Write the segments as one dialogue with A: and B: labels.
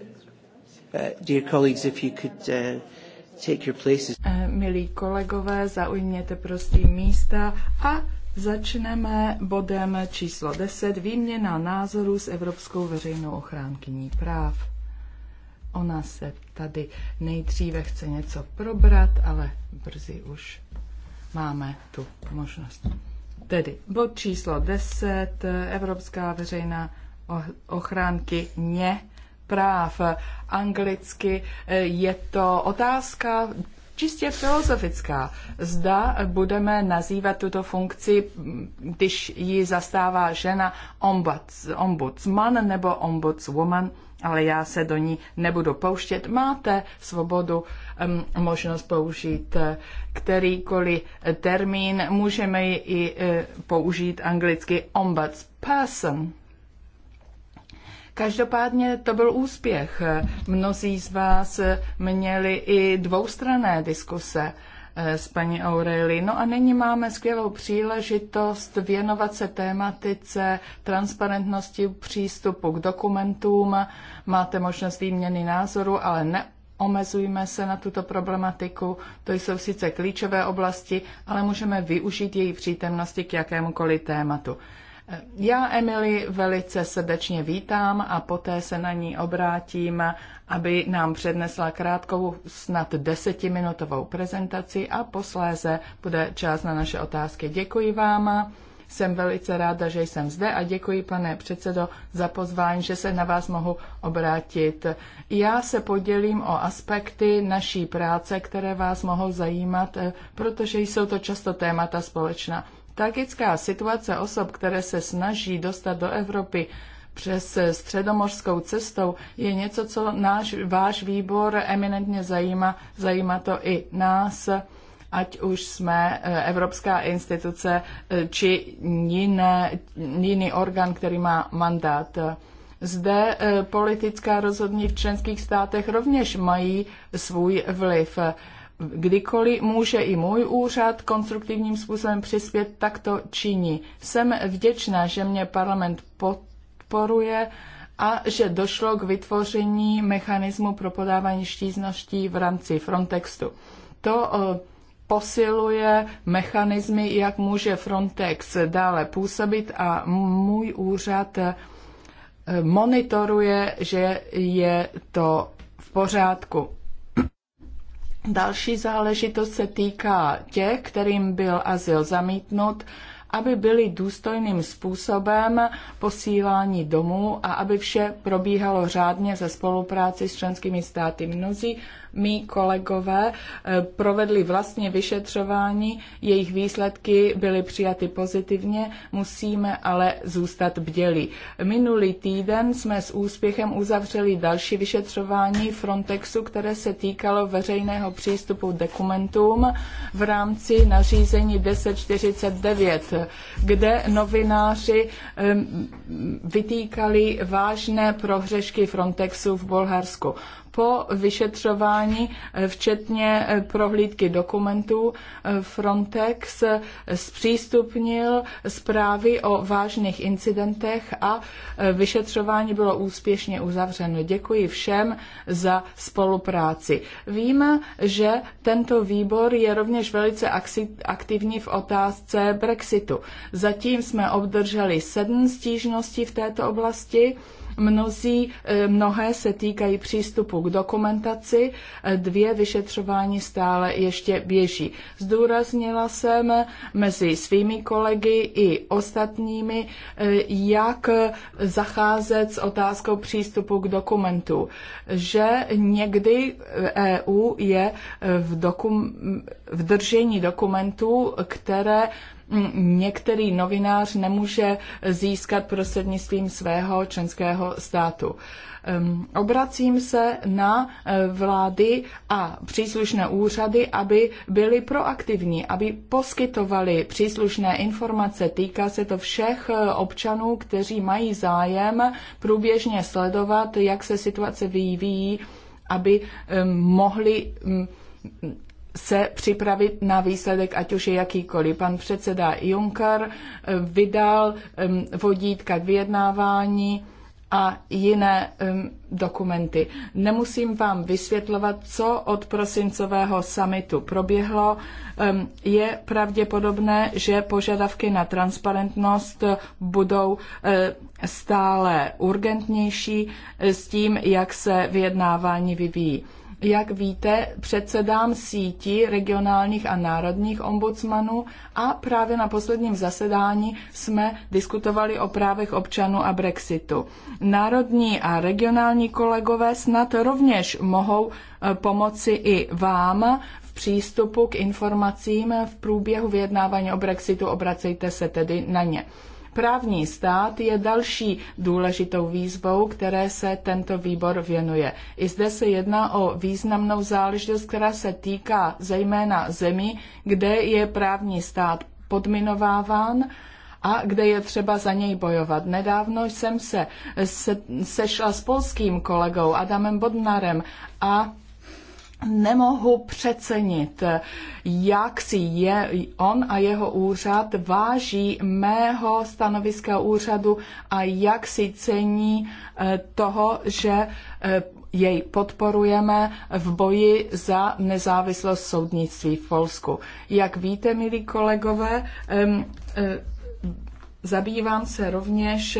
A: Uh,
B: dear colleagues, if you could uh, take your places. Eh,
A: milí kolegové, zaujměte prosím místa a začneme bodem číslo 10, výměna názoru s Evropskou veřejnou ochránkyní práv. Ona se tady nejdříve chce něco probrat, ale brzy už máme tu možnost. Tedy bod číslo 10, Evropská veřejná ochránky ně práv. Anglicky eh, je to otázka čistě filozofická. Zda budeme nazývat tuto funkci, mm, když ji zastává žena, ombuds, ombudsman nebo ombudswoman, ale já se do ní nebudu pouštět. Máte svobodu, mm, možnost použít eh, kterýkoliv termín. Můžeme ji i eh, použít anglicky ombudsperson Každopádně to byl úspěch. Mnozí z vás měli i dvoustrané diskuse eh, s paní Aureli. No a nyní máme skvělou příležitost věnovat se tématice transparentnosti přístupu k dokumentům. Máte možnost výměny názoru, ale ne omezujme se na tuto problematiku. To jsou sice klíčové oblasti, ale můžeme využít její přítomnosti k jakémukoliv tématu. Já Emily velice srdečně vítám a poté se na ní obrátím, aby nám přednesla krátkou, snad desetiminutovou prezentaci a posléze bude čas na naše otázky. Děkuji vám. Jsem velice ráda, že jsem zde a děkuji, pane předsedo, za pozvání, že se na vás mohu obrátit. Já se podělím o aspekty naší práce, které vás mohou zajímat, eh, protože jsou to často témata společná. Tragická situace osob, které se snaží dostat do Evropy přes středomořskou cestou, je něco, co náš, váš výbor eminentně zajímá. Zajímá to i nás, ať už jsme eh, evropská instituce eh, či jiné, jiný orgán, který má mandát. Zde eh, politická rozhodnutí v členských státech rovněž mají svůj vliv kdykoliv může i můj úřad konstruktivním způsobem přispět, tak to činí. Jsem vděčná, že mě parlament podporuje a že došlo k vytvoření mechanismu pro podávání štízností v rámci Frontextu. To eh, posiluje mechanismy, jak může Frontex dále působit a můj úřad eh, monitoruje, že je to v pořádku. Další záležitost se týká těch, kterým byl azyl zamítnut, aby byli důstojným způsobem posílání domů a aby vše probíhalo řádně ze spolupráci s členskými státy. Mnozí mý kolegové eh, provedli vlastně vyšetřování, jejich výsledky byly přijaty pozitivně, musíme ale zůstat bdělí. Minulý týden jsme s úspěchem uzavřeli další vyšetřování Frontexu, které se týkalo veřejného přístupu dokumentům v rámci nařízení 1049, kde novináři ehm, vytýkali vážné prohřešky Frontexu v Bulharsku po vyšetřování, eh, včetně eh, prohlídky dokumentů, eh, Frontex zpřístupnil zprávy o vážných incidentech a vyšetřování bylo úspěšně uzavřeno. Děkuji všem za spolupráci. Víme, že tento výbor je rovněž velice aktivní v otázce Brexitu. Zatím jsme obdrželi sedm stížností v této oblasti. Mnozí, eh, mnohé se týkají přístupu k dokumentaci, eh, dvě vyšetřování stále ještě běží. Zdůraznila jsem mezi svými kolegy i ostatními, eh, jak zacházet s otázkou přístupu k dokumentu, že někdy EU je v, dokum, v držení dokumentů, které některý novinář nemůže získat prostřednictvím svého členského státu. Obracím se na eh, vlády a příslušné úřady, aby byly proaktivní, aby poskytovali příslušné informace. Týká se to všech eh, občanů, kteří mají zájem průběžně sledovat, jak se situace vyvíjí, aby mohli se připravit na výsledek, ať už je jakýkoliv. Pan předseda Juncker eh, vydal vodítka k vyjednávání a jiné dokumenty. Nemusím vám vysvětlovat, co od prosincového summitu proběhlo. je pravděpodobné, že požadavky na transparentnost budou eh, stále urgentnější eh, s tím, jak se vyjednávání vyvíjí. Jak víte, předsedám síti regionálních a národních ombudsmanů a právě na posledním zasedání jsme diskutovali o právech občanů a Brexitu. Národní a regionální kolegové snad rovněž mohou e, pomoci i vám v přístupu k informacím v průběhu vyjednávání o Brexitu. Obracejte se tedy na ně. Právní stát je další důležitou výzvou, které se tento výbor věnuje. I zde se jedná o významnou záležitost, která se týká zejména zemí, kde je právní stát podminováván a kde je třeba za něj bojovat. Nedávno jsem se, se sešla s polským kolegou Adamem Bodnarem a nemohu přecenit, jak si je, on a jeho úřad váží mého stanoviska úřadu a jak si cení eh, toho, že eh, jej podporujeme v boji za nezávislost soudnictví v Polsku. Jak víte, milí kolegové, eh, zabývám se rovněž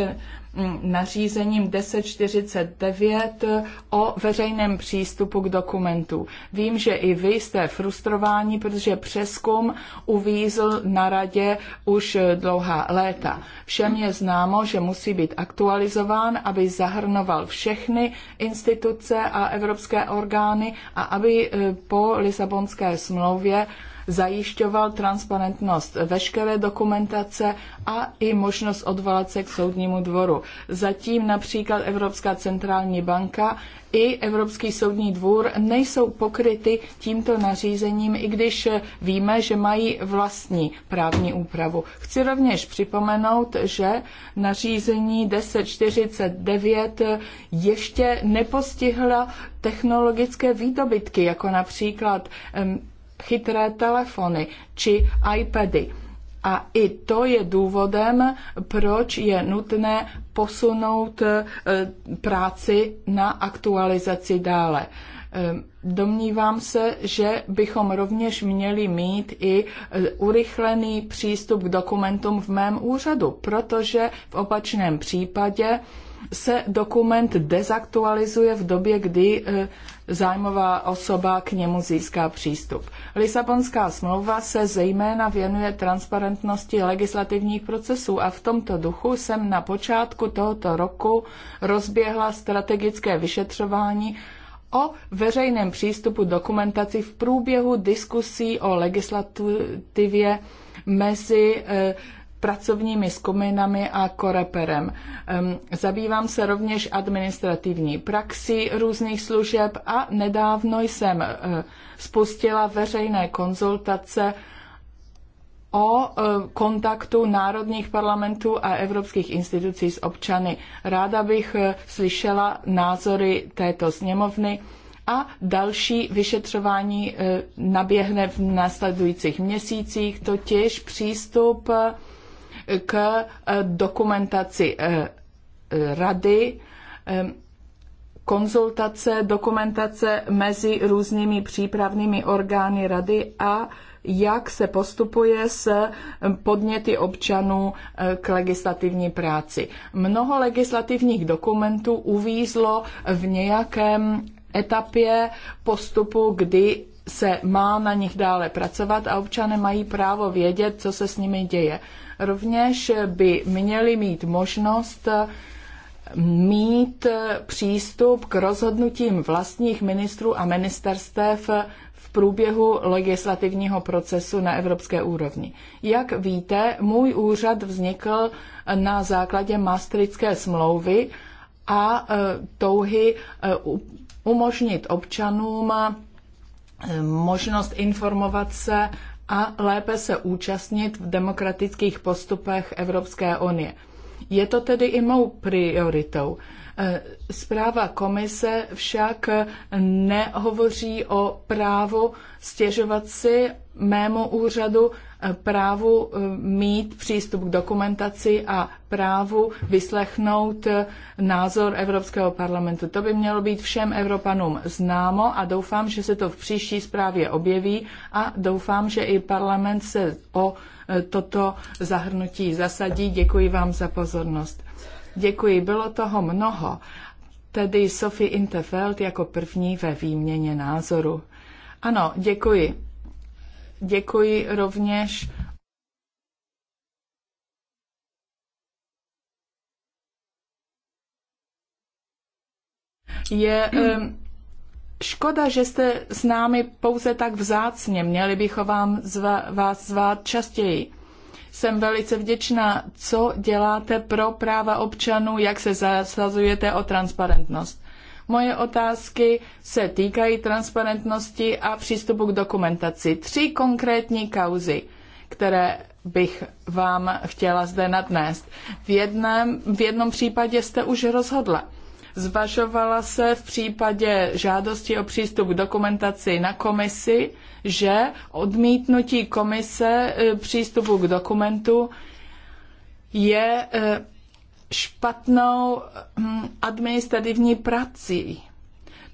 A: Mm, nařízením 1049 o veřejném přístupu k dokumentu. Vím, že i vy jste frustrováni, protože přeskum uvízl na radě už dlouhá léta. Všem je známo, že musí být aktualizován, aby zahrnoval všechny instituce a evropské orgány a aby eh, po Lisabonské smlouvě zajišťoval transparentnost veškeré dokumentace a i možnost odvolat se k soudnímu dvoru. Zatím například Evropská centrální banka i Evropský soudní dvůr nejsou pokryty tímto nařízením, i když víme, že mají vlastní právní úpravu. Chci rovněž připomenout, že nařízení 1049 ještě nepostihla technologické výdobytky, jako například chytré telefony či iPady. A i to je důvodem, proč je nutné posunout eh, práci na aktualizaci dále. Eh, domnívám se, že bychom rovněž měli mít i eh, urychlený přístup k dokumentům v mém úřadu, protože v opačném případě se dokument dezaktualizuje v době, kdy e, zájmová osoba k němu získá přístup. Lisabonská smlouva se zejména věnuje transparentnosti legislativních procesů a v tomto duchu jsem na počátku tohoto roku rozběhla strategické vyšetřování o veřejném přístupu dokumentaci v průběhu diskusí o legislativě mezi e, pracovními skuminami a koreperem. Zabývám se rovněž administrativní praxi různých služeb a nedávno jsem eh, spustila veřejné konzultace o eh, kontaktu národních parlamentů a evropských institucí s občany. Ráda bych eh, slyšela názory této sněmovny a další vyšetřování naběhne v následujících měsících, totiž přístup k eh, dokumentaci eh, rady, eh, konzultace, dokumentace mezi různými přípravnými orgány rady a jak se postupuje s podněty občanů k legislativní práci. Mnoho legislativních dokumentů uvízlo v nějakém etapě postupu, kdy se má na nich dále pracovat a občané mají právo vědět, co se s nimi děje. Rovněž by měli mít možnost eh, mít eh, přístup k rozhodnutím vlastních ministrů a ministerstev eh, v průběhu legislativního procesu na evropské úrovni. Jak víte, můj úřad vznikl na základě Maastrichtské smlouvy a touhy umožnit občanům možnost informovat se a lépe se účastnit v demokratických postupech Evropské unie. Je to tedy i mou prioritou. E, zpráva komise však nehovoří o právu stěžovat si mému úřadu právu eh, mít přístup k dokumentaci a právu vyslechnout eh, názor Evropského parlamentu. To by mělo být všem Evropanům známo a doufám, že se to v příští zprávě objeví a doufám, že i parlament se o eh, toto zahrnutí zasadí. Děkuji vám za pozornost. Děkuji, bylo toho mnoho. Tedy Sophie Interfeld jako první ve výměně názoru. Ano, děkuji. Děkuji rovněž je škoda, že jste s námi pouze tak vzácně. Měli bychom vám zva, vás zvát častěji. Jsem velice vděčná, co děláte pro práva občanů, jak se zasazujete o transparentnost. Moje otázky se týkají transparentnosti a přístupu k dokumentaci. Tři konkrétní kauzy, které bych vám chtěla zde nadnést. V, jedném, v jednom případě jste už rozhodla. Zvažovala se v případě žádosti o přístup k dokumentaci na komisi, že odmítnutí komise e, přístupu k dokumentu je e, špatnou hm, administrativní prací.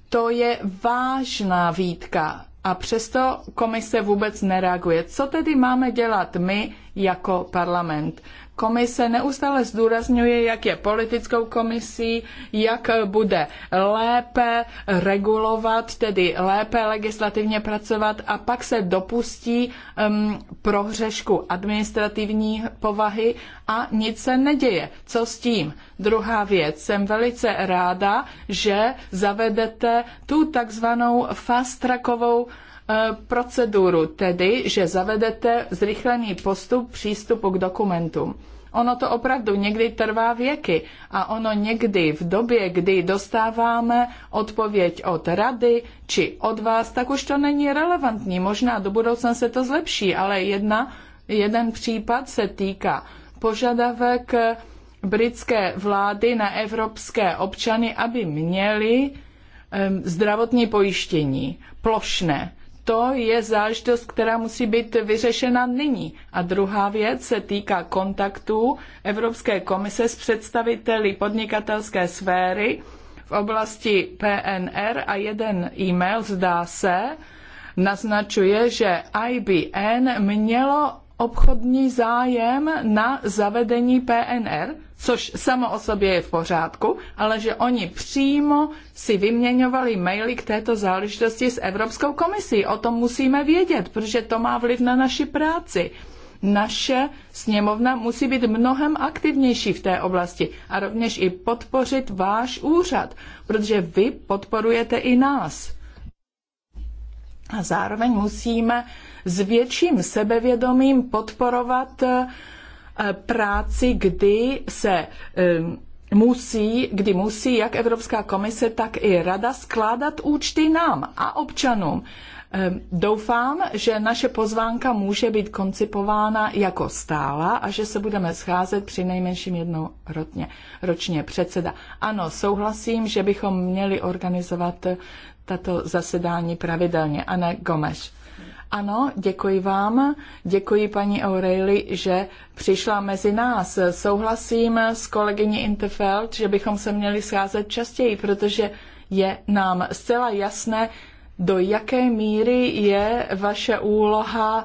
A: To je vážná výtka a přesto komise vůbec nereaguje. Co tedy máme dělat my jako parlament? komise neustále zdůrazňuje, jak je politickou komisí, jak bude lépe regulovat, tedy lépe legislativně pracovat a pak se dopustí um, prohřešku administrativní povahy a nic se neděje. Co s tím? Druhá věc, jsem velice ráda, že zavedete tu takzvanou fast trackovou Eh, proceduru, tedy, že zavedete zrychlený postup přístupu k dokumentům. Ono to opravdu někdy trvá věky a ono někdy v době, kdy dostáváme odpověď od rady či od vás, tak už to není relevantní. Možná do budoucna se to zlepší, ale jedna, jeden případ se týká požadavek britské vlády na evropské občany, aby měli zdravotní pojištění plošné to je záležitost, která musí být vyřešena nyní. A druhá věc se týká kontaktů Evropské komise s představiteli podnikatelské sféry v oblasti PNR a jeden e-mail, zdá se, naznačuje, že IBN mělo obchodní zájem na zavedení PNR což samo o sobě je v pořádku, ale že oni přímo si vyměňovali maily k této záležitosti s Evropskou komisí. O tom musíme vědět, protože to má vliv na naši práci naše sněmovna musí být mnohem aktivnější v té oblasti a rovněž i podpořit váš úřad, protože vy podporujete i nás. A zároveň musíme s větším sebevědomím podporovat eh, Eh, práci, kdy se musí, kdy musí jak Evropská komise, tak i Rada skládat účty nám a občanům. Doufám, že naše pozvánka může být koncipována jako stála a že se budeme scházet při nejmenším jednou rotně, ročně. Předseda. Ano, souhlasím, že bychom měli organizovat tato zasedání pravidelně. Ane Gomes. Ano, děkuji vám. Děkuji paní O'Reilly, že přišla mezi nás. Souhlasím s kolegyní Interfeld, že bychom se měli scházet častěji, protože je nám zcela jasné, do jaké míry je vaše úloha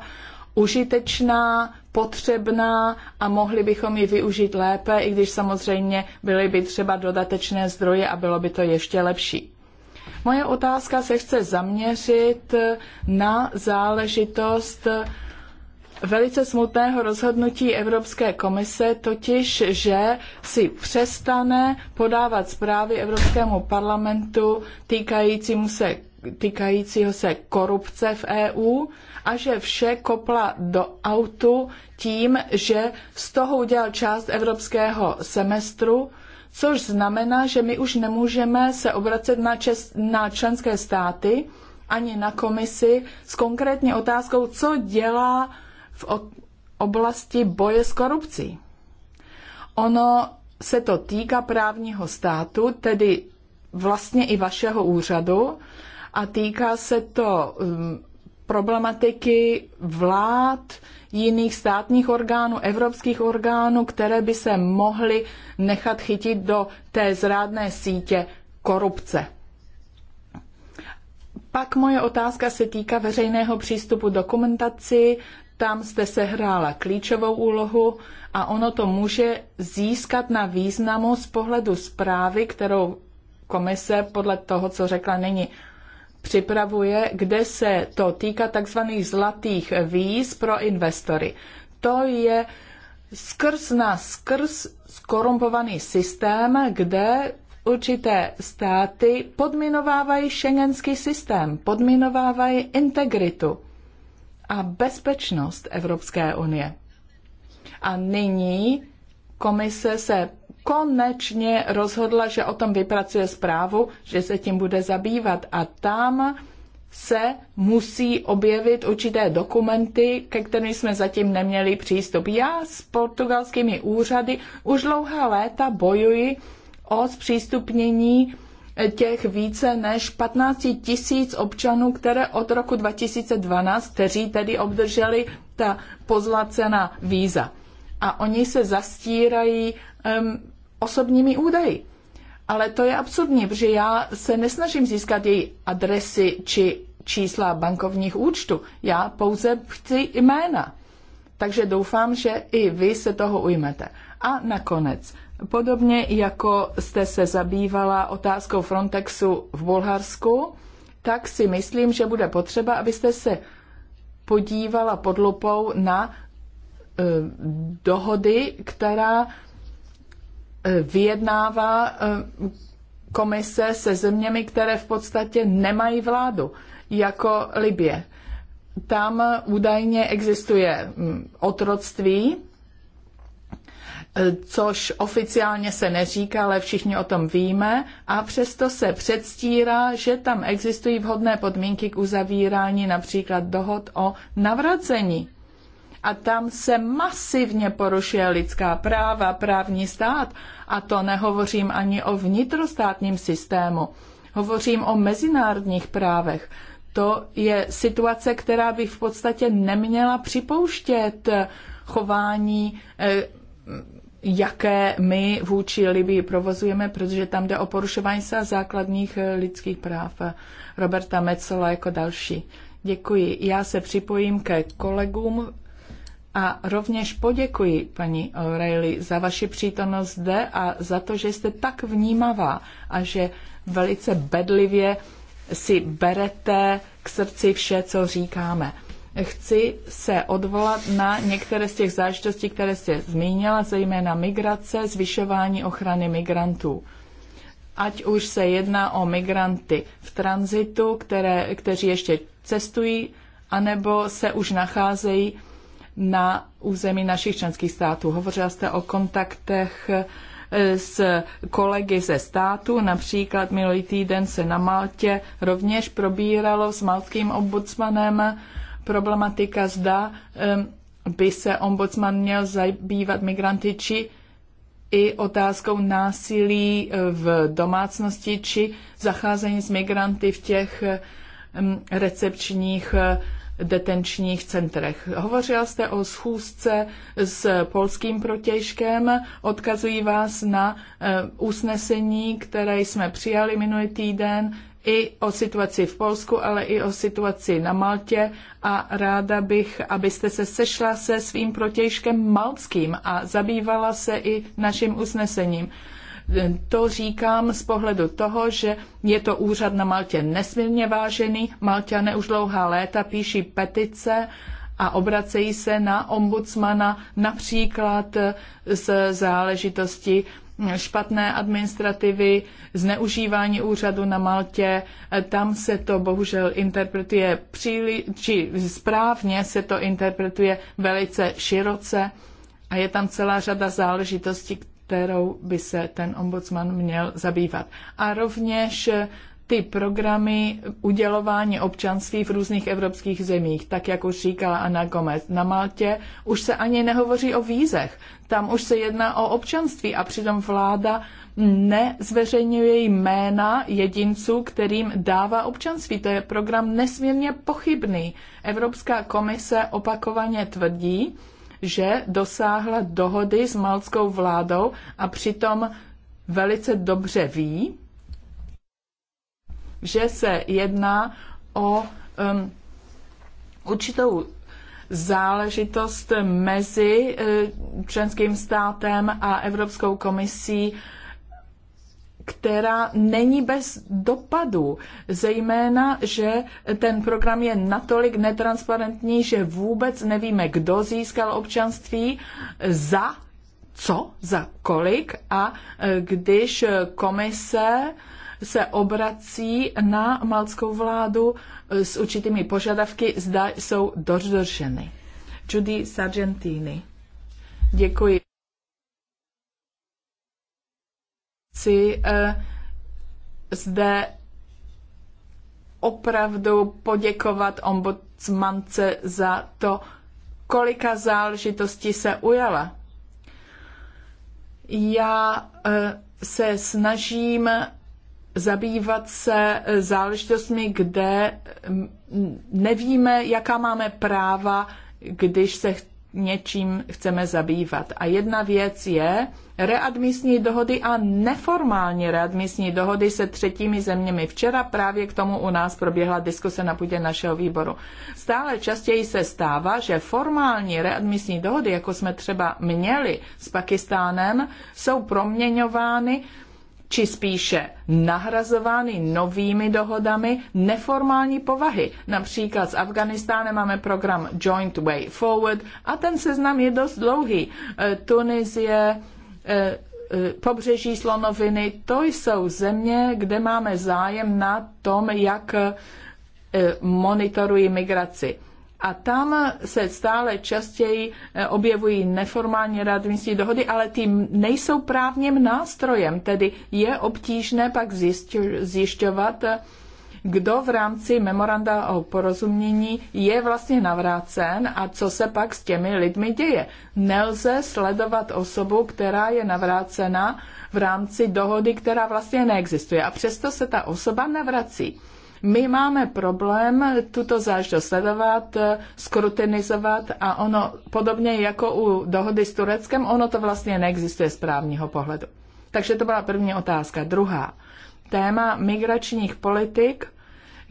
A: užitečná, potřebná a mohli bychom ji využít lépe, i když samozřejmě byly by třeba dodatečné zdroje a bylo by to ještě lepší. Moje otázka se chce zaměřit na záležitost velice smutného rozhodnutí Evropské komise, totiž, že si přestane podávat zprávy Evropskému parlamentu týkajícímu se, týkajícího se korupce v EU a že vše kopla do autu tím, že z toho udělal část evropského semestru což znamená, že my už nemůžeme se obracet na, čes, na členské státy ani na komisi s konkrétní otázkou, co dělá v oblasti boje s korupcí. Ono se to týká právního státu, tedy vlastně i vašeho úřadu a týká se to um, problematiky vlád, jiných státních orgánů, evropských orgánů, které by se mohly nechat chytit do té zrádné sítě korupce. Pak moje otázka se týká veřejného přístupu dokumentaci. Tam jste se hrála klíčovou úlohu a ono to může získat na významu z pohledu zprávy, kterou komise podle toho, co řekla, není připravuje, kde se to týká takzvaných zlatých víz pro investory. To je skrz na skrz skorumpovaný systém, kde určité státy podminovávají šengenský systém, podminovávají integritu a bezpečnost Evropské unie. A nyní komise se konečně rozhodla, že o tom vypracuje zprávu, že se tím bude zabývat. A tam se musí objevit určité dokumenty, ke kterým jsme zatím neměli přístup. Já s portugalskými úřady už dlouhá léta bojuji o zpřístupnění těch více než 15 tisíc občanů, které od roku 2012, kteří tedy obdrželi ta pozlacená víza. A oni se zastírají um, osobními údaji. Ale to je absurdní, protože já se nesnažím získat její adresy či čísla bankovních účtů. Já pouze chci jména. Takže doufám, že i vy se toho ujmete. A nakonec, podobně jako jste se zabývala otázkou Frontexu v Bulharsku, tak si myslím, že bude potřeba, abyste se podívala pod lupou na e, dohody, která Eh, vyjednává eh, komise se zeměmi, které v podstatě nemají vládu, jako Libie. Tam údajně existuje mm, otroctví, eh, což oficiálně se neříká, ale všichni o tom víme, a přesto se předstírá, že tam existují vhodné podmínky k uzavírání například dohod o navracení a tam se masivně porušuje lidská práva, právní stát a to nehovořím ani o vnitrostátním systému. Hovořím o mezinárodních právech. To je situace, která by v podstatě neměla připouštět chování, eh, jaké my vůči Libii provozujeme, protože tam jde o porušování se základních eh, lidských práv. Eh, Roberta Mecola jako další. Děkuji. Já se připojím ke kolegům. A rovněž poděkuji paní O'Reilly za vaši přítomnost zde a za to, že jste tak vnímavá a že velice bedlivě si berete k srdci vše, co říkáme. Chci se odvolat na některé z těch záležitostí, které jste zmínila, zejména migrace, zvyšování ochrany migrantů ať už se jedná o migranty v tranzitu, které, kteří ještě cestují, anebo se už nacházejí na území našich členských států. Hovořila jste o kontaktech e, s kolegy ze státu. Například minulý týden se na Maltě rovněž probíralo s maltským ombudsmanem problematika zda by se ombudsman měl zabývat migranty či i otázkou násilí e, v domácnosti či zacházení s migranty v těch recepčních e, detenčních centrech. Hovořila jste o schůzce s polským protěžkem, odkazují vás na eh, usnesení, které jsme přijali minulý týden, i o situaci v Polsku, ale i o situaci na Maltě a ráda bych, abyste se sešla se svým protějškem maltským a zabývala se i naším usnesením. To říkám z pohledu toho, že je to úřad na Maltě nesmírně vážený. Malťané už dlouhá léta píší petice a obracejí se na ombudsmana například z záležitosti špatné administrativy, zneužívání úřadu na Maltě. Tam se to bohužel interpretuje příli, či správně se to interpretuje velice široce a je tam celá řada záležitostí, kterou by se ten ombudsman měl zabývat. A rovněž ty programy udělování občanství v různých evropských zemích, tak jak už říkala Ana Gomez. Na Maltě už se ani nehovoří o vízech, tam už se jedná o občanství a přitom vláda nezveřejňuje jména jedinců, kterým dává občanství. To je program nesmírně pochybný. Evropská komise opakovaně tvrdí, že dosáhla dohody s malckou vládou a přitom velice dobře ví, že se jedná o um, určitou záležitost mezi eh, členským státem a Evropskou komisí která není bez dopadu. Zejména, že ten program je natolik netransparentní, že vůbec nevíme, kdo získal občanství, za co, za kolik a eh, když komise se obrací na malckou vládu eh, s určitými požadavky, zda jsou dodrženy. Judy Sargentini. Děkuji. chci eh, zde opravdu poděkovat ombudsmance za to, kolika záležitostí se ujala. Já eh, se snažím zabývat se záležitostmi, kde mm, nevíme, jaká máme práva, když se něčím chceme zabývat. A jedna věc je readmisní dohody a neformální readmisní dohody se třetími zeměmi. Včera právě k tomu u nás proběhla diskuse na půdě našeho výboru. Stále častěji se stává, že formální readmisní dohody, jako jsme třeba měli s Pakistánem, jsou proměňovány či spíše nahrazovány novými dohodami neformální povahy. Například s Afganistánem máme program Joint Way Forward a ten seznam je dost dlouhý. E, Tunizie, e, e, pobřeží slonoviny, to jsou země, kde máme zájem na tom, jak monitorují migraci. A tam se stále častěji eh, objevují neformální readmisní dohody, ale ty nejsou právním nástrojem, tedy je obtížné pak zjišťovat, kdo v rámci memoranda o porozumění je vlastně navrácen a co se pak s těmi lidmi děje. Nelze sledovat osobu, která je navrácena v rámci dohody, která vlastně neexistuje. A přesto se ta osoba navrací. My máme problém tuto záležitost sledovat, eh, skrutinizovat a ono, podobně jako u dohody s Tureckem, ono to vlastně neexistuje z právního pohledu. Takže to byla první otázka. Druhá. Téma migračních politik,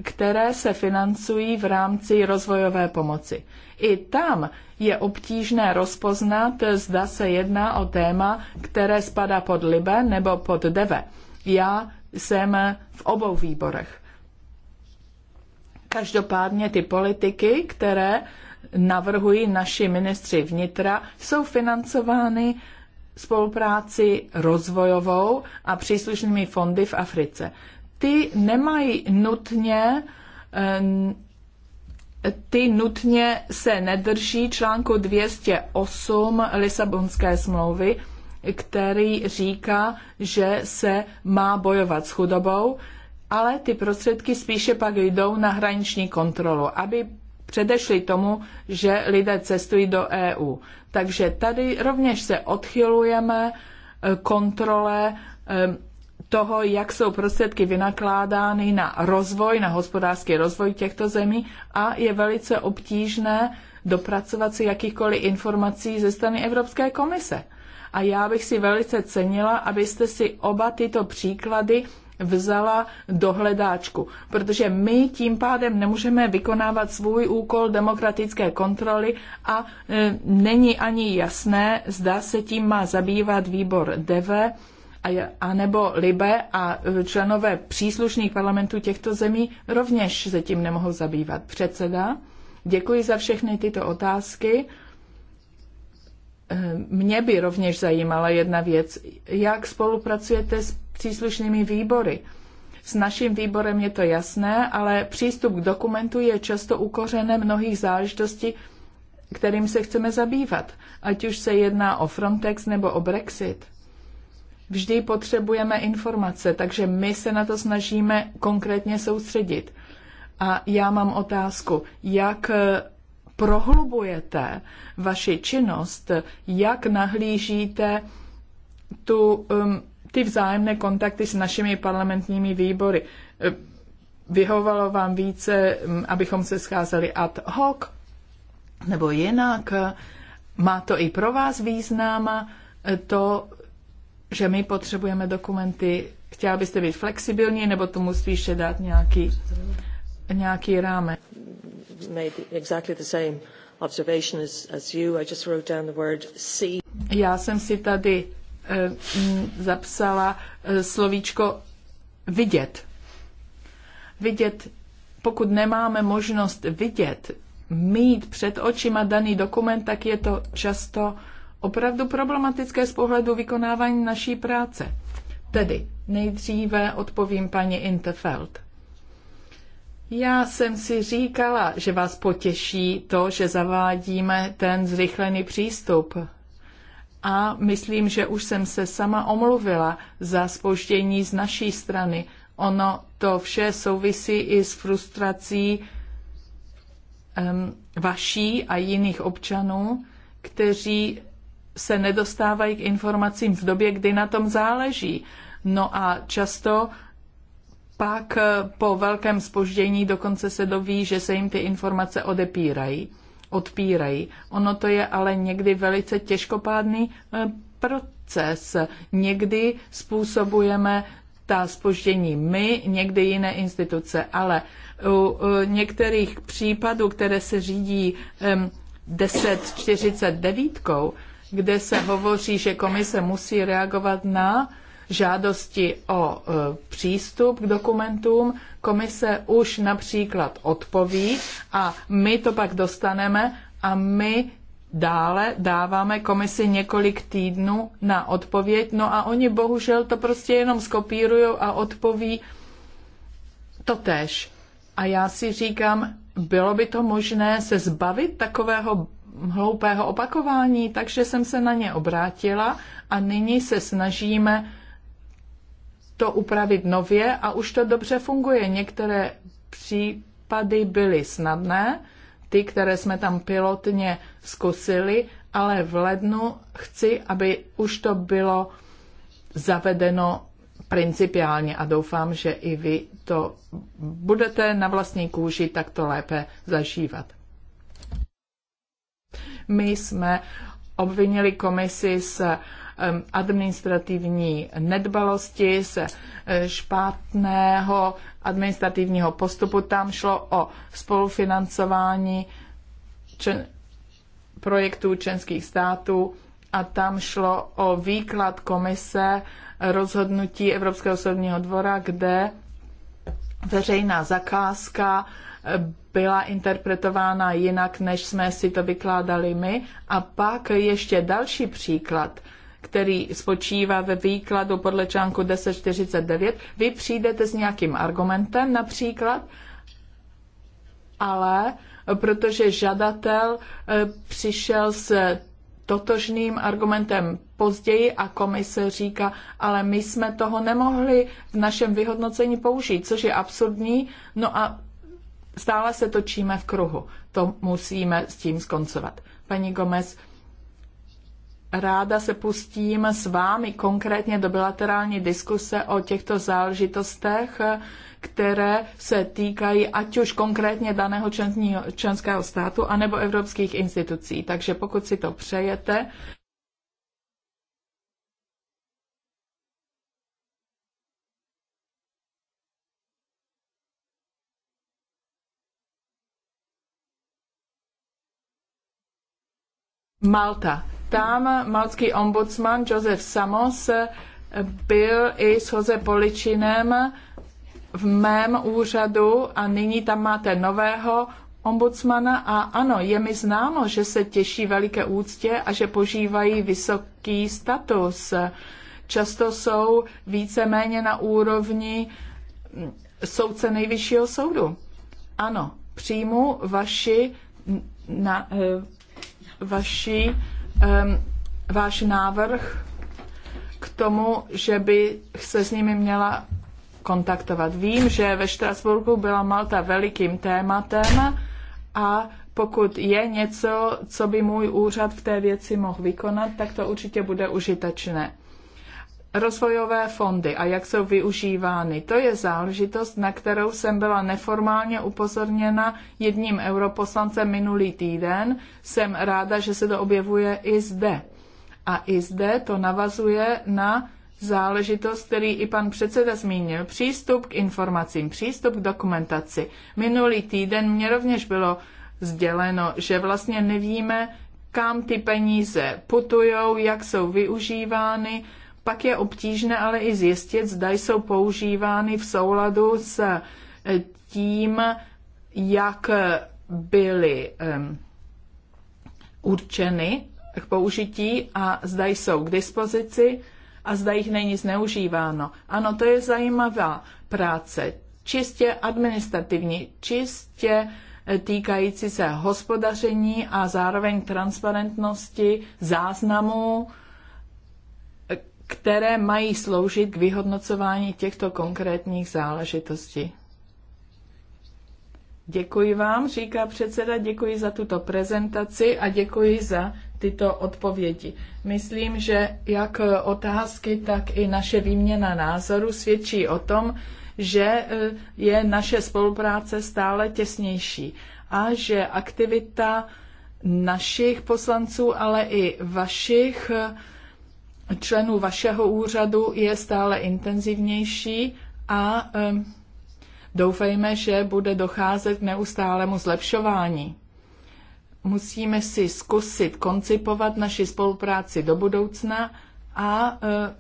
A: které se financují v rámci rozvojové pomoci. I tam je obtížné rozpoznat, eh, zda se jedná o téma, které spadá pod Libe nebo pod Deve. Já jsem v obou výborech Každopádně ty politiky, které navrhují naši ministři vnitra, jsou financovány spolupráci rozvojovou a příslušnými fondy v Africe. Ty nemají nutně eh, ty nutně se nedrží článku 208 Lisabonské smlouvy, který říká, že se má bojovat s chudobou, ale ty prostředky spíše pak jdou na hraniční kontrolu, aby předešli tomu, že lidé cestují do EU. Takže tady rovněž se odchylujeme e, kontrole e, toho, jak jsou prostředky vynakládány na rozvoj, na hospodářský rozvoj těchto zemí a je velice obtížné dopracovat si jakýchkoliv informací ze strany Evropské komise. A já bych si velice cenila, abyste si oba tyto příklady vzala do hledáčku, protože my tím pádem nemůžeme vykonávat svůj úkol demokratické kontroly a e, není ani jasné, zda se tím má zabývat výbor DEVE, a nebo Libe a členové příslušných parlamentů těchto zemí rovněž se tím nemohou zabývat. Předseda, děkuji za všechny tyto otázky. E, mě by rovněž zajímala jedna věc. Jak spolupracujete s příslušnými výbory. S naším výborem je to jasné, ale přístup k dokumentu je často ukořenem mnohých záležitostí, kterým se chceme zabývat, ať už se jedná o Frontex nebo o Brexit. Vždy potřebujeme informace, takže my se na to snažíme konkrétně soustředit. A já mám otázku, jak eh, prohlubujete vaši činnost, jak nahlížíte tu um, ty vzájemné kontakty s našimi parlamentními výbory. E, vyhovalo vám více, abychom se scházeli ad hoc nebo jinak? Má to i pro vás význam e, to, že my potřebujeme dokumenty? Chtěla byste být flexibilní nebo tomu spíše dát nějaký, nějaký rámec? Já jsem si tady Eh, zapsala eh, slovíčko vidět. Vidět, pokud nemáme možnost vidět, mít před očima daný dokument, tak je to často opravdu problematické z pohledu vykonávání naší práce. Tedy nejdříve odpovím paní Interfeld. Já jsem si říkala, že vás potěší to, že zavádíme ten zrychlený přístup a myslím, že už jsem se sama omluvila za spoždění z naší strany. Ono to vše souvisí i s frustrací um, vaší a jiných občanů, kteří se nedostávají k informacím v době, kdy na tom záleží. No a často pak po velkém spoždění dokonce se doví, že se jim ty informace odepírají odpírají. Ono to je ale někdy velice těžkopádný eh, proces. Někdy způsobujeme ta spoždění my, někdy jiné instituce, ale u některých případů, které se řídí 1049, kde se hovoří, že komise musí reagovat na žádosti o e, přístup k dokumentům, komise už například odpoví a my to pak dostaneme a my Dále dáváme komisi několik týdnů na odpověď, no a oni bohužel to prostě jenom skopírují a odpoví to tež. A já si říkám, bylo by to možné se zbavit takového hloupého opakování, takže jsem se na ně obrátila a nyní se snažíme to upravit nově a už to dobře funguje. Některé případy byly snadné, ty, které jsme tam pilotně zkusili, ale v lednu chci, aby už to bylo zavedeno principiálně a doufám, že i vy to budete na vlastní kůži takto lépe zažívat. My jsme obvinili komisi z administrativní nedbalosti, se e, špatného administrativního postupu. Tam šlo o spolufinancování čen, projektů členských států a tam šlo o výklad komise rozhodnutí Evropského soudního dvora, kde veřejná zakázka e, byla interpretována jinak, než jsme si to vykládali my. A pak ještě další příklad který spočívá ve výkladu podle článku 1049, vy přijdete s nějakým argumentem například, ale protože žadatel eh, přišel s totožným argumentem později a komise říká, ale my jsme toho nemohli v našem vyhodnocení použít, což je absurdní, no a stále se točíme v kruhu. To musíme s tím skoncovat. Paní Gomez, ráda se pustím s vámi konkrétně do bilaterální diskuse o těchto záležitostech, které se týkají ať už konkrétně daného členského státu, anebo evropských institucí. Takže pokud si to přejete, Malta. Tam malcký ombudsman Josef Samos byl i s Jose Poličinem v mém úřadu a nyní tam máte nového ombudsmana a ano, je mi známo, že se těší veliké úctě a že požívají vysoký status. Často jsou víceméně na úrovni mm, soudce nejvyššího soudu. Ano, přijmu vaši, na, eh, vaši um, váš návrh k tomu, že by se s nimi měla kontaktovat. Vím, že ve Štrasburku byla Malta velikým tématem a pokud je něco, co by můj úřad v té věci mohl vykonat, tak to určitě bude užitečné rozvojové fondy a jak jsou využívány, to je záležitost, na kterou jsem byla neformálně upozorněna jedním europoslancem minulý týden. Jsem ráda, že se to objevuje i zde. A i zde to navazuje na záležitost, který i pan předseda zmínil, přístup k informacím, přístup k dokumentaci. Minulý týden mě rovněž bylo sděleno, že vlastně nevíme, kam ty peníze putujou, jak jsou využívány, pak je obtížné ale i zjistit, zda jsou používány v souladu s eh, tím, jak byly um, určeny k použití a zda jsou k dispozici a zda jich není zneužíváno. Ano, to je zajímavá práce, čistě administrativní, čistě eh, týkající se hospodaření a zároveň transparentnosti záznamů, které mají sloužit k vyhodnocování těchto konkrétních záležitostí. Děkuji vám, říká předseda, děkuji za tuto prezentaci a děkuji za tyto odpovědi. Myslím, že jak otázky, tak i naše výměna názoru svědčí o tom, že eh, je naše spolupráce stále těsnější a že aktivita našich poslanců, ale i vašich eh, členů vašeho úřadu je stále intenzivnější a doufejme, že bude docházet k neustálému zlepšování. Musíme si zkusit koncipovat naši spolupráci do budoucna a e,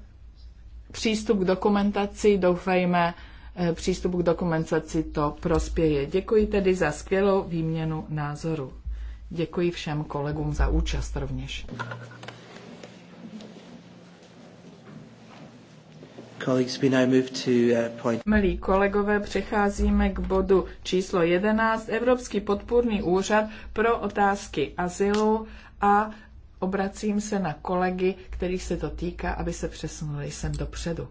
A: přístup k dokumentaci, doufejme, e, přístup k dokumentaci to prospěje. Děkuji tedy za skvělou výměnu názoru. Děkuji všem kolegům za účast rovněž.
B: Uh,
A: Milí kolegové, přecházíme k bodu číslo 11, Evropský podpůrný úřad pro otázky azylu a obracím se na kolegy, kterých se to týká, aby se přesunuli sem dopředu.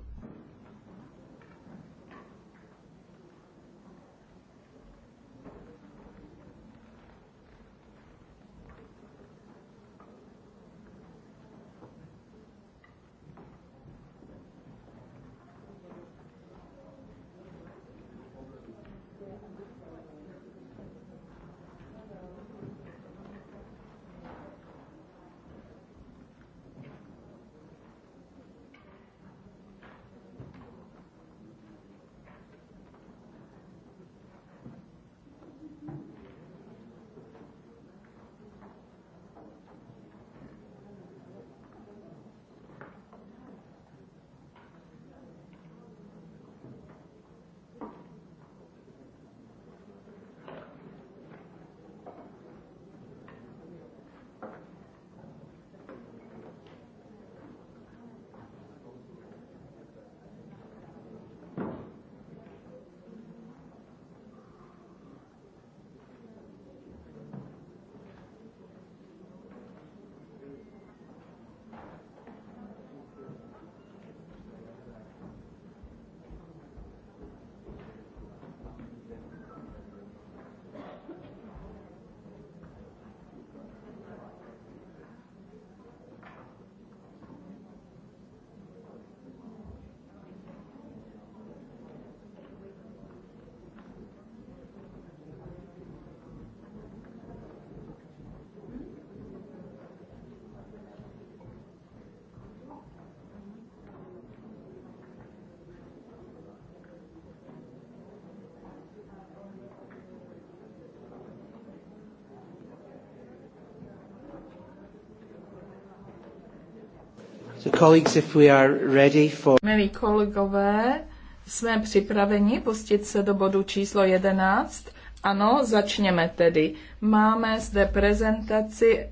B: So colleagues, if we are ready for...
A: Milí kolegové, jsme připraveni pustit se do bodu číslo 11. Ano, začněme tedy. Máme zde prezentaci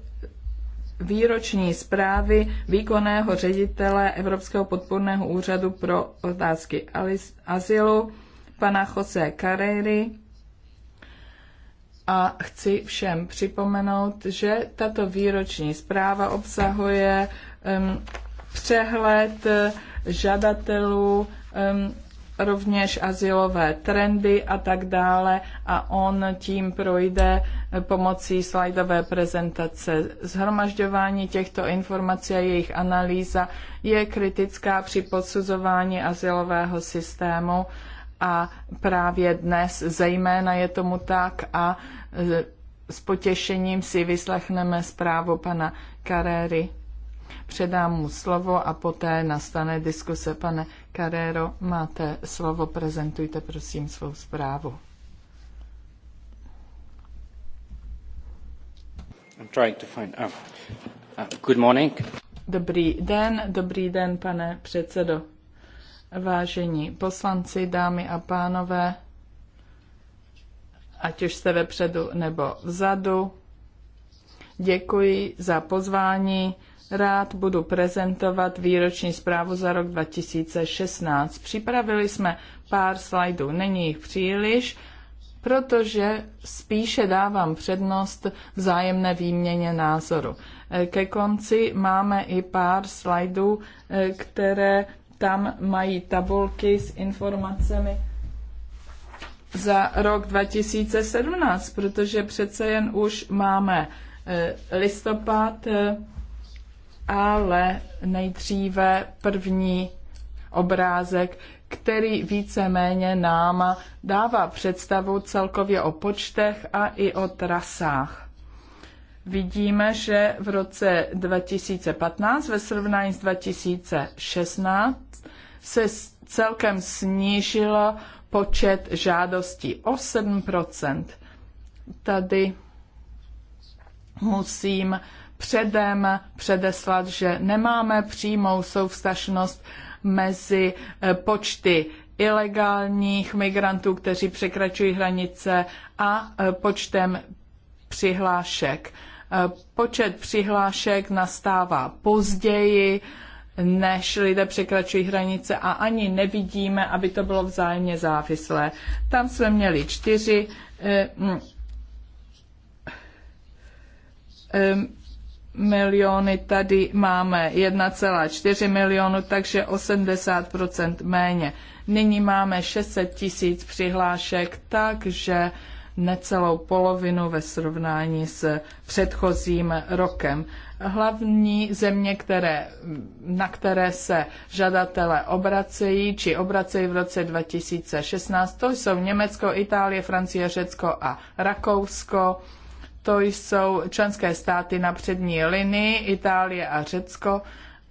A: výroční zprávy výkonného ředitele Evropského podporného úřadu pro otázky azylu, pana Jose Carreri. A chci všem připomenout, že tato výroční zpráva obsahuje um, přehled eh, žadatelů, rovněž asilové trendy a tak dále a on tím projde eh, pomocí slajdové prezentace. Zhromažďování těchto informací a jejich analýza je kritická při posuzování asilového systému a právě dnes zejména je tomu tak a eh, s potěšením si vyslechneme zprávu pana Karéry. Předám mu slovo a poté nastane diskuse. Pane Carrero, máte slovo, prezentujte prosím svou zprávu.
B: I'm trying to find, oh, uh, Good morning.
A: Dobrý den, dobrý den, pane předsedo. Vážení poslanci, dámy a pánové, ať už jste vepředu nebo vzadu, děkuji za pozvání rád budu prezentovat výroční zprávu za rok 2016. Připravili jsme pár slajdů, není jich příliš, protože spíše dávám přednost vzájemné výměně názoru. Ke konci máme i pár slajdů, které tam mají tabulky s informacemi za rok 2017, protože přece jen už máme eh, listopad, eh, ale nejdříve první obrázek, který víceméně nám dává představu celkově o počtech a i o trasách. Vidíme, že v roce 2015 ve srovnání s 2016 se celkem snížilo počet žádostí o 7 Tady musím předem předeslat, že nemáme přímou souvstažnost mezi eh, počty ilegálních migrantů, kteří překračují hranice a eh, počtem přihlášek. Eh, počet přihlášek nastává později, než lidé překračují hranice a ani nevidíme, aby to bylo vzájemně závislé. Tam jsme měli čtyři um, miliony, tady máme 1,4 milionu, takže 80% méně. Nyní máme 600 tisíc přihlášek, takže necelou polovinu ve srovnání s předchozím rokem. Hlavní země, které, na které se žadatelé obracejí, či obracejí v roce 2016, to jsou Německo, Itálie, Francie, Řecko a Rakousko to jsou členské státy na přední linii, Itálie a Řecko,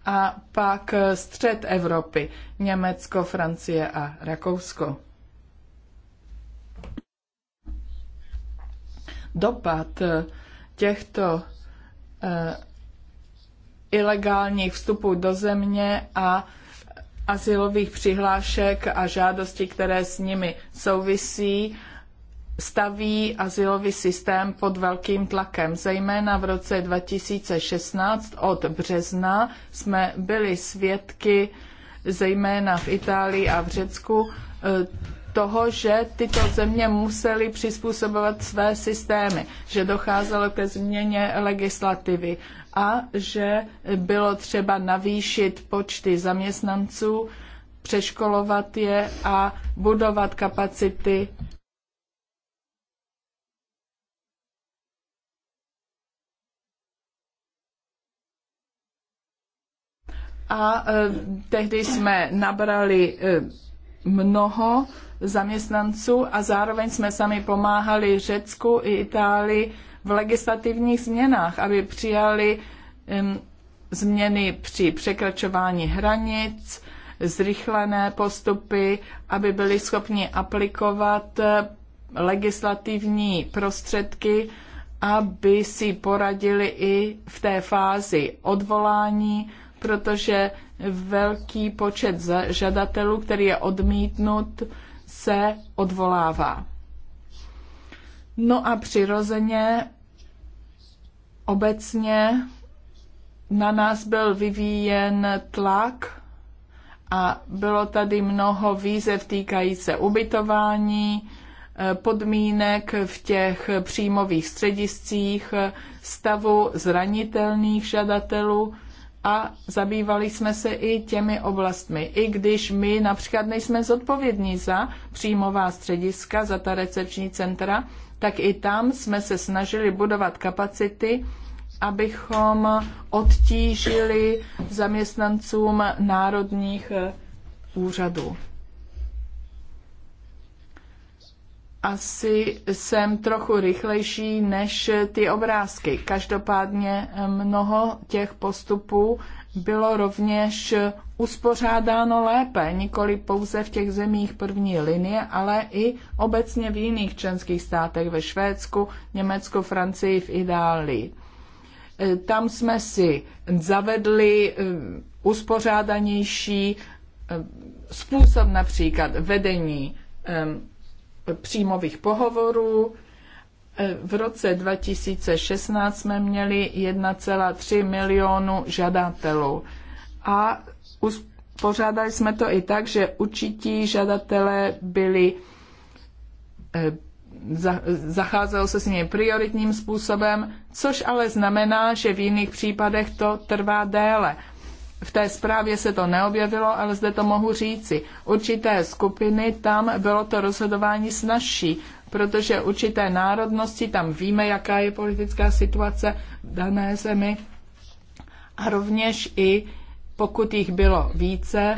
A: a pak střed Evropy, Německo, Francie a Rakousko. Dopad eh, těchto e, ilegálních vstupů do země a asilových přihlášek a žádostí, které s nimi souvisí, staví asilový systém pod velkým tlakem. Zejména v roce 2016 od března jsme byli svědky, zejména v Itálii a v Řecku, e, toho, že tyto země musely přizpůsobovat své systémy, že docházelo ke změně legislativy a že bylo třeba navýšit počty zaměstnanců, přeškolovat je a budovat kapacity a e, tehdy jsme nabrali e, mnoho zaměstnanců a zároveň jsme sami pomáhali Řecku i Itálii v legislativních změnách, aby přijali změny při překračování hranic, zrychlené postupy, aby byli schopni aplikovat e, legislativní prostředky, aby si poradili i v té fázi odvolání, protože velký počet žadatelů, který je odmítnut, se odvolává. No a přirozeně obecně na nás byl vyvíjen tlak a bylo tady mnoho výzev týkající se ubytování, podmínek v těch příjmových střediscích, stavu zranitelných žadatelů a zabývali jsme se i těmi oblastmi. I když my například nejsme zodpovědní za příjmová střediska, za ta recepční centra, tak i tam jsme se snažili budovat kapacity, abychom odtížili zaměstnancům národních eh, úřadů. asi jsem trochu rychlejší než ty obrázky. Každopádně eh, mnoho těch postupů bylo rovněž uspořádáno lépe, nikoli pouze v těch zemích první linie, ale i obecně v jiných členských státech, ve Švédsku, Německu, Francii, v Itálii. Eh, tam jsme si zavedli eh, uspořádanější způsob například vedení příjmových pohovorů. E, v roce 2016 jsme měli 1,3 milionu žadatelů a pořádali jsme to i tak, že určití žadatelé byli e, zacházelo se s nimi prioritním způsobem, což ale znamená, že v jiných případech to trvá déle v té zprávě se to neobjevilo, ale zde to mohu říci. Určité skupiny tam bylo to rozhodování snažší, protože určité národnosti, tam víme, jaká je politická situace v dané zemi. A rovněž i pokud jich bylo více,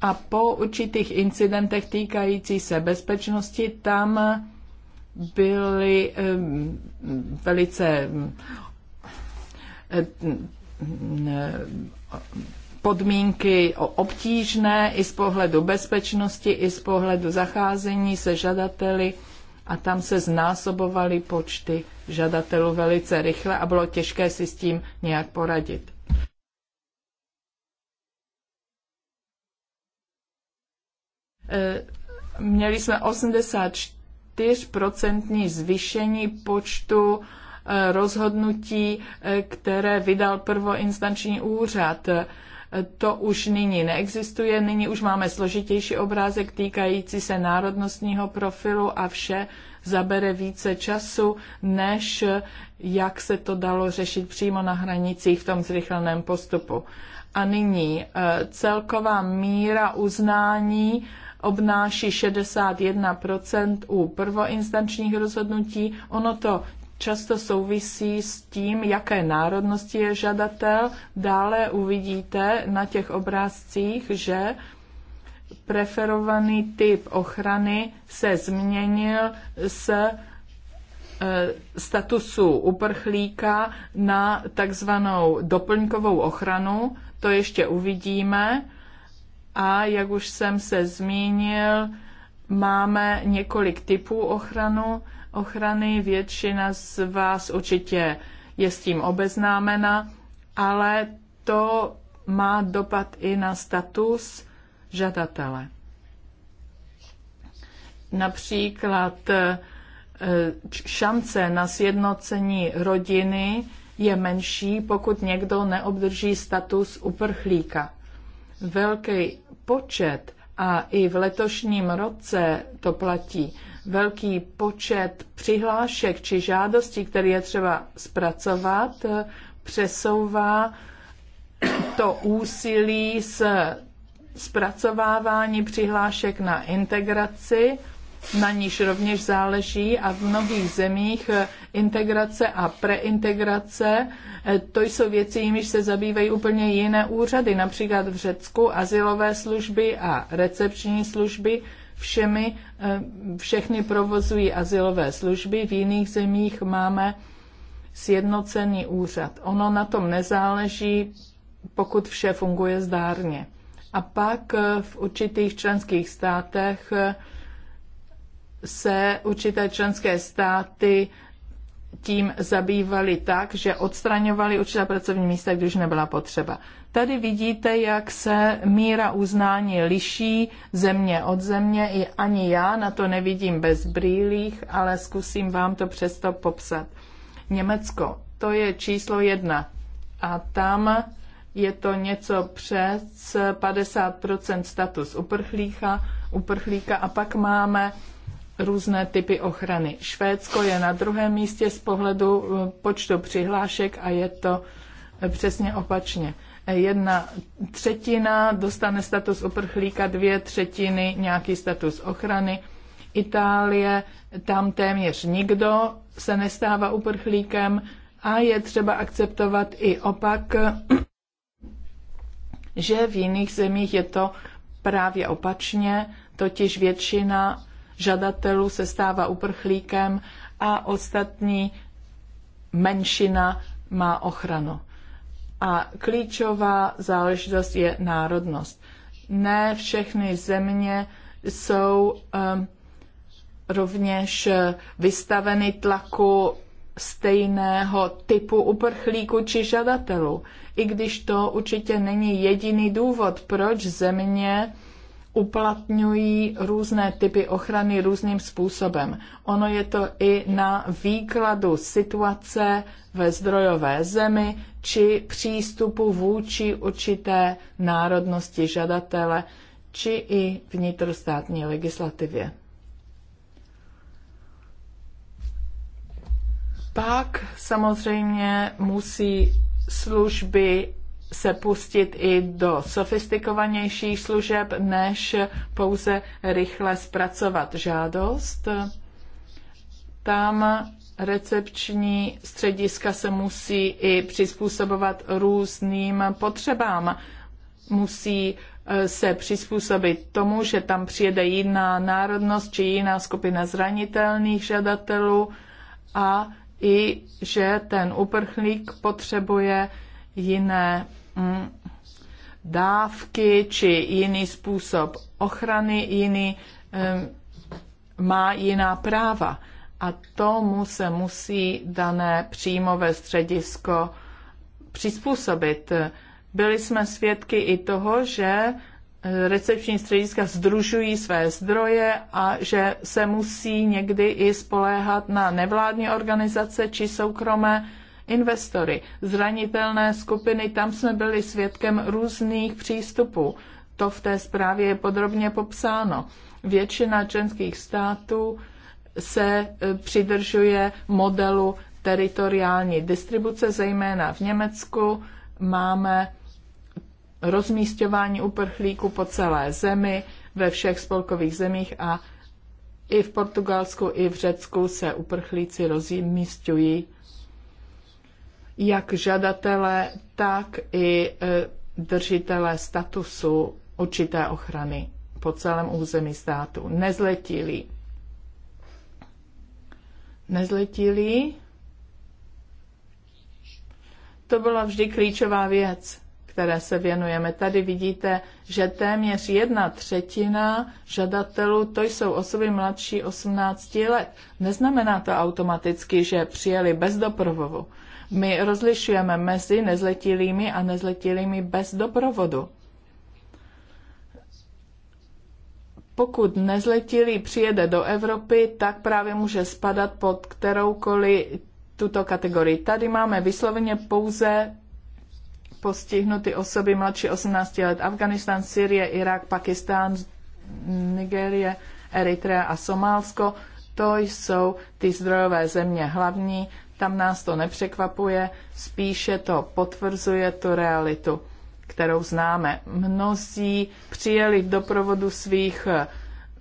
A: a po určitých incidentech týkající se bezpečnosti tam byly um, velice um, um, podmínky obtížné i z pohledu bezpečnosti, i z pohledu zacházení se žadateli a tam se znásobovaly počty žadatelů velice rychle a bylo těžké si s tím nějak poradit. Eh, měli jsme 84% zvýšení počtu rozhodnutí, eh, které vydal prvoinstanční úřad. Eh, to už nyní neexistuje, nyní už máme složitější obrázek týkající se národnostního profilu a vše zabere více času, než eh, jak se to dalo řešit přímo na hranicích v tom zrychleném postupu. A nyní celková míra uznání obnáší 61% u prvoinstančních rozhodnutí. Ono to často souvisí s tím, jaké národnosti je žadatel. Dále uvidíte na těch obrázcích, že preferovaný typ ochrany se změnil s e, statusu uprchlíka na takzvanou doplňkovou ochranu. To ještě uvidíme. A jak už jsem se zmínil, máme několik typů ochranu ochrany. Většina z vás určitě je s tím obeznámena, ale to má dopad i na status žadatele. Například eh, šance na sjednocení rodiny je menší, pokud někdo neobdrží status uprchlíka. Velký počet a i v letošním roce to platí velký počet přihlášek či žádostí, které je třeba zpracovat, eh, přesouvá to úsilí z zpracovávání přihlášek na integraci, na níž rovněž záleží a v mnohých zemích eh, integrace a preintegrace, eh, to jsou věci, jimiž se zabývají úplně jiné úřady, například v Řecku asilové služby a recepční služby, všemi, eh, všechny provozují asilové služby, v jiných zemích máme sjednocený úřad. Ono na tom nezáleží, pokud vše funguje zdárně. A pak eh, v určitých členských státech eh, se určité členské státy tím zabývali tak, že odstraňovali určitá pracovní místa, když nebyla potřeba. Tady vidíte, jak se míra uznání liší země od země. I ani já na to nevidím bez brýlích, ale zkusím vám to přesto popsat. Německo, to je číslo jedna. A tam je to něco přes 50% status uprchlíka, uprchlíka a pak máme různé typy ochrany. Švédsko je na druhém místě z pohledu eh, počtu přihlášek a je to eh, přesně opačně. Eh, jedna třetina dostane status uprchlíka, dvě třetiny nějaký status ochrany. Itálie, tam téměř nikdo se nestává uprchlíkem a je třeba akceptovat i opak, že v jiných zemích je to právě opačně, totiž většina žadatelů se stává uprchlíkem a ostatní menšina má ochranu. A klíčová záležitost je národnost. Ne všechny země jsou um, rovněž vystaveny tlaku stejného typu uprchlíku či žadatelů. I když to určitě není jediný důvod, proč země uplatňují různé typy ochrany různým způsobem. Ono je to i na výkladu situace ve zdrojové zemi či přístupu vůči určité národnosti žadatele či i vnitrostátní legislativě. Pak samozřejmě musí služby se pustit i do sofistikovanějších služeb, než pouze rychle zpracovat žádost. Tam recepční střediska se musí i přizpůsobovat různým potřebám. Musí eh, se přizpůsobit tomu, že tam přijede jiná národnost či jiná skupina zranitelných žadatelů a i že ten uprchlík potřebuje jiné dávky či jiný způsob ochrany, jiný má jiná práva. A tomu se musí dané příjmové středisko přizpůsobit. Byli jsme svědky i toho, že eh, recepční střediska združují své zdroje a že se musí někdy i spoléhat na nevládní organizace či soukromé investory, zranitelné skupiny, tam jsme byli svědkem různých přístupů. To v té zprávě je podrobně popsáno. Většina členských států se e, přidržuje modelu teritoriální distribuce, zejména v Německu máme rozmístování uprchlíků po celé zemi, ve všech spolkových zemích a i v Portugalsku, i v Řecku se uprchlíci rozmístují jak žadatele, tak i e, držitele statusu určité ochrany po celém území státu. Nezletilí. Nezletilí. To byla vždy klíčová věc, které se věnujeme. Tady vidíte, že téměř jedna třetina žadatelů to jsou osoby mladší 18 let. Neznamená to automaticky, že přijeli bez doprovodu my rozlišujeme mezi nezletilými a nezletilými bez doprovodu. Pokud nezletilý přijede do Evropy, tak právě může spadat pod kteroukoliv tuto kategorii. Tady máme vysloveně pouze postihnuty osoby mladší 18 let. Afganistán, Syrie, Irák, Pakistán, Nigérie, Eritrea a Somálsko, to jsou ty zdrojové země hlavní, tam nás to nepřekvapuje, spíše to potvrzuje tu realitu, kterou známe. Mnozí přijeli v doprovodu svých eh,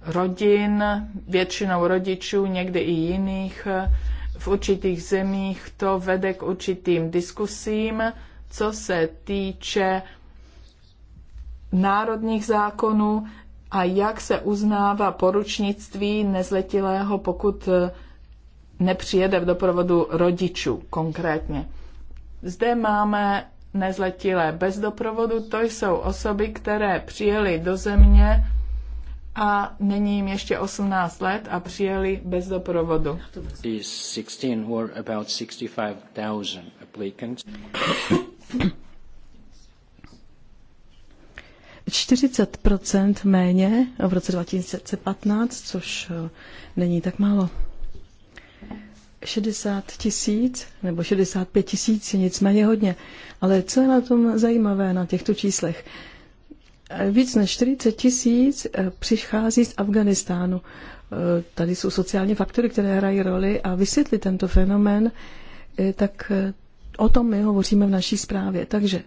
A: rodin, většinou rodičů, někdy i jiných. Eh, v určitých zemích to vede k určitým diskusím, co se týče národních zákonů a jak se uznává poručnictví nezletilého, pokud eh, nepřijede v doprovodu rodičů konkrétně. Zde máme nezletilé bez doprovodu, to jsou osoby, které přijeli do země a není jim ještě 18 let a přijeli bez doprovodu.
C: Čtyřicet méně v roce 2015, což eh, není tak málo. 60 tisíc nebo 65 tisíc je nicméně hodně. Ale co je na tom zajímavé na těchto číslech? Víc než 40 tisíc eh, přichází z Afganistánu. Eh, tady jsou sociální faktory, které hrají roli a vysvětlit tento fenomén, eh, tak o tom my hovoříme v naší zprávě. Takže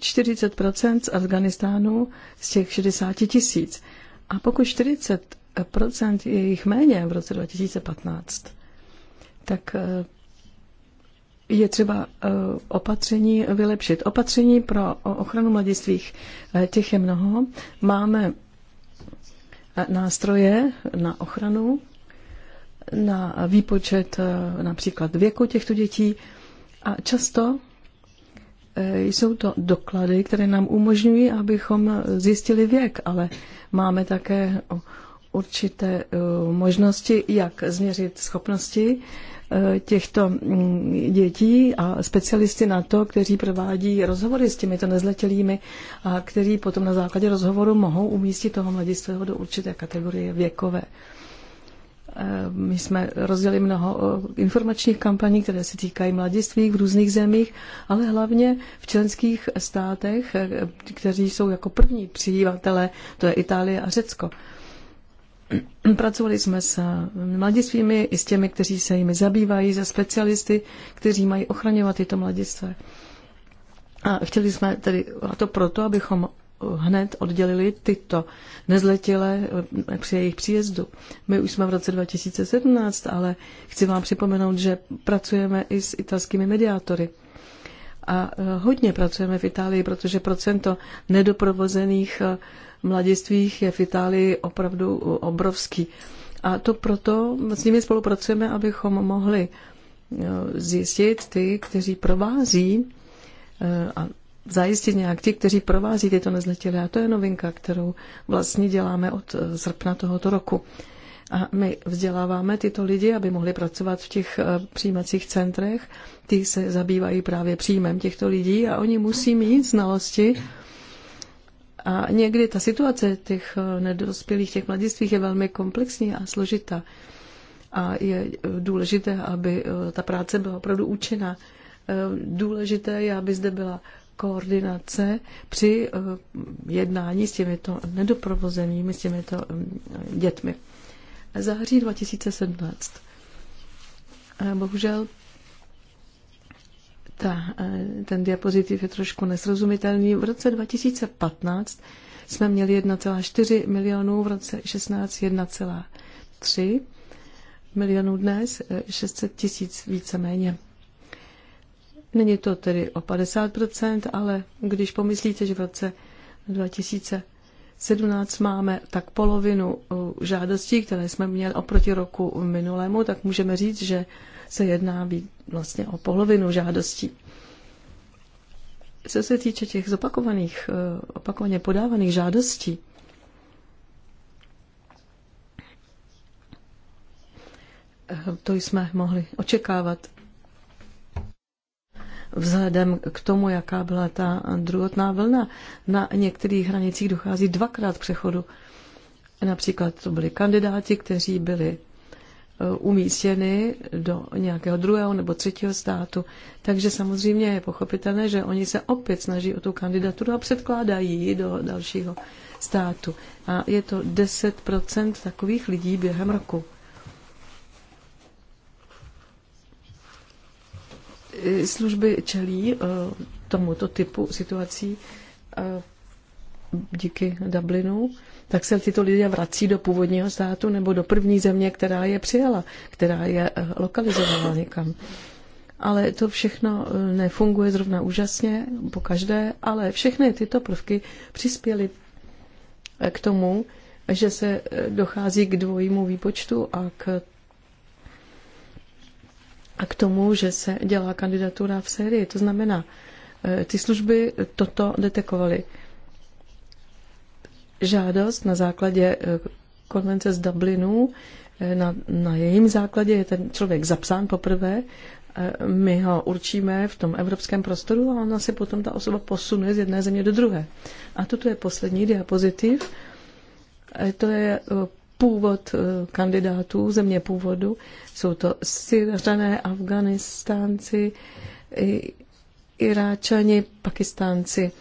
C: 40% z Afganistánu z těch 60 tisíc. A pokud 40 je jich méně v roce 2015, tak eh, je třeba eh, opatření vylepšit. Opatření pro ochranu mladistvých eh, těch je mnoho. Máme nástroje na ochranu, na výpočet například věku těchto dětí a často jsou to doklady, které nám umožňují, abychom zjistili věk, ale máme také určité eh, možnosti, jak změřit schopnosti eh, těchto mm, dětí a specialisty na to, kteří provádí rozhovory s těmito nezletilými a kteří potom na základě rozhovoru mohou umístit toho mladistvého do určité kategorie věkové. Eh, my jsme rozdělili mnoho informačních kampaní, které se týkají mladistvých v různých zemích, ale hlavně v členských státech, kteří jsou jako první přijívatele, to je Itálie a Řecko. Pracovali jsme s eh, mladistvími i s těmi, kteří se jimi zabývají, za specialisty, kteří mají ochraňovat tyto mladistvé. A chtěli jsme tedy, a to proto, abychom hned oddělili tyto nezletilé eh, při jejich příjezdu. My už jsme v roce 2017, ale chci vám připomenout, že pracujeme i s italskými mediátory. A e, hodně pracujeme v Itálii, protože procento nedoprovozených e, mladistvých je v Itálii opravdu obrovský. A to proto s nimi spolupracujeme, abychom mohli e, zjistit ty, kteří provází a zajistit nějak ti, kteří provází tyto nezletilé. A to je novinka, kterou vlastně děláme od srpna tohoto roku. A my vzděláváme tyto lidi, aby mohli pracovat v těch eh, přijímacích centrech. Ty se zabývají právě příjmem těchto lidí a oni musí mít znalosti. A někdy ta situace těch eh, nedospělých, těch mladistvých je velmi komplexní a složitá. A je důležité, aby eh, ta práce byla opravdu účinná. Důležité je, aby zde byla koordinace při jednání s těmito nedoprovozenými, s těmito mm, dětmi září 2017. Bohužel ta, eh, ten diapozitiv je trošku nesrozumitelný. V roce 2015 jsme měli 1,4 milionů, v roce 16 1,3 milionů dnes, 600 eh, tisíc víceméně. Není to tedy o 50%, ale když pomyslíte, že v roce 2000 17 máme tak polovinu uh, žádostí, které jsme měli oproti roku minulému, tak můžeme říct, že se jedná vlastně o polovinu žádostí. Co se týče těch zopakovaných, uh, opakovaně podávaných žádostí, uh, to jsme mohli očekávat vzhledem k tomu, jaká byla ta druhotná vlna. Na některých hranicích dochází dvakrát přechodu. Například to byli kandidáti, kteří byli eh, umístěny do nějakého druhého nebo třetího státu. Takže samozřejmě je pochopitelné, že oni se opět snaží o tu kandidaturu a předkládají ji do dalšího státu. A je to 10% takových lidí během roku. služby čelí eh, tomuto typu situací eh, díky Dublinu, tak se tyto lidé vrací do původního státu nebo do první země, která je přijala, která je eh, lokalizovala někam. Ale to všechno nefunguje zrovna úžasně po každé, ale všechny tyto prvky přispěly k tomu, že se dochází k dvojímu výpočtu a k a k tomu, že se dělá kandidatura v sérii. To znamená, eh, ty služby toto detekovaly. Žádost na základě eh, konvence z Dublinu, eh, na, na jejím základě je ten člověk zapsán poprvé, my ho určíme v tom evropském prostoru a ona se potom ta osoba posune z jedné země do druhé. A toto je poslední diapozitiv. To je původ eh, kandidátů, země původu. Jsou to Syřané, Afganistánci, Iráčani, Pakistánci.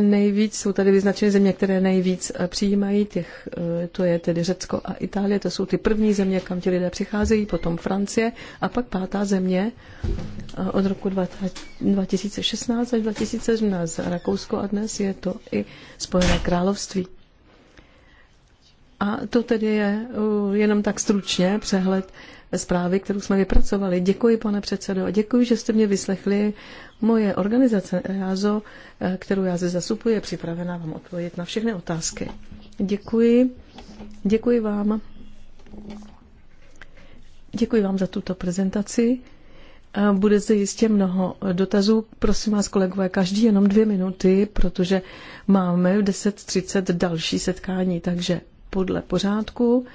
C: Nejvíc jsou tady vyznačeny země, které nejvíc eh, přijímají, těch, eh, to je tedy Řecko a Itálie, to jsou ty první země, kam ti lidé přicházejí, potom Francie a pak pátá země od roku 2016 až 2017 Rakousko a dnes je to i Spojené království. A to tedy je jenom tak stručně přehled zprávy, kterou jsme vypracovali. Děkuji, pane předsedo, a děkuji, že jste mě vyslechli. Moje organizace EASO, eh, kterou já zde zasupuji, je připravena vám odpovědět na všechny otázky. Děkuji. Děkuji vám. Děkuji vám za tuto prezentaci. Eh, bude zde jistě mnoho dotazů. Prosím vás, kolegové, každý jenom dvě minuty, protože máme v 10.30 další setkání, takže podle pořádku.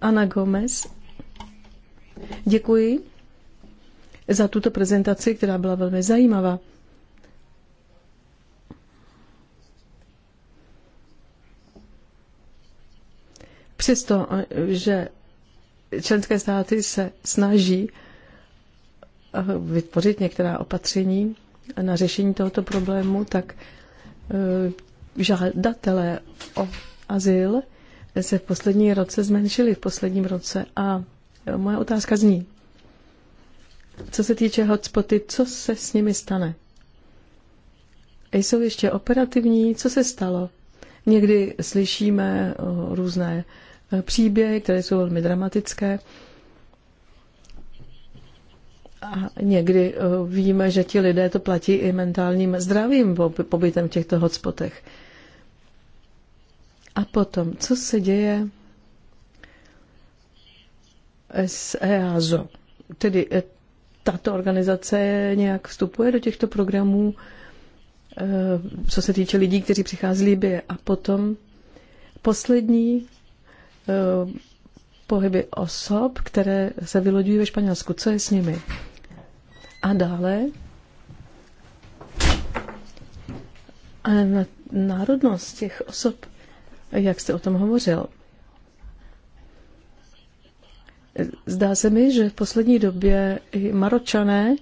C: Ana Gomez. Děkuji za tuto prezentaci, která byla velmi zajímavá. Přesto, že členské státy se snaží eh, vytvořit některá opatření na řešení tohoto problému, tak eh, žádatelé o azyl se v poslední roce zmenšili v posledním roce. A e, moje otázka zní, co se týče hotspoty, co se s nimi stane? Jsou ještě operativní? Co se stalo? Někdy slyšíme e, různé e, příběhy, které jsou velmi dramatické. A někdy víme, že ti lidé to platí i mentálním zdravím pobytem v těchto hotspotech. A potom, co se děje s EASO? Tedy eh, tato organizace nějak vstupuje do těchto programů, eh, co se týče lidí, kteří přichází z Libie. A potom poslední eh, pohyby osob, které se vyloďují ve Španělsku. Co je s nimi? A dále národnost těch osob jak jste o tom hovořil. Zdá se mi, že v poslední době i Maročané e,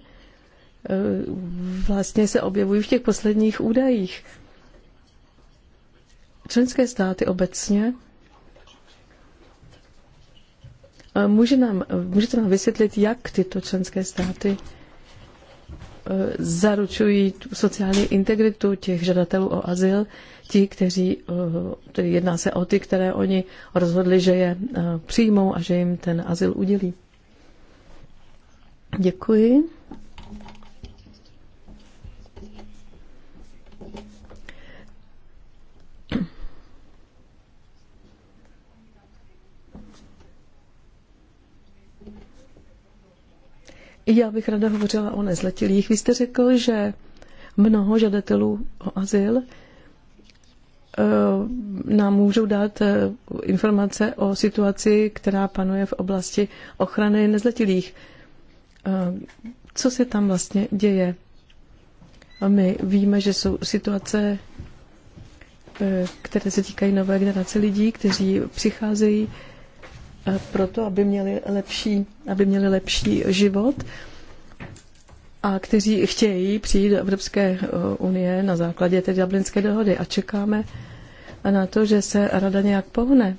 C: vlastně se objevují v těch posledních údajích. Členské státy obecně e, Může nám, můžete nám vysvětlit, jak tyto členské státy Eh, zaručují tu sociální integritu těch žadatelů o azyl, ti, kteří, eh, tedy jedná se o ty, které oni rozhodli, že je eh, přijmou a že jim ten azyl udělí. Děkuji. Já bych ráda hovořila o nezletilých. Vy jste řekl, že mnoho žadatelů o azyl eh, nám můžou dát eh, informace o situaci, která panuje v oblasti ochrany nezletilých. Eh, co se tam vlastně děje? A my víme, že jsou situace, které se týkají nové generace lidí, kteří přicházejí Eh, proto, aby měli lepší, aby měli lepší život a kteří chtějí přijít do Evropské eh, unie na základě té Dublinské dohody a čekáme na to, že se rada nějak pohne.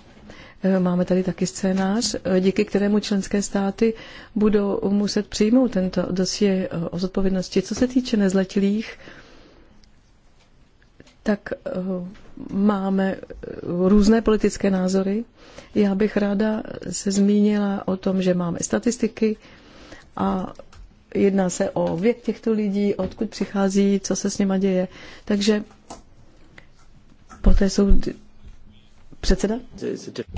C: Eh, máme tady taky scénář, díky kterému členské státy budou muset přijmout tento dosie o zodpovědnosti. Co se týče nezletilých, tak máme eh, různé politické názory. Já bych ráda se zmínila o tom, že máme statistiky a jedná se o věk těchto lidí, odkud přichází, co se s nima děje. Takže poté jsou předseda?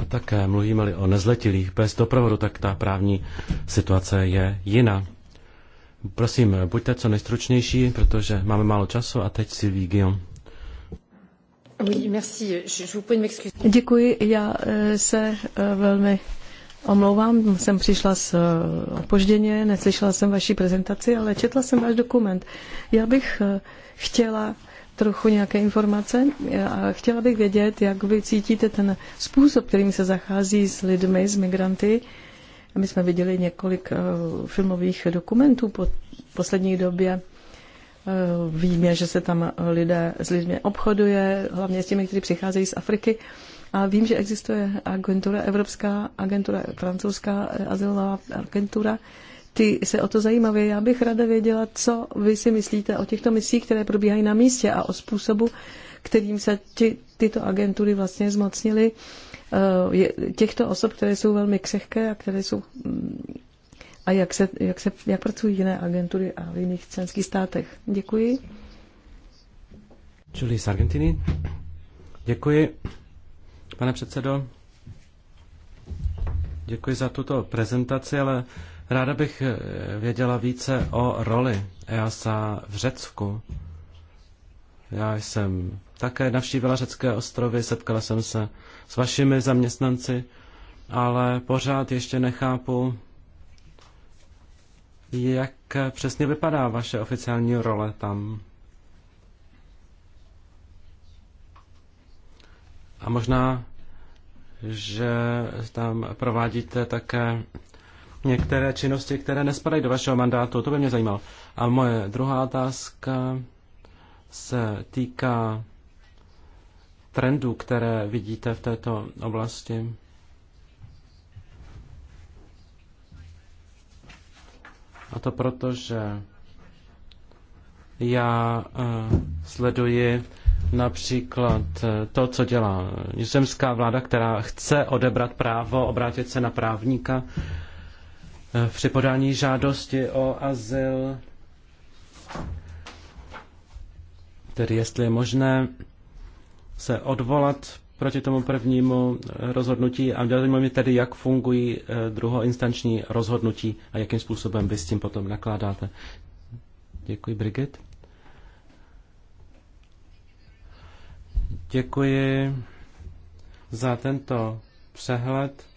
B: Také eh, mluvíme-li o nezletilých bez doprovodu, tak ta právní situace je jiná. Prosím, eh, buďte co nejstručnější, protože máme málo času a teď si Guillaume.
C: Děkuji, já eh, se eh, velmi omlouvám, jsem přišla s eh, opožděně, neslyšela jsem vaši prezentaci, ale četla jsem váš dokument. Já bych chtěla trochu nějaké informace a chtěla bych vědět, jak vy cítíte ten způsob, kterým se zachází s lidmi, s migranty. My jsme viděli několik filmových dokumentů po poslední době Eh, víme, že se tam lidé s lidmi obchoduje, hlavně s těmi, kteří přicházejí z Afriky. A vím, že existuje agentura evropská, agentura francouzská, eh, azylová agentura. Ty se o to zajímavě. Já bych ráda věděla, co vy si myslíte o těchto misích, které probíhají na místě a o způsobu, kterým se ti, tyto agentury vlastně zmocnily eh, těchto osob, které jsou velmi křehké a které jsou mm, a jak, se, jak, se, jak pracují jiné agentury a v jiných členských státech. Děkuji.
B: Čili z Argentiny. Děkuji, pane předsedo. Děkuji za tuto prezentaci, ale ráda bych eh, věděla více o roli EASA v Řecku. Já jsem také navštívila řecké ostrovy, setkala jsem se s vašimi zaměstnanci, ale pořád ještě nechápu, jak přesně vypadá vaše oficiální role tam? A možná, že tam provádíte také některé činnosti, které nespadají do vašeho mandátu. To by mě zajímalo. A moje druhá otázka se týká trendů, které vidíte v této oblasti. A to proto, že já uh, sleduji například eh, to, co dělá nizozemská vláda, která chce odebrat právo obrátit se na právníka eh, při podání žádosti o azyl. Tedy jestli je možné se odvolat proti tomu prvnímu eh, rozhodnutí a zajímá mě tedy, jak fungují eh, druhoinstanční rozhodnutí a jakým způsobem vy s tím potom nakládáte. Děkuji, Brigit. Děkuji za tento přehled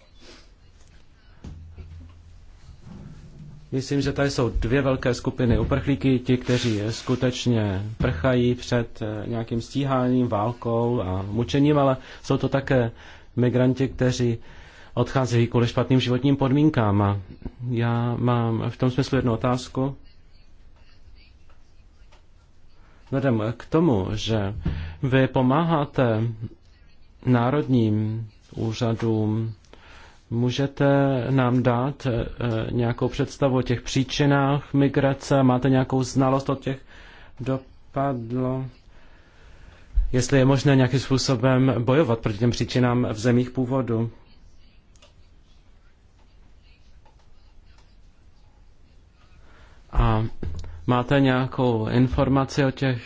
B: Myslím, že tady jsou dvě velké skupiny uprchlíky, ti, kteří skutečně prchají před eh, nějakým stíháním, válkou a mučením, ale jsou to také migranti, kteří odcházejí kvůli špatným životním podmínkám. A já mám v tom smyslu jednu otázku. Vedem k tomu, že vy pomáháte národním úřadům Můžete nám dát eh, nějakou představu o těch příčinách migrace? Máte nějakou znalost o těch dopadlo? Jestli je možné nějakým způsobem bojovat proti těm příčinám v zemích původu? A máte nějakou informaci o těch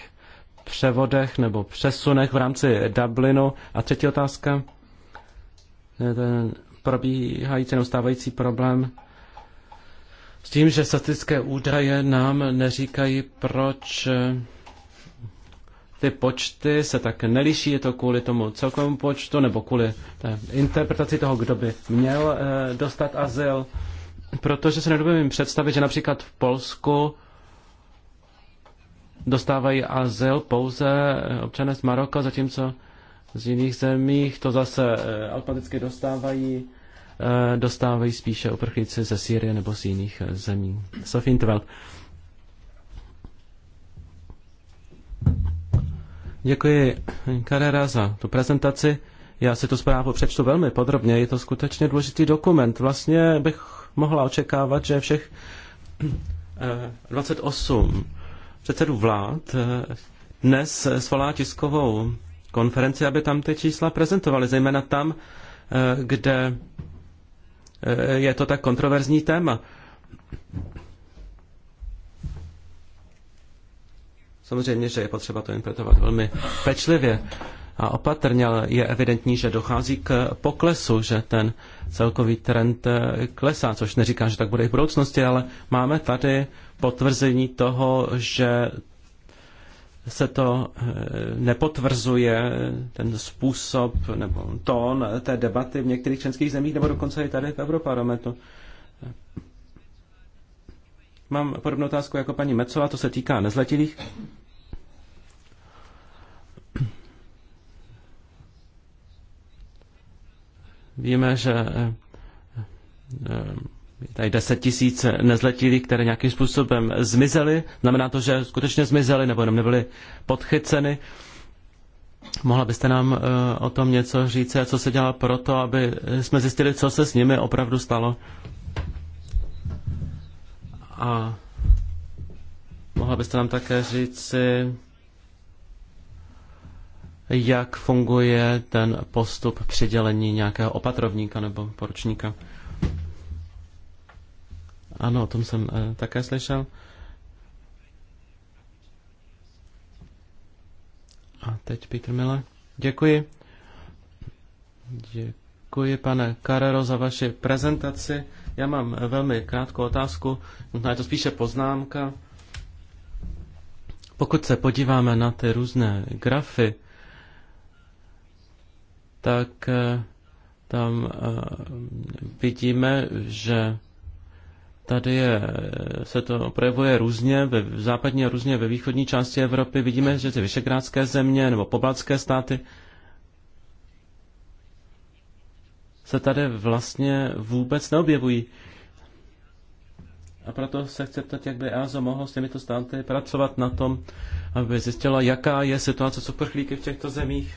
B: převodech nebo přesunech v rámci Dublinu? A třetí otázka. Ten probíhající ustávající problém s tím, že statické údaje nám neříkají, proč eh, ty počty se tak neliší, je to kvůli tomu celkovému počtu nebo kvůli té eh, interpretaci toho, kdo by měl eh, dostat azyl, protože se nedobím představit, že například v Polsku dostávají azyl pouze občané z Maroka, zatímco z jiných zemích. To zase eh, automaticky dostávají, eh, dostávají spíše uprchlíci ze Sýrie nebo z jiných eh, zemí. Sofín Tvel. Děkuji Karera za tu prezentaci. Já si tu zprávu přečtu velmi podrobně. Je to skutečně důležitý dokument. Vlastně bych mohla očekávat, že všech 28 předsedů vlád dnes svolá tiskovou konferenci, aby tam ty čísla prezentovali, zejména tam, eh, kde eh, je to tak kontroverzní téma. Samozřejmě, že je potřeba to interpretovat velmi pečlivě a opatrně, ale je evidentní, že dochází k poklesu, že ten celkový trend eh, klesá, což neříkám, že tak bude i v budoucnosti, ale máme tady potvrzení toho, že se to eh, nepotvrzuje, ten způsob nebo tón té debaty v některých členských zemích, nebo dokonce i tady v Europarometru. Mám podobnou otázku jako paní Mecová, to se týká nezletilých. Víme, že eh, je tady 10 tisíc nezletilých, které nějakým způsobem zmizely. Znamená to, že skutečně zmizely nebo jenom nebyly podchyceny. Mohla byste nám eh, o tom něco říct, co se dělá pro to, aby jsme zjistili, co se s nimi opravdu stalo? A mohla byste nám také říct, jak funguje ten postup přidělení nějakého opatrovníka nebo poručníka? Ano, o tom jsem eh, také slyšel. A teď Petr Miller. Děkuji. Děkuji, pane Carrero, za vaši prezentaci. Já mám eh, velmi krátkou otázku, možná je to spíše poznámka. Pokud se podíváme na ty různé grafy, tak eh, tam vidíme, že Tady je, se to projevuje různě, ve v západní a různě ve východní části Evropy. Vidíme, že ty vyšegrádské země nebo pobaltské státy se tady vlastně vůbec neobjevují. A proto se chce ptat, jak by EASO mohlo s těmito státy pracovat na tom, aby zjistila, jaká je situace s uprchlíky v těchto zemích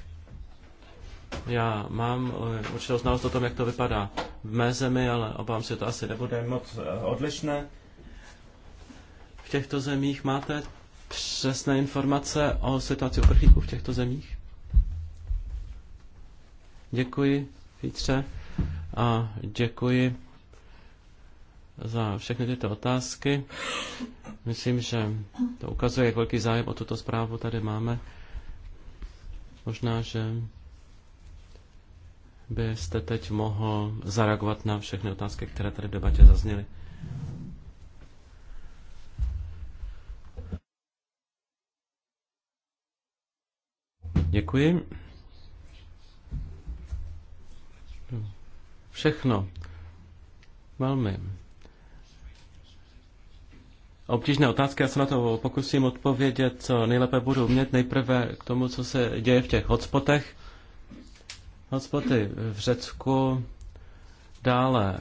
B: já mám eh, určitou znalost o tom, jak to vypadá v mé zemi, ale obávám se, že to asi nebude moc eh, odlišné. V těchto zemích máte přesné informace o situaci uprchlíků v těchto zemích? Děkuji, Vítře, a děkuji za všechny tyto otázky. Myslím, že to ukazuje, jak velký zájem o tuto zprávu tady máme. Možná, že byste teď mohl zareagovat na všechny otázky, které tady v debatě zazněly. Děkuji. Všechno. Velmi. Obtížné otázky, já se na to pokusím odpovědět, co nejlépe budu umět. Nejprve k tomu, co se děje v těch hotspotech hotspoty v Řecku dále e,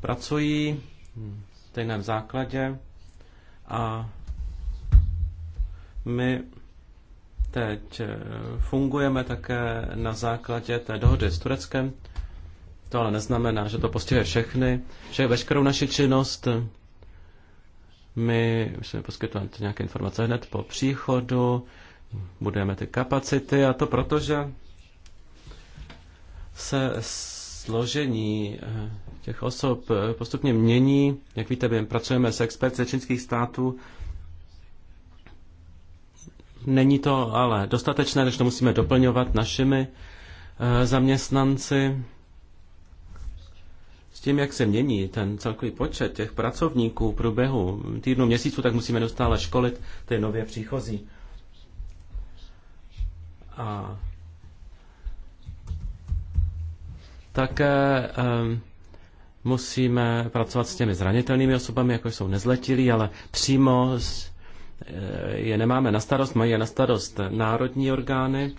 B: pracují v stejném základě a my teď eh, fungujeme také na základě té dohody s Tureckem. To ale neznamená, že to postihuje všechny, že veškerou naši činnost. My musíme poskytovat nějaké informace hned po příchodu, budeme ty kapacity a to proto, že se složení eh, těch osob eh, postupně mění. Jak víte, my pracujeme s experty ze čínských států. Není to ale dostatečné, než to musíme doplňovat našimi eh, zaměstnanci. S tím, jak se mění ten celkový počet těch pracovníků v průběhu týdnu, měsíců, tak musíme dostále školit ty nově příchozí. A Také ehm, musíme pracovat s těmi zranitelnými osobami, jako jsou nezletilí, ale přímo eh, je nemáme na starost, mají je na starost národní orgány,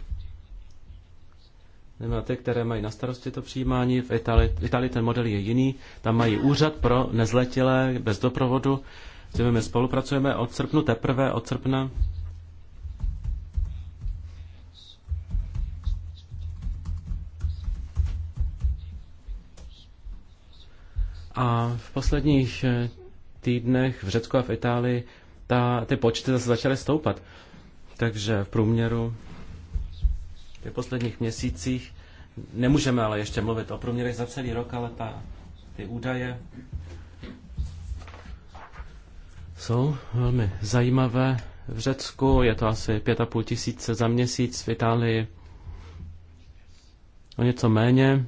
B: nebo ty, které mají na starosti to přijímání. V Itálii, v Itálii ten model je jiný. Tam mají úřad pro nezletilé bez doprovodu, s my spolupracujeme od srpnu teprve, od srpna A v posledních eh, týdnech v Řecku a v Itálii ta, ty počty zase začaly stoupat. Takže v průměru v těch posledních měsících nemůžeme ale ještě mluvit o průměrech za celý rok, ale ta, ty údaje jsou velmi zajímavé. V Řecku je to asi 5,5 tisíce za měsíc, v Itálii o něco méně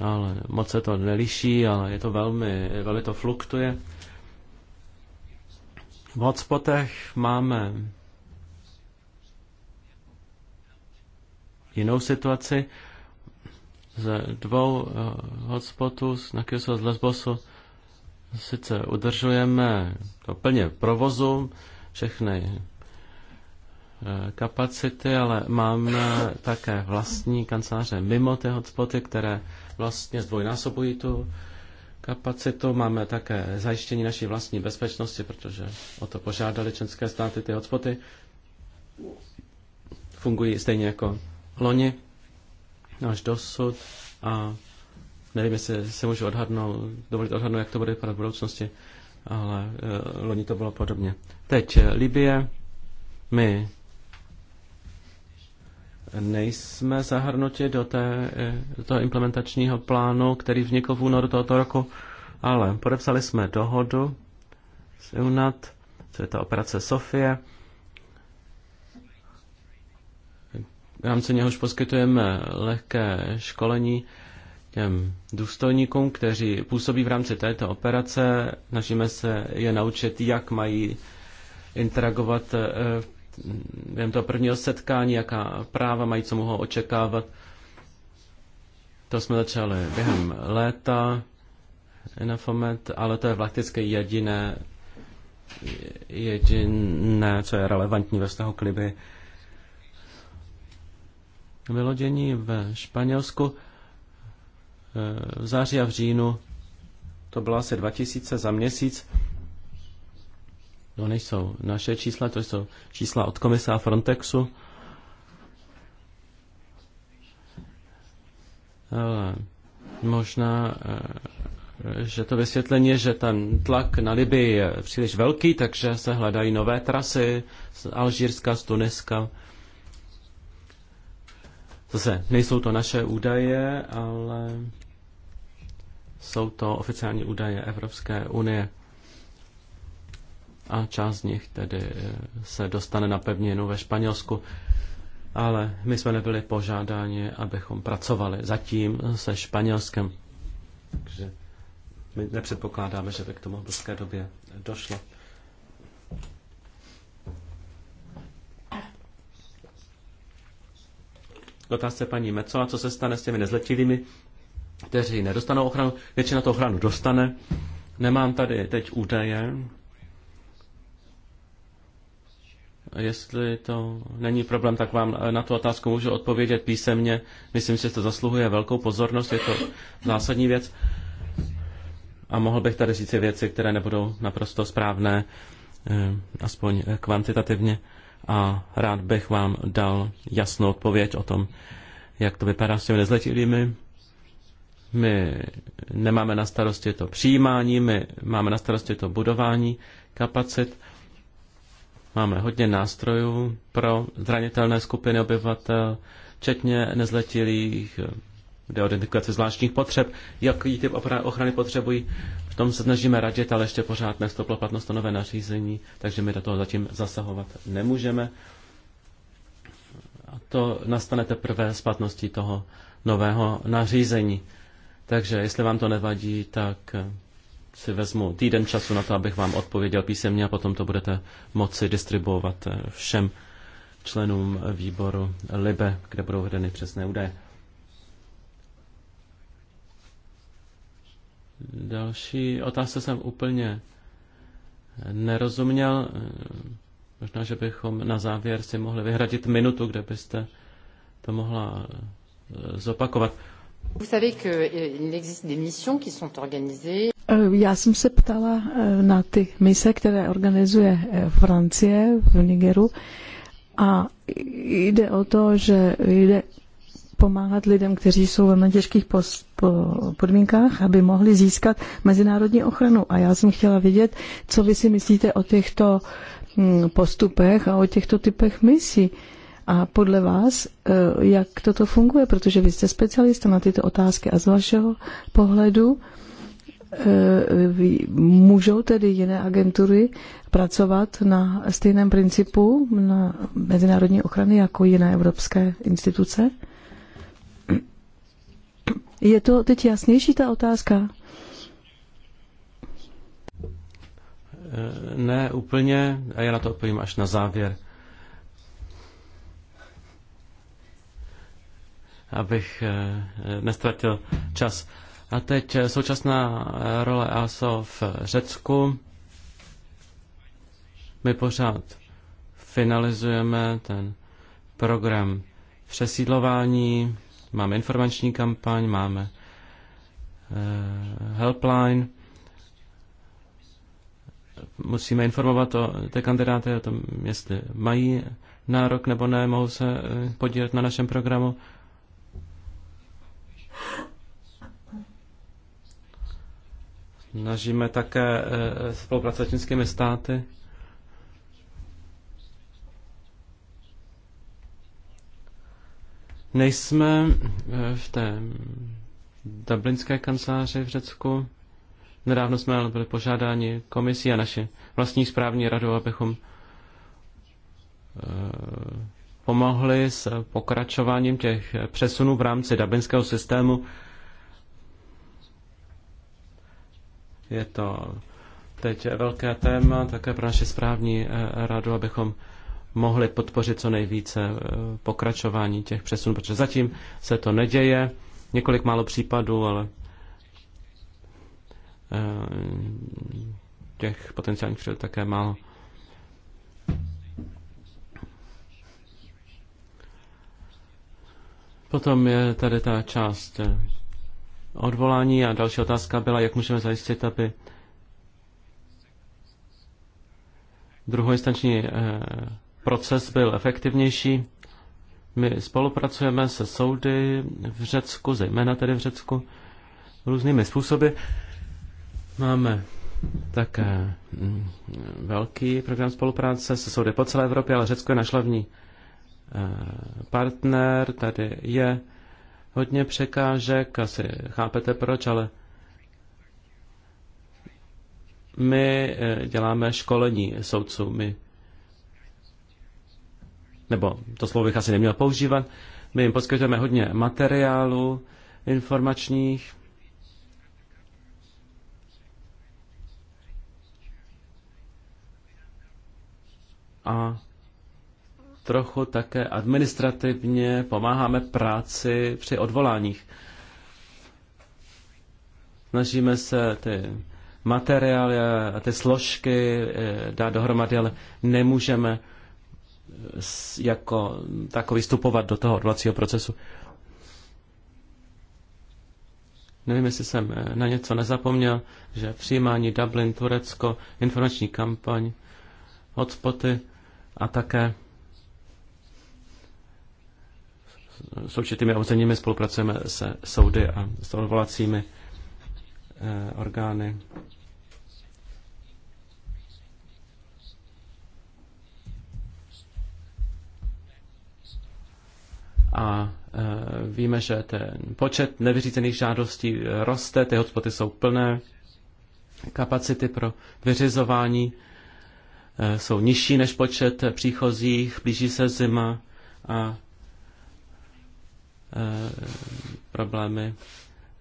B: ale moc se to neliší, ale je to velmi, velmi to fluktuje. V hotspotech máme jinou situaci. Ze dvou eh, hotspotů z Nakiusu z Lesbosu sice udržujeme to plně v provozu, všechny Eh, kapacity, ale mám eh, také vlastní kanceláře mimo ty hotspoty, které vlastně zdvojnásobují tu kapacitu. Máme také zajištění naší vlastní bezpečnosti, protože o to požádali české státy ty hotspoty. Fungují stejně jako loni až dosud a nevím, jestli se můžu odhadnout, dovolit odhadnout, jak to bude vypadat v budoucnosti, ale e, loni to bylo podobně. Teď Libie, my nejsme zahrnuti do, té, eh, do toho implementačního plánu, který vznikl v únoru tohoto roku, ale podepsali jsme dohodu s UNAT, co je ta operace Sofie. V rámci něhož poskytujeme lehké školení těm důstojníkům, kteří působí v rámci této operace. Snažíme se je naučit, jak mají interagovat v eh, během toho prvního setkání, jaká práva mají, co mohou očekávat. To jsme začali během léta, Enafomet, ale to je vlastně jediné, jediné, co je relevantní ve vztahu k Vylodění ve Španělsku eh, v září a v říjnu to bylo asi 2000 za měsíc. To nejsou naše čísla, to jsou čísla od komise a Frontexu. Ale možná, eh, že to vysvětlení je, že ten tlak na Libii je příliš velký, takže se hledají nové trasy z Alžírska, z Tuniska. Zase nejsou to naše údaje, ale jsou to oficiální údaje Evropské unie a část z nich tedy eh, se dostane na pevninu ve Španělsku. Ale my jsme nebyli požádáni, abychom pracovali zatím se Španělskem. Takže my nepředpokládáme, že by k tomu v blízké době došlo. otázce paní a co se stane s těmi nezletilými, kteří nedostanou ochranu. Většina to ochranu dostane. Nemám tady teď údaje Jestli to není problém, tak vám na tu otázku můžu odpovědět písemně. Myslím, že to zasluhuje velkou pozornost, je to zásadní věc. A mohl bych tady říct věci, které nebudou naprosto správné, eh, aspoň kvantitativně. A rád bych vám dal jasnou odpověď o tom, jak to vypadá s těmi nezletilými. My nemáme na starosti to přijímání, my máme na starosti to budování kapacit Máme hodně nástrojů pro zranitelné skupiny obyvatel, včetně nezletilých, kde identifikace identifikaci zvláštních potřeb, jaký typ ochrany potřebují. V tom se snažíme radit, ale ještě pořád nestoplo platnost to nové nařízení, takže my do toho zatím zasahovat nemůžeme. A to nastane teprve s platností toho nového nařízení. Takže jestli vám to nevadí, tak si vezmu týden času na to, abych vám odpověděl písemně a potom to budete moci distribuovat eh, všem členům výboru LIBE, kde budou vedeny přesné údaje. Další otázce jsem úplně nerozuměl. Eh, možná, že bychom na závěr si mohli vyhradit minutu, kde byste to mohla eh, zopakovat.
A: Vous savez existe des missions qui sont organisées.
C: Eh, já jsem se ptala eh, na ty mise, které organizuje eh, Francie v Nigeru a jde o to, že jde pomáhat lidem, kteří jsou v těžkých podmínkách, aby mohli získat mezinárodní ochranu. A já jsem chtěla vědět, co vy si myslíte o těchto hm, postupech a o těchto typech misí. A podle vás, jak toto funguje, protože vy jste specialista na tyto otázky a z vašeho pohledu, Eh, můžou tedy jiné agentury pracovat na stejném principu na mezinárodní ochrany jako jiné evropské instituce? Je to teď jasnější ta otázka?
B: Eh, ne úplně, a já na to odpovím až na závěr. Abych eh, nestratil čas. A teď eh, současná eh, role ASO v Řecku. My pořád finalizujeme ten program přesídlování, máme informační kampaň, máme eh, helpline. Musíme informovat o ty kandidáty o tom, jestli mají nárok nebo ne, mohou se podílet na našem programu. Snažíme také eh, spolupracovat s čínskými státy. Nejsme eh, v té dublinské kanceláři v Řecku. Nedávno jsme ale byli požádáni komisí a naše vlastní správní radou, abychom eh, pomohli s pokračováním těch přesunů v rámci dublinského systému. Je to teď velké téma také pro naše správní eh, radu, abychom mohli podpořit co nejvíce eh, pokračování těch přesunů, protože zatím se to neděje. Několik málo případů, ale eh, těch potenciálních případů také málo. Potom je tady ta část odvolání a další otázka byla, jak můžeme zajistit, aby druhoinstanční eh, proces byl efektivnější. My spolupracujeme se soudy v Řecku, zejména tedy v Řecku, různými způsoby. Máme také mm, velký program spolupráce se soudy po celé Evropě, ale Řecko je náš hlavní eh, partner. Tady je hodně překážek, asi chápete proč, ale my eh, děláme školení soudců, my nebo to slovo bych asi neměl používat, my jim poskytujeme hodně materiálu informačních, a trochu také administrativně pomáháme práci při odvoláních. Snažíme se ty materiály a ty složky eh, dát dohromady, ale nemůžeme jako takový vstupovat do toho odvolacího procesu. Nevím, jestli jsem eh, na něco nezapomněl, že přijímání Dublin, Turecko, informační kampaň, hotspoty a také s určitými ozeními spolupracujeme se soudy a s odvolacími eh, orgány. A eh, víme, že ten počet nevyřízených žádostí eh, roste, ty hotspoty jsou plné, kapacity pro vyřizování jsou nižší než počet příchozích, blíží se zima a Eh, problémy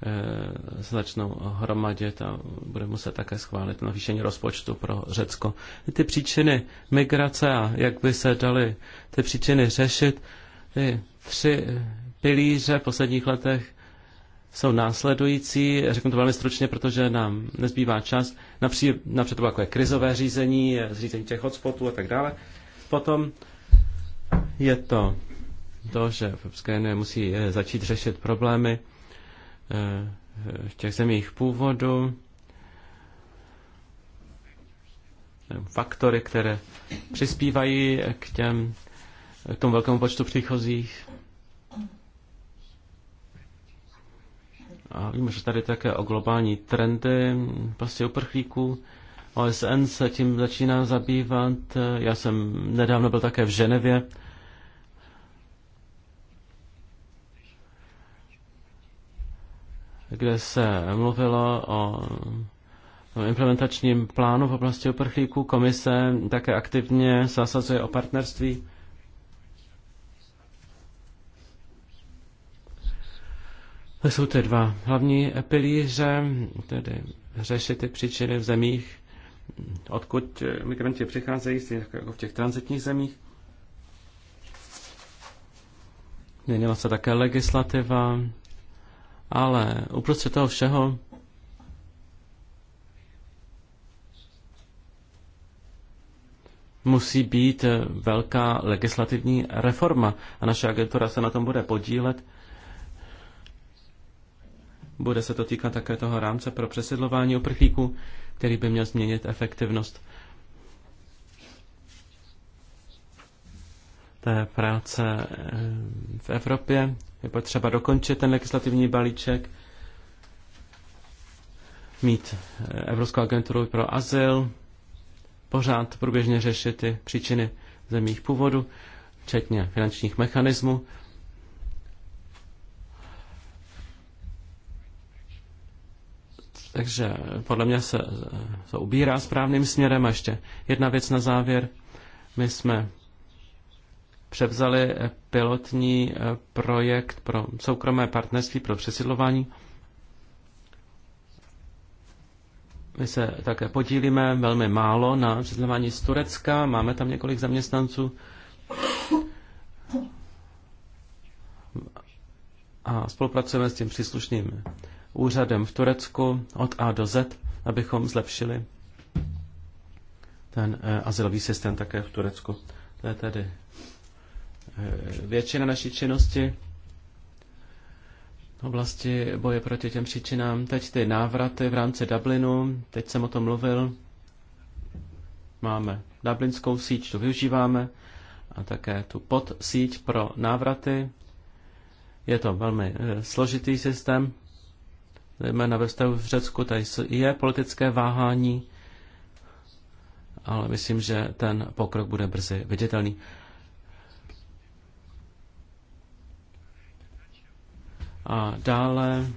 B: eh, se začnou hromadit a bude muset také schválit navýšení rozpočtu pro Řecko. Ty příčiny migrace a jak by se daly ty příčiny řešit, ty tři pilíře v posledních letech jsou následující. Řeknu to velmi stručně, protože nám nezbývá čas. Napří, například to jako je krizové řízení, řízení těch hotspotů a tak dále. Potom je to to, že Evropské unie musí eh, začít řešit problémy eh, v těch zemích původu, eh, faktory, které přispívají k, těm, k tomu velkému počtu příchozích. A víme, že tady také o globální trendy prostě uprchlíků. OSN se tím začíná zabývat. Já jsem nedávno byl také v Ženevě, kde se mluvilo o implementačním plánu v oblasti uprchlíků. Komise také aktivně zasazuje o partnerství. To jsou ty dva hlavní pilíře, tedy řešit ty příčiny v zemích, odkud migranti přicházejí, jako v těch transitních zemích. Měnila se také legislativa, ale uprostřed toho všeho musí být velká legislativní reforma a naše agentura se na tom bude podílet. Bude se to týkat také toho rámce pro přesidlování uprchlíků, který by měl změnit efektivnost té práce eh, v Evropě. Je potřeba dokončit ten legislativní balíček, mít eh, Evropskou agenturu pro azyl, pořád průběžně řešit ty příčiny zemích původu, včetně finančních mechanismů. Takže podle mě se, se ubírá správným směrem. A ještě jedna věc na závěr. My jsme převzali eh, pilotní eh, projekt pro soukromé partnerství pro přesidlování. My se také podílíme velmi málo na přesidlování z Turecka, máme tam několik zaměstnanců. A spolupracujeme s tím příslušným úřadem v Turecku od A do Z, abychom zlepšili ten eh, azylový systém také v Turecku. To je tedy většina naší činnosti v oblasti boje proti těm příčinám. Teď ty návraty v rámci Dublinu, teď jsem o tom mluvil. Máme dublinskou síť, tu využíváme, a také tu pod síť pro návraty. Je to velmi eh, složitý systém, zejména ve vztahu v Řecku, tady je politické váhání, ale myslím, že ten pokrok bude brzy viditelný. A dále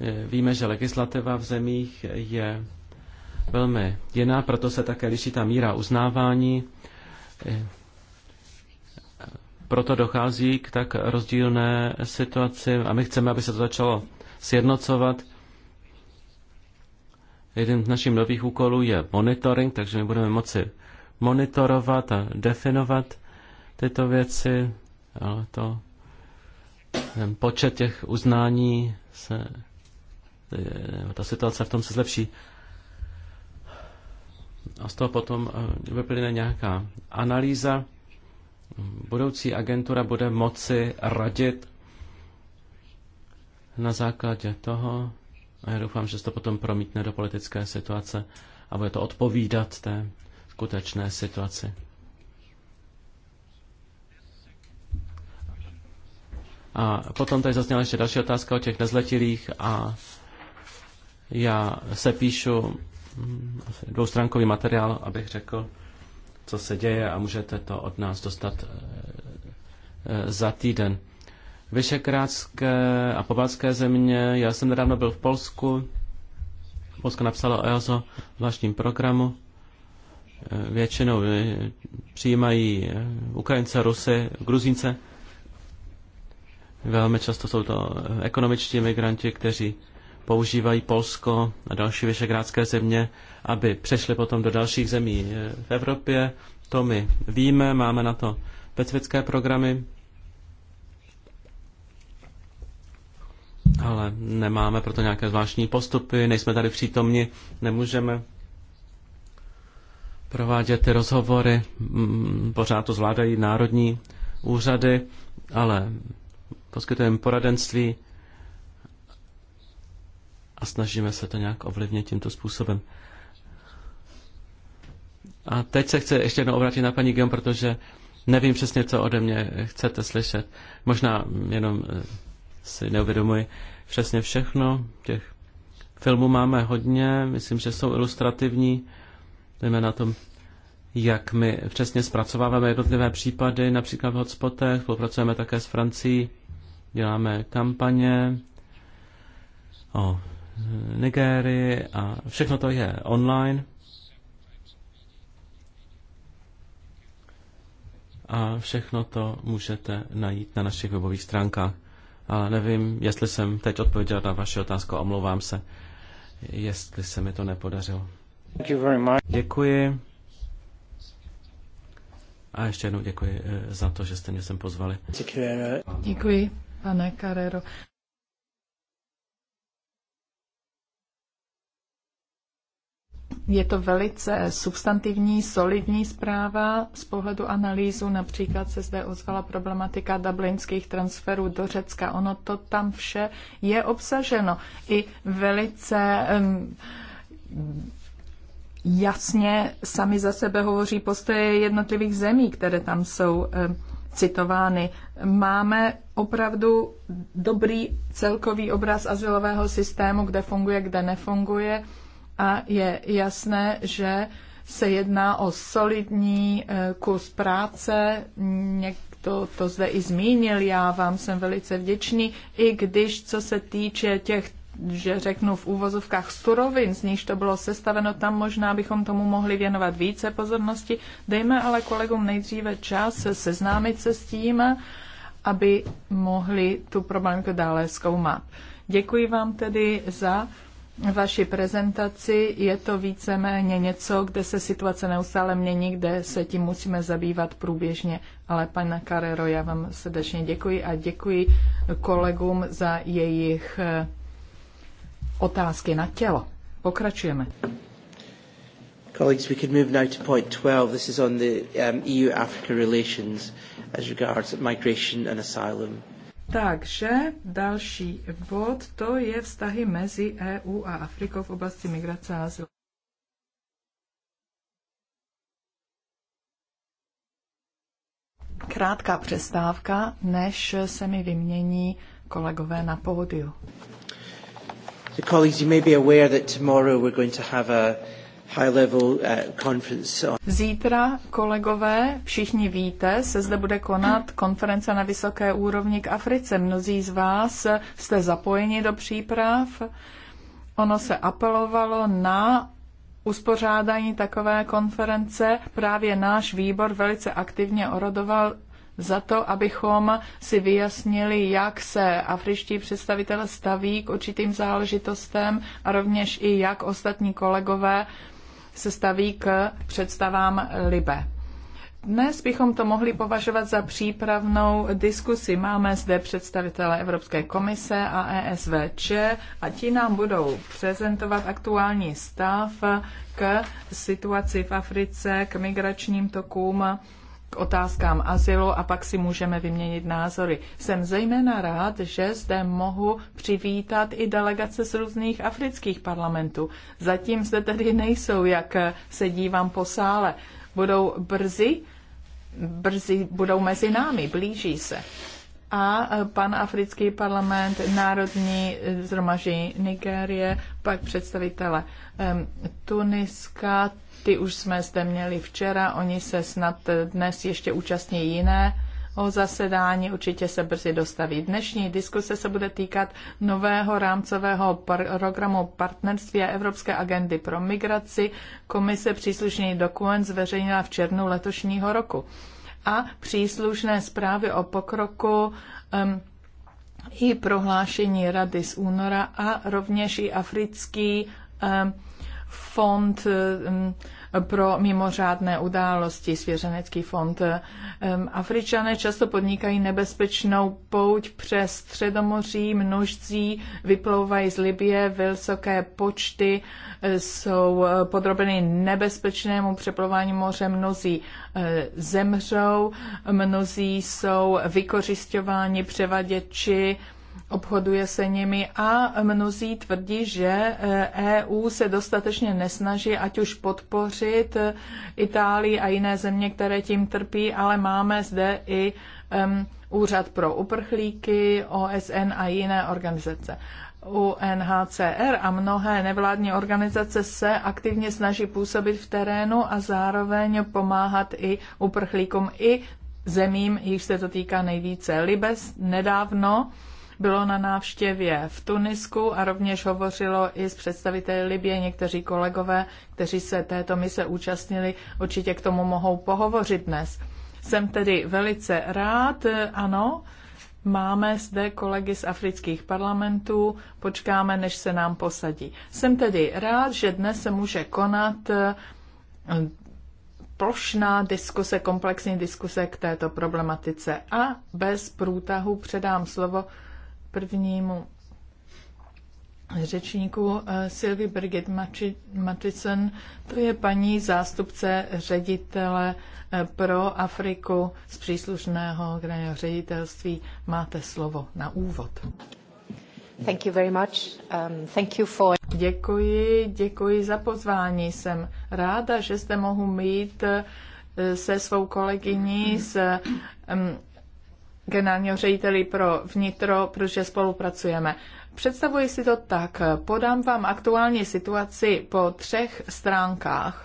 B: eh, víme, že legislativa v zemích je velmi jiná, proto se také liší ta míra uznávání. Eh, proto dochází k tak rozdílné situaci a my chceme, aby se to začalo sjednocovat. Jeden z našich nových úkolů je monitoring, takže my budeme moci monitorovat a definovat tyto věci, ale to ten počet těch uznání se, ta situace v tom se zlepší. A z toho potom eh, vyplyne nějaká analýza. Budoucí agentura bude moci radit na základě toho, a já doufám, že se to potom promítne do politické situace a bude to odpovídat té skutečné situaci. A potom tady zazněla ještě další otázka o těch nezletilých a já se píšu mm, dvoustránkový materiál, abych řekl, co se děje a můžete to od nás dostat eh, eh, za týden. Vyšekrátské a pobalské země, já jsem nedávno byl v Polsku, Polsko napsalo EASO zvláštním programu, eh, většinou přijímají Ukrajince, Rusy, Gruzínce, Velmi často jsou to eh, ekonomičtí migranti, kteří používají Polsko a další vyšegrádské země, aby přešli potom do dalších zemí eh, v Evropě. To my víme, máme na to specifické programy, ale nemáme proto nějaké zvláštní postupy, nejsme tady přítomni, nemůžeme provádět ty rozhovory, mm, pořád to zvládají národní úřady, ale poskytujeme poradenství a snažíme se to nějak ovlivnit tímto způsobem. A teď se chci ještě jednou obrátit na paní Gion, protože nevím přesně, co ode mě chcete slyšet. Možná jenom eh, si neuvědomuji přesně všechno. Těch filmů máme hodně, myslím, že jsou ilustrativní. Jdeme na tom, jak my přesně zpracováváme jednotlivé případy, například v hotspotech, spolupracujeme také s Francií Děláme kampaně o Nigérii a všechno to je online. A všechno to můžete najít na našich webových stránkách. Ale nevím, jestli jsem teď odpověděl na vaši otázku, omlouvám se, jestli se mi to nepodařilo. Děkuji. A ještě jednou děkuji eh, za to, že jste mě sem pozvali.
A: Děkuji pane Carrero. Je to velice substantivní, solidní zpráva. Z pohledu analýzu například se zde ozvala problematika dublinských transferů do Řecka. Ono to tam vše je obsaženo. I velice um, jasně sami za sebe hovoří postoje jednotlivých zemí, které tam jsou um, citovány. Máme opravdu dobrý celkový obraz azylového systému, kde funguje, kde nefunguje a je jasné, že se jedná o solidní eh, kus práce. Někdo to zde i zmínil, já vám jsem velice vděčný, i když co se týče těch že řeknu v úvozovkách surovin, z nichž to bylo sestaveno, tam možná bychom tomu mohli věnovat více pozornosti. Dejme ale kolegům nejdříve čas seznámit se s tím, aby mohli tu problémku dále zkoumat. Děkuji vám tedy za vaši prezentaci. Je to víceméně něco, kde se situace neustále mění, kde se tím musíme zabývat průběžně. Ale pana Carrero, já vám srdečně děkuji a děkuji kolegům za jejich otázky na tělo. Pokračujeme.
B: Colleagues, we could move now to point 12. This is on the um, EU-Africa relations as regards migration and asylum.
A: Takže další bod, to je vztahy mezi EU a Afrikou v oblasti migrace a azylu. Krátká přestávka, než se mi vymění kolegové na pódiu.
B: So colleagues, you may be aware that tomorrow we're going to have a high-level uh, conference on...
A: Zítra, kolegové, všichni víte, se zde bude konat konference na vysoké úrovni k Africe. Mnozí z vás jste zapojeni do příprav. Ono se apelovalo na uspořádání takové konference. Právě náš výbor velice aktivně orodoval, za to, abychom si vyjasnili, jak se afričtí představitelé staví k určitým záležitostem a rovněž i jak ostatní kolegové se staví k představám Libe. Dnes bychom to mohli považovat za přípravnou diskusi. Máme zde představitele Evropské komise a ESVČ a ti nám budou prezentovat aktuální stav k situaci v Africe, k migračním tokům k otázkám azylu a pak si můžeme vyměnit názory. Jsem zejména rád, že zde mohu přivítat i delegace z různých afrických parlamentů. Zatím zde tedy nejsou, jak se dívám po sále. Budou brzy, brzy budou mezi námi, blíží se. A pan africký parlament, národní zhromaždění Nigérie, pak představitele Tuniska, ty už jsme zde měli včera, oni se snad dnes ještě účastní jiné o zasedání, určitě se brzy dostaví. Dnešní diskuse se bude týkat nového rámcového programu partnerství a Evropské agendy pro migraci. Komise příslušný dokument zveřejnila v červnu letošního roku. A příslušné zprávy o pokroku um, i prohlášení Rady z února a rovněž i africký um, fond eh, mm, pro mimořádné události, svěřenecký fond. Eh, mm, Afričané často podnikají nebezpečnou pouť přes Středomoří, množcí, vyplouvají z Libie, vysoké počty eh, jsou podrobeny nebezpečnému přeplování moře, mnozí zemřou, mnozí jsou vykořišťováni převaděči, obchoduje se nimi a mnozí tvrdí, že EU eh, e se dostatečně nesnaží, ať už podpořit eh, Itálii a jiné země, které tím trpí, ale máme zde i um, Úřad pro uprchlíky, OSN a jiné organizace. UNHCR a mnohé nevládní organizace se aktivně snaží působit v terénu a zároveň pomáhat i uprchlíkům, i zemím, jich se to týká nejvíce. Libes nedávno bylo na návštěvě v Tunisku a rovněž hovořilo i s představiteli Libie. Někteří kolegové, kteří se této mise účastnili, určitě k tomu mohou pohovořit dnes. Jsem tedy velice rád, ano, Máme zde kolegy z afrických parlamentů, počkáme, než se nám posadí. Jsem tedy rád, že dnes se může konat eh, plošná diskuse, komplexní diskuse k této problematice. A bez průtahu předám slovo prvnímu řečníku eh, Sylvie Birgit Matricen, to je paní zástupce ředitele eh, pro Afriku z příslušného generálního ředitelství. Máte slovo na úvod. Thank you very much. Um, thank you for... Děkuji, děkuji za pozvání. Jsem ráda, že zde mohu mít eh, se svou kolegyní z um, generálního řediteli pro vnitro, protože spolupracujeme. Představuji si to tak. Podám vám aktuální situaci po třech stránkách.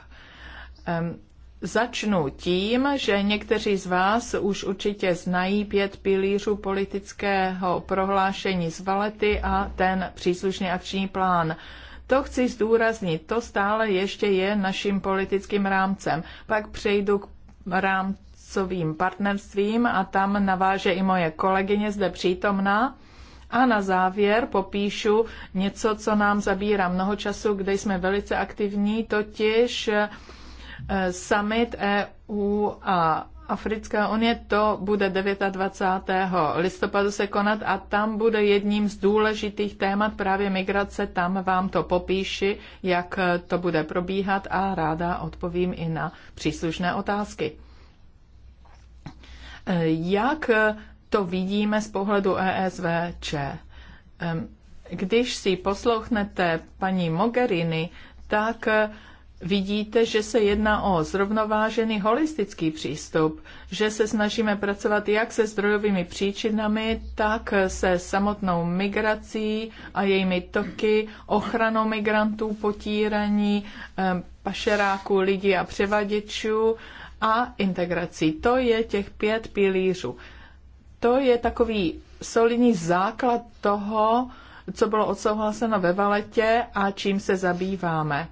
A: Začnu tím, že někteří z vás už určitě znají pět pilířů politického prohlášení z Valety a ten příslušný akční plán. To chci zdůraznit, to stále ještě je naším politickým rámcem. Pak přejdu k rám, otcovým partnerstvím a tam naváže i moje kolegyně zde přítomná. A na závěr popíšu něco, co nám zabírá mnoho času, kde jsme velice aktivní, totiž eh, summit EU a Africká unie, to bude 29. listopadu se konat a tam bude jedním z důležitých témat právě migrace. Tam vám to popíši, jak to bude probíhat a ráda odpovím i na příslušné otázky. Jak to vidíme z pohledu ESVČ? Když si poslouchnete paní Mogherini, tak eh, vidíte, že se jedná o zrovnovážený holistický přístup, že se snažíme pracovat jak se zdrojovými příčinami, tak se samotnou migrací a jejími toky, ochranou migrantů, potíraní pašeráků, lidí a převaděčů, a integrací. To je těch pět pilířů. To je takový solidní základ toho, co bylo odsouhlaseno ve Valetě a čím se zabýváme.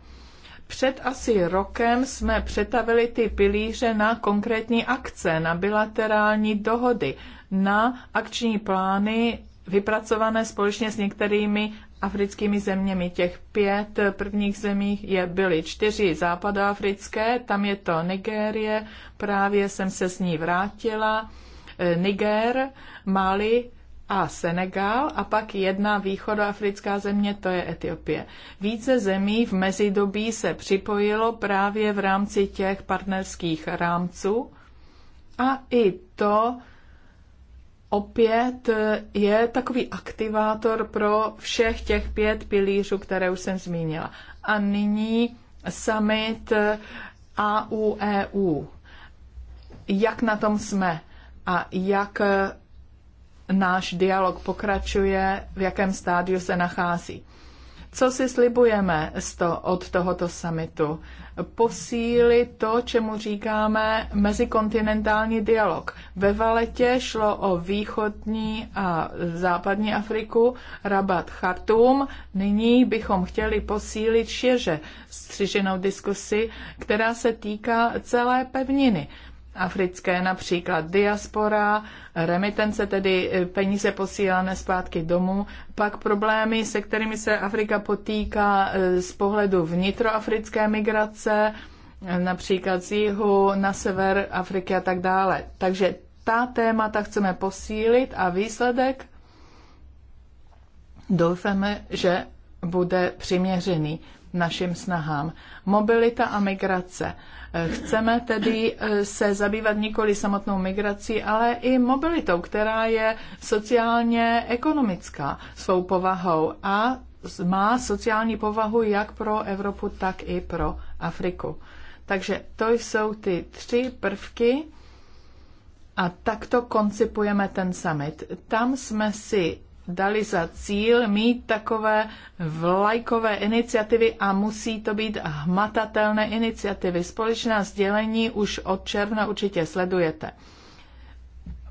A: Před asi rokem jsme přetavili ty pilíře na konkrétní akce, na bilaterální dohody, na akční plány vypracované společně s některými africkými zeměmi. Těch pět prvních zemí je, byly čtyři západoafrické, tam je to Nigérie, právě jsem se s ní vrátila, e, Niger, Mali a Senegal a pak jedna východoafrická země, to je Etiopie. Více zemí v mezidobí se připojilo právě v rámci těch partnerských rámců a i to opět eh, je takový aktivátor pro všech těch pět pilířů, které už jsem zmínila. A nyní summit eh, AUEU. E jak na tom jsme a jak eh, náš dialog pokračuje, v jakém stádiu se nachází. Co si slibujeme z to, od tohoto summitu? Posílit to, čemu říkáme mezikontinentální dialog. Ve Valetě šlo o východní a západní Afriku, Rabat Chartum. Nyní bychom chtěli posílit širže střiženou diskusi, která se týká celé pevniny africké, například diaspora, remitence, tedy e, peníze posílané zpátky domů, pak problémy, se kterými se Afrika potýká e, z pohledu vnitroafrické migrace, e, například z jihu na sever Afriky a tak dále. Takže ta témata chceme posílit a výsledek doufáme, že bude přiměřený našim snahám. Mobilita a migrace. Chceme tedy eh, se zabývat nikoli samotnou migrací, ale i mobilitou, která je sociálně ekonomická svou povahou a má sociální povahu jak pro Evropu, tak i pro Afriku. Takže to jsou ty tři prvky a takto koncipujeme ten summit. Tam jsme si dali za cíl mít takové vlajkové iniciativy a musí to být hmatatelné iniciativy. Společná sdělení už od června určitě sledujete.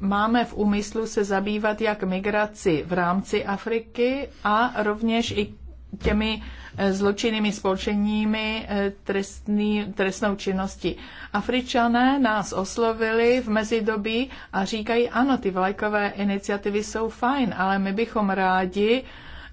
A: Máme v úmyslu se zabývat jak migraci v rámci Afriky a rovněž i těmi eh, zločinnými spolčeními eh, trestný, trestnou činnosti. Afričané nás oslovili v mezidobí a říkají, ano, ty vlajkové iniciativy jsou fajn, ale my bychom rádi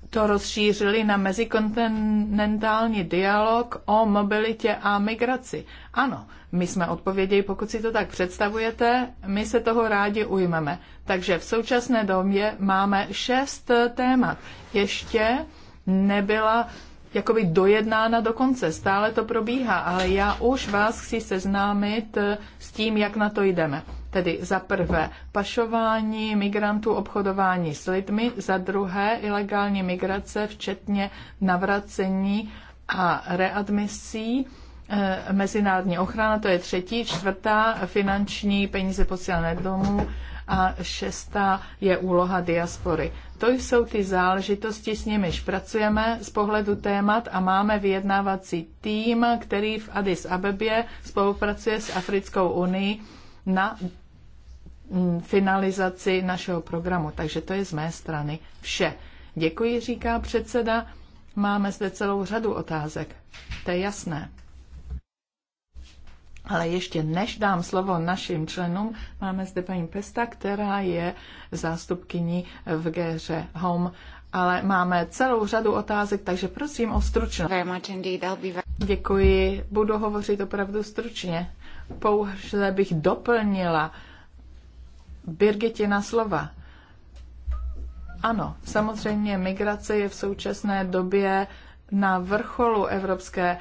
A: to rozšířili na mezikontinentální dialog o mobilitě a migraci. Ano, my jsme odpověděli, pokud si to tak představujete, my se toho rádi ujmeme. Takže v současné době máme šest témat. Ještě nebyla jakoby dojednána do konce. Stále to probíhá, ale já už vás chci seznámit eh, s tím, jak na to jdeme. Tedy za prvé pašování migrantů, obchodování s lidmi, za druhé ilegální migrace, včetně navracení a readmisí, eh, mezinárodní ochrana, to je třetí, čtvrtá, finanční peníze posílané domů, a šestá je úloha diaspory. To jsou ty záležitosti, s nimiž pracujeme z pohledu témat a máme vyjednávací tým, který v Addis Abebě spolupracuje s Africkou unii na mm, finalizaci našeho programu. Takže to je z mé strany vše. Děkuji, říká předseda. Máme zde celou řadu otázek. To je jasné. Ale ještě než dám slovo našim členům, máme zde paní Pesta, která je zástupkyní v Géře Home ale máme celou řadu otázek, takže prosím o stručnost. Děkuji, budu hovořit opravdu stručně. Pouze bych doplnila Birgitina slova. Ano, samozřejmě migrace je v současné době na vrcholu evropské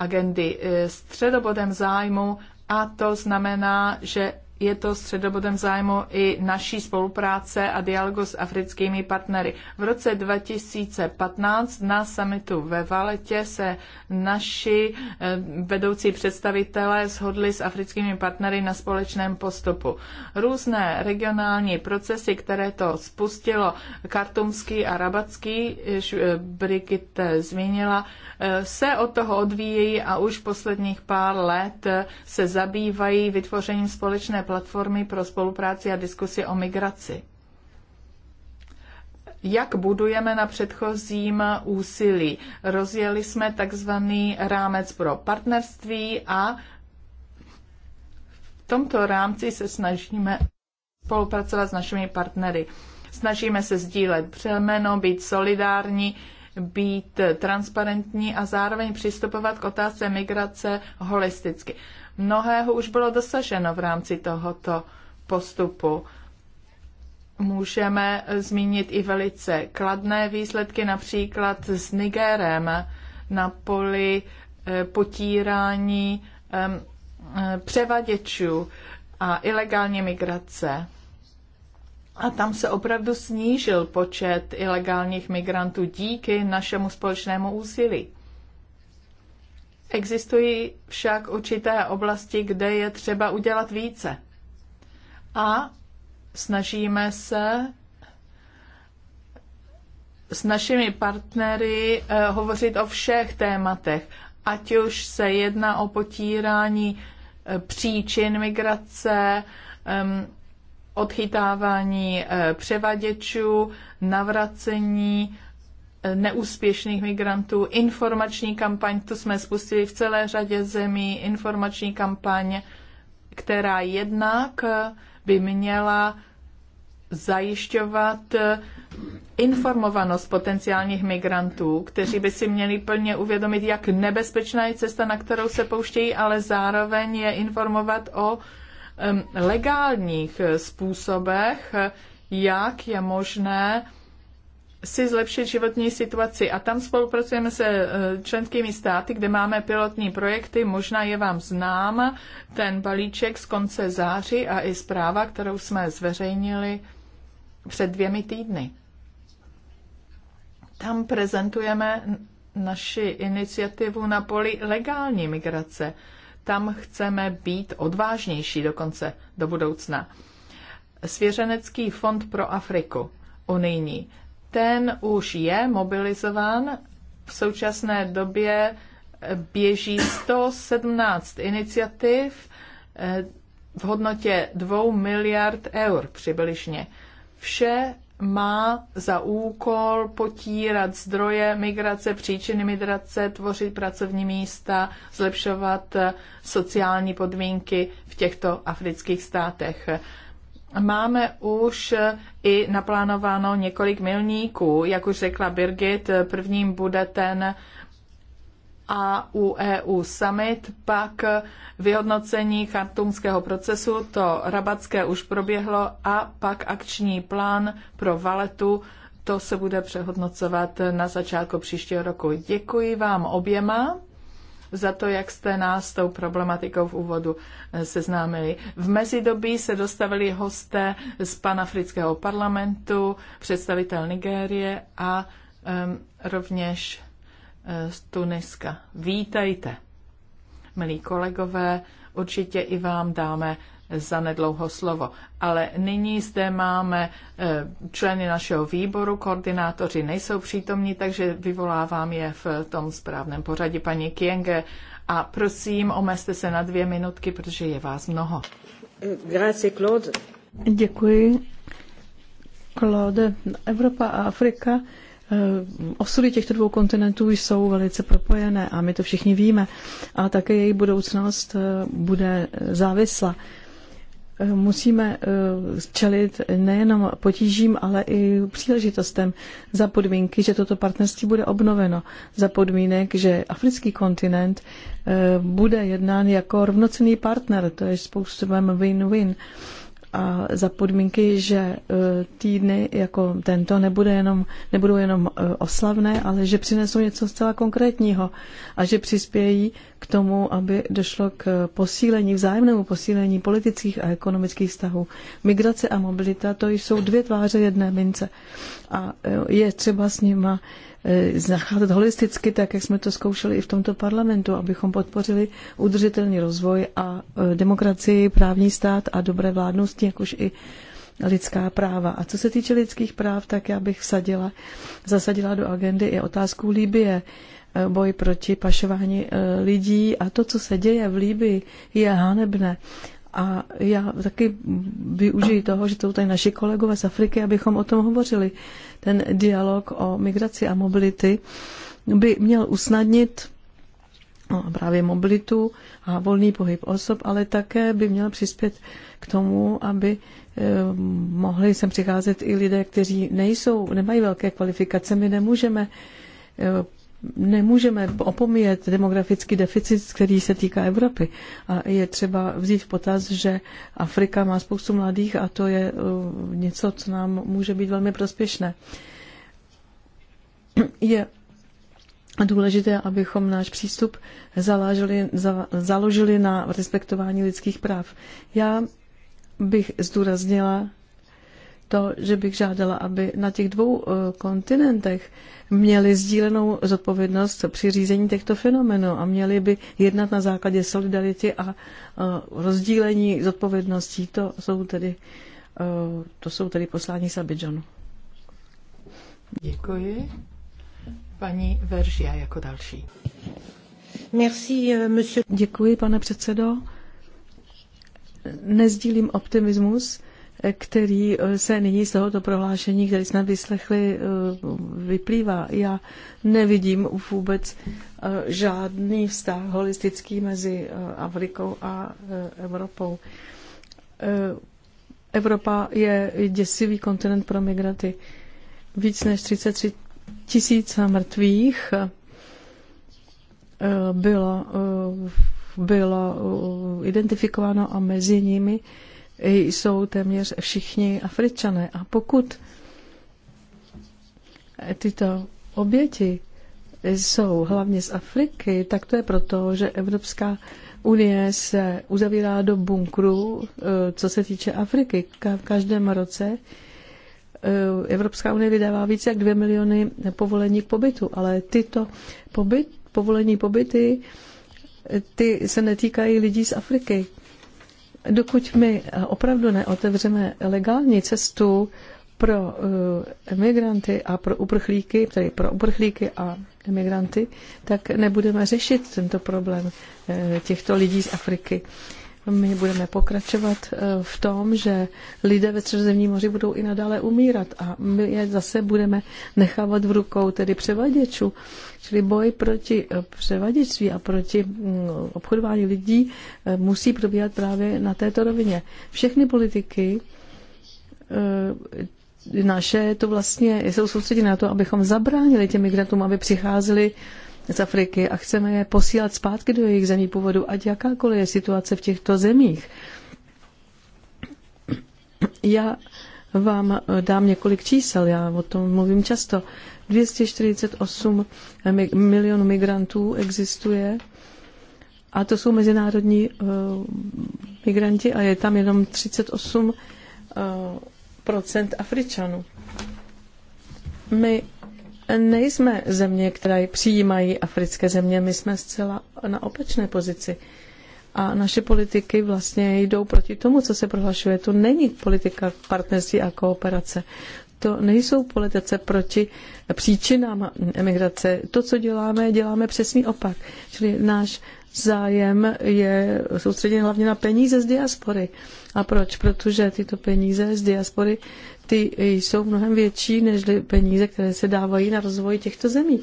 A: agendy eh, středobodem zájmu a to znamená, že je to středobodem zájmu i naší spolupráce a dialogu s africkými partnery. V roce 2015 na summitu ve Valetě se naši eh, vedoucí představitelé shodli s africkými partnery na společném postupu. Různé regionální procesy, které to spustilo, kartumský a rabatský, eh, Brigitte zmínila, eh, se od toho odvíjejí a už posledních pár let se zabývají vytvořením společné platformy pro spolupráci a diskusi o migraci. Jak budujeme na předchozím úsilí? Rozjeli jsme takzvaný rámec pro partnerství a v tomto rámci se snažíme spolupracovat s našimi partnery. Snažíme se sdílet břemeno, být solidární, být transparentní a zároveň přistupovat k otázce migrace holisticky. Mnohého už bylo dosaženo v rámci tohoto postupu. Můžeme zmínit i velice kladné výsledky, například s Nigerem na poli eh, potírání eh, převaděčů a ilegální migrace. A tam se opravdu snížil počet ilegálních migrantů díky našemu společnému úsilí. Existují však určité oblasti, kde je třeba udělat více. A snažíme se s našimi partnery eh, hovořit o všech tématech, ať už se jedná o potírání eh, příčin migrace, ehm, odchytávání eh, převaděčů, navracení neúspěšných migrantů, informační kampaň, tu jsme spustili v celé řadě zemí, informační kampaň, která jednak by měla zajišťovat informovanost potenciálních migrantů, kteří by si měli plně uvědomit, jak nebezpečná je cesta, na kterou se pouštějí, ale zároveň je informovat o legálních způsobech, jak je možné si zlepšit životní situaci. A tam spolupracujeme se eh, členskými státy, kde máme pilotní projekty. Možná je vám znám ten balíček z konce září a i zpráva, kterou jsme zveřejnili před dvěmi týdny. Tam prezentujeme naši iniciativu na poli legální migrace. Tam chceme být odvážnější dokonce do budoucna. Svěřenecký fond pro Afriku unijní ten už je mobilizován. V současné době běží 117 iniciativ eh, v hodnotě 2 miliard eur přibližně. Vše má za úkol potírat zdroje migrace, příčiny migrace, tvořit pracovní místa, zlepšovat eh, sociální podmínky v těchto afrických státech. Máme už i naplánováno několik milníků. Jak už řekla Birgit, prvním bude ten AUEU e summit, pak vyhodnocení chartumského procesu, to rabatské už proběhlo, a pak akční plán pro valetu, to se bude přehodnocovat na začátku příštího roku. Děkuji vám oběma za to, jak jste nás s tou problematikou v úvodu eh, seznámili. V mezidobí se dostavili hosté z panafrického parlamentu, představitel Nigérie a um, rovněž uh, z Tuniska. Vítejte, milí kolegové, určitě i vám dáme zanedlouho slovo. Ale nyní zde máme e, členy našeho výboru, koordinátoři nejsou přítomní, takže vyvolávám je v tom správném pořadí paní Kienge. A prosím, omezte se na dvě minutky, protože je vás mnoho.
C: Grazie, Claude. Děkuji. Claude, Evropa a Afrika e, Osudy těchto dvou kontinentů jsou velice propojené a my to všichni víme. A také její budoucnost e, bude závislá musíme eh, čelit nejenom potížím, ale i příležitostem za podmínky, že toto partnerství bude obnoveno, za podmínek, že africký kontinent eh, bude jednán jako rovnocený partner, to je způsobem win-win a za podmínky, že e, týdny jako tento nebude jenom, nebudou jenom e, oslavné, ale že přinesou něco zcela konkrétního a že přispějí k tomu, aby došlo k posílení, vzájemnému posílení politických a ekonomických vztahů. Migrace a mobilita to jsou dvě tváře jedné mince a e, je třeba s nima E, zacházet holisticky, tak jak jsme to zkoušeli i v tomto parlamentu, abychom podpořili udržitelný rozvoj a e, demokracii, právní stát a dobré vládnosti, jak už i lidská práva. A co se týče lidských práv, tak já bych vsadila, zasadila do agendy i otázku Líbie e, boj proti pašování lidí a to, co se děje v Líbii, je hanebné. A já taky využiji toho, že jsou tady naši kolegové z Afriky, abychom o tom hovořili. Ten dialog o migraci a mobility by měl usnadnit no, právě mobilitu a volný pohyb osob, ale také by měl přispět k tomu, aby eh, mohli sem přicházet i lidé, kteří nejsou, nemají velké kvalifikace. My nemůžeme eh, nemůžeme opomíjet demografický deficit, který se týká Evropy. A je třeba vzít v potaz, že Afrika má spoustu mladých a to je uh, něco, co nám může být velmi prospěšné. Je důležité, abychom náš přístup založili, za, založili na respektování lidských práv. Já bych zdůraznila to, že bych žádala, aby na těch dvou eh, kontinentech měli sdílenou zodpovědnost při řízení těchto fenomenů a měli by jednat na základě solidarity a eh, rozdílení zodpovědností. To jsou tedy, eh, to jsou tedy poslání Sabidžanu. Děkuji.
A: Paní Veržia jako další.
C: Merci, monsieur. Děkuji, pane předsedo. Nezdílím optimismus, který eh, se nyní z tohoto prohlášení, které jsme vyslechli, eh, vyplývá. Já nevidím vůbec eh, žádný vztah holistický mezi Afrikou a Evropou. Evropa je děsivý kontinent pro migranty. Víc než 33 tisíc mrtvých bylo, bylo identifikováno a mezi nimi jsou téměř všichni Afričané. A pokud tyto oběti jsou hlavně z Afriky, tak to je proto, že Evropská unie se uzavírá do bunkru, eh, co se týče Afriky. V každém roce eh, Evropská unie vydává více jak 2 miliony povolení k pobytu, ale tyto pobyt, povolení pobyty eh, ty se netýkají lidí z Afriky dokud my opravdu neotevřeme legální cestu pro eh, emigranty a pro uprchlíky, tedy pro uprchlíky a emigranty, tak nebudeme řešit tento problém eh, těchto lidí z Afriky. My budeme pokračovat eh, v tom, že lidé ve středozemním moři budou i nadále umírat a my je zase budeme nechávat v rukou tedy převaděčů. Čili boj proti eh, převaděčství a proti mm, obchodování lidí eh, musí probíhat právě na této rovině. Všechny politiky naše to vlastně jsou soustředěny na to, abychom zabránili těm migrantům, aby přicházeli z Afriky a chceme je posílat zpátky do jejich zemí původu, ať jakákoliv je situace v těchto zemích. Já vám eh, dám několik čísel, já o tom mluvím často. 248 milionů migrantů existuje a to jsou mezinárodní uh, migranti a je tam jenom 38 uh, eh, procent Afričanů. My nejsme země, které přijímají africké země, my jsme zcela na opačné pozici. A naše politiky vlastně jdou proti tomu, co se prohlašuje. To není politika partnerství a kooperace. To nejsou politice proti příčinám emigrace. To, co děláme, děláme přesný opak. Čili náš zájem je soustředěn hlavně na peníze z diaspory. A proč? Protože tyto peníze z diaspory ty eh, jsou mnohem větší než peníze, které se dávají na rozvoj těchto zemí.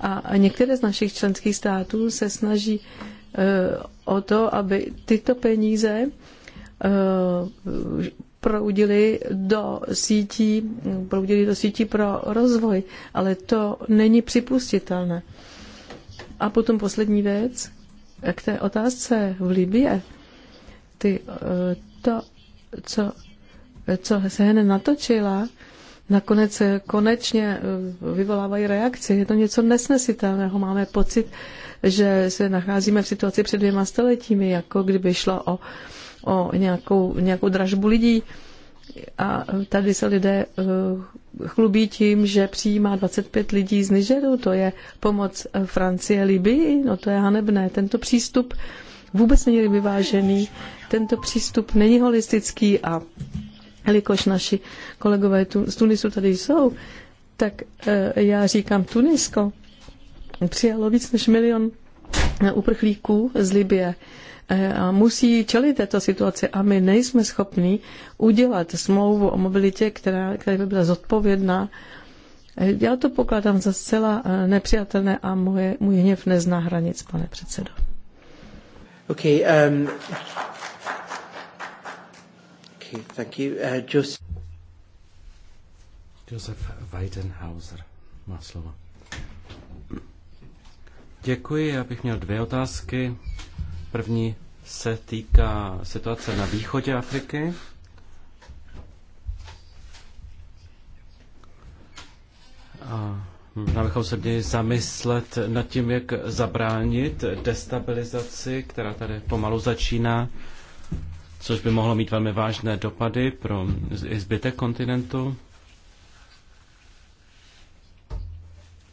C: A některé z našich členských států se snaží eh, o to, aby tyto peníze eh, proudili do sítí, proudili do sítí pro rozvoj, ale to není připustitelné. A potom poslední věc, k té otázce v Libě. Ty, to, co Eh, co se hned natočila, nakonec eh, konečně eh, vyvolávají reakci. Je to něco nesnesitelného. Máme pocit, že se nacházíme v situaci před dvěma staletími, jako kdyby šlo o, o nějakou, nějakou dražbu lidí. A tady se lidé chlubí tím, že přijímá 25 lidí z Nigeru. To je pomoc Francie Libii. No to je hanebné. Tento přístup vůbec není vyvážený. Tento přístup není holistický a jelikož naši kolegové tu, z Tunisu tady jsou, tak e, já říkám Tunisko přijalo víc než milion uprchlíků z Libie e, a musí čelit této situaci a my nejsme schopni udělat smlouvu o mobilitě, která, která by byla zodpovědná. E, já to pokládám za zcela nepřijatelné a moje, můj hněv nezná hranic, pane předsedo.
B: Okay, um, Okay, thank you. Uh, Joseph... Josef Weidenhauser má slovo. Děkuji, já bych měl dvě otázky. První se týká situace na východě Afriky. A možná bychom se měli zamyslet nad tím, jak zabránit destabilizaci, která tady pomalu začíná což by mohlo mít velmi vážné dopady pro zbytek kontinentu.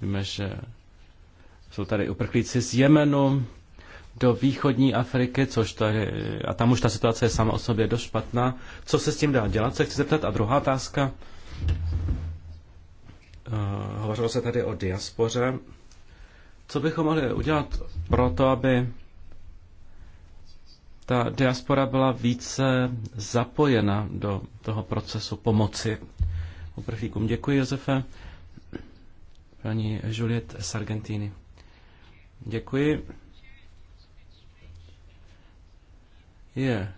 B: Víme, že jsou tady uprchlíci z Jemenu do východní Afriky, což tady, a tam už ta situace je sama o sobě dost špatná. Co se s tím dá dělat, se chci zeptat. A druhá otázka. Uh, hovořilo se tady o diaspoře. Co bychom mohli udělat pro to, aby ta diaspora byla více zapojena do toho procesu pomoci. Uprchlíkům děkuji, Josefe. Paní Juliette z Argentíny. Děkuji. Je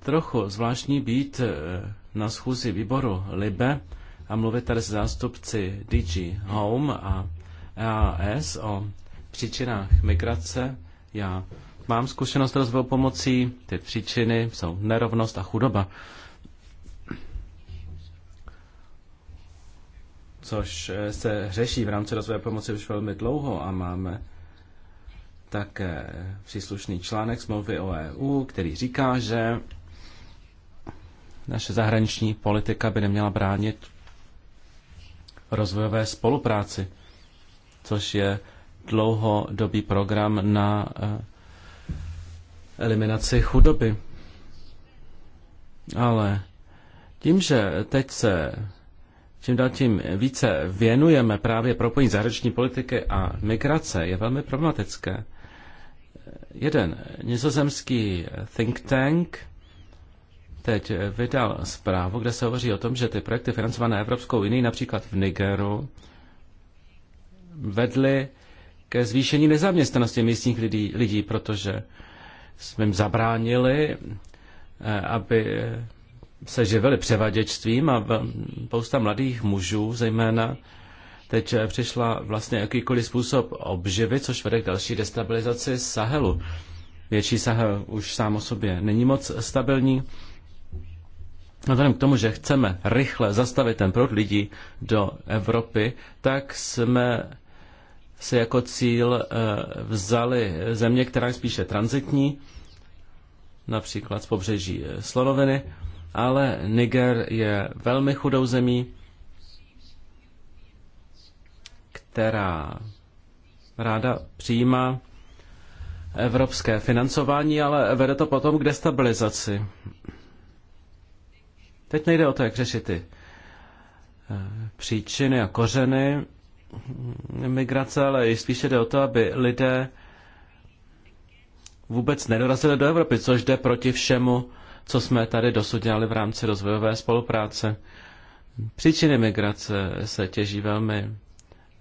B: trochu zvláštní být eh, na schůzi výboru LIBE a mluvit tady s zástupci DG Home a EAS o příčinách migrace. Já Mám zkušenost rozvoju pomocí, ty příčiny jsou nerovnost a chudoba. Což eh, se řeší v rámci rozvoje pomoci už velmi dlouho a máme také příslušný článek smlouvy o EU, který říká, že naše zahraniční politika by neměla bránit rozvojové spolupráci, což je dlouhodobý program na eh, eliminaci chudoby. Ale tím, že teď se čím dál tím více věnujeme právě propojení zahraniční politiky a migrace, je velmi problematické. Jeden nizozemský think tank teď vydal zprávu, kde se hovoří o tom, že ty projekty financované Evropskou unii, například v Nigeru, vedly ke zvýšení nezaměstnanosti místních lidí, lidí protože jsme jim zabránili, eh, aby se živili převaděčstvím a spousta mladých mužů zejména teď eh, přišla vlastně jakýkoliv způsob obživy, což vede k další destabilizaci Sahelu. Větší Sahel už sám o sobě není moc stabilní. A k tomu, že chceme rychle zastavit ten proud lidí do Evropy, tak jsme se jako cíl eh, vzali země, která je spíše transitní, například z pobřeží eh, Sloroviny, ale Niger je velmi chudou zemí, která ráda přijímá evropské financování, ale vede to potom k destabilizaci. Teď nejde o to, jak řešit ty eh, příčiny a kořeny, migrace, ale spíše jde o to, aby lidé vůbec nedorazili do Evropy, což jde proti všemu, co jsme tady dosud dělali v rámci rozvojové spolupráce. Příčiny migrace se těží velmi,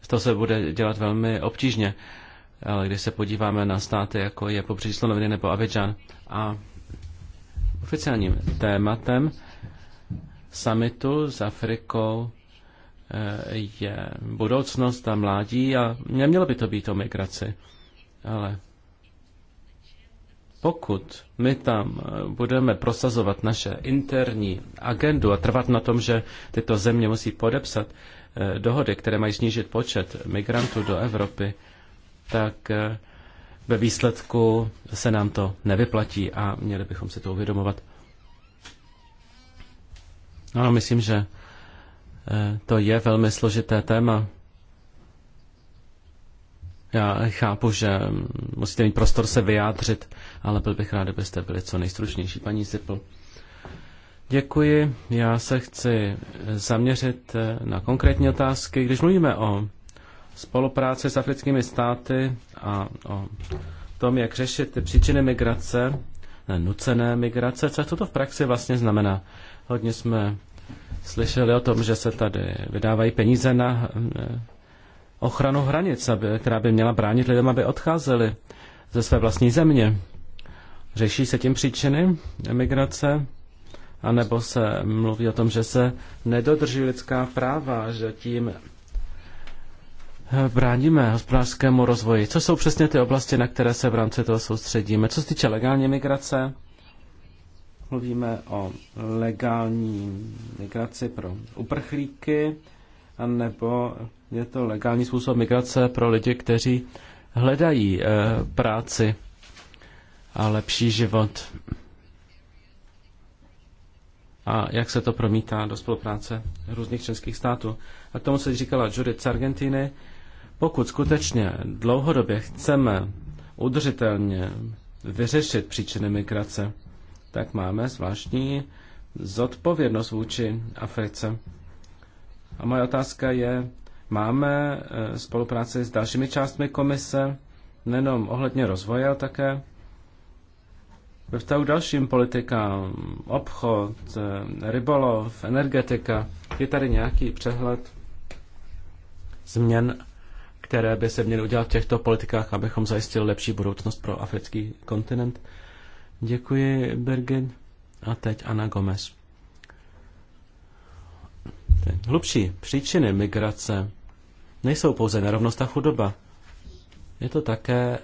B: to se bude dělat velmi obtížně, ale když se podíváme na státy, jako je pobřeží Slonoviny nebo Abidžan a oficiálním tématem summitu s Afrikou je budoucnost a mládí a nemělo by to být o migraci. Ale pokud my tam budeme prosazovat naše interní agendu a trvat na tom, že tyto země musí podepsat eh, dohody, které mají snížit počet migrantů do Evropy, tak eh, ve výsledku se nám to nevyplatí a měli bychom si to uvědomovat. No, myslím, že Eh, to je velmi složité téma. Já chápu, že musíte mít prostor se vyjádřit, ale byl bych rád, kdybyste byli co nejstručnější. Paní Zipl. Děkuji. Já se chci zaměřit eh, na konkrétní otázky. Když mluvíme o spolupráci s africkými státy a o tom, jak řešit ty příčiny migrace, nucené migrace, co to v praxi vlastně znamená. Hodně jsme slyšeli o tom, že se tady vydávají peníze na eh, ochranu hranic, aby, která by měla bránit lidem, aby odcházeli ze své vlastní země. Řeší se tím příčiny emigrace, anebo se mluví o tom, že se nedodrží lidská práva, že tím eh, bráníme hospodářskému rozvoji. Co jsou přesně ty oblasti, na které se v rámci toho soustředíme? Co se týče legální migrace, Mluvíme o legální migraci pro uprchlíky, nebo je to legální způsob migrace pro lidi, kteří hledají eh, práci a lepší život. A jak se to promítá do spolupráce různých členských států. A k tomu se říkala Judith z Argentiny, pokud skutečně dlouhodobě chceme udržitelně vyřešit příčiny migrace, tak máme zvláštní zodpovědnost vůči Africe. A moje otázka je, máme eh, spolupráci s dalšími částmi komise, nejenom ohledně rozvoje, ale také ve vztahu dalším politikám, obchod, eh, rybolov, energetika. Je tady nějaký přehled změn, které by se měly udělat v těchto politikách, abychom zajistili lepší budoucnost pro africký kontinent? Děkuji, Bergen. A teď Ana Gomez. hlubší příčiny migrace nejsou pouze nerovnost a chudoba. Je to také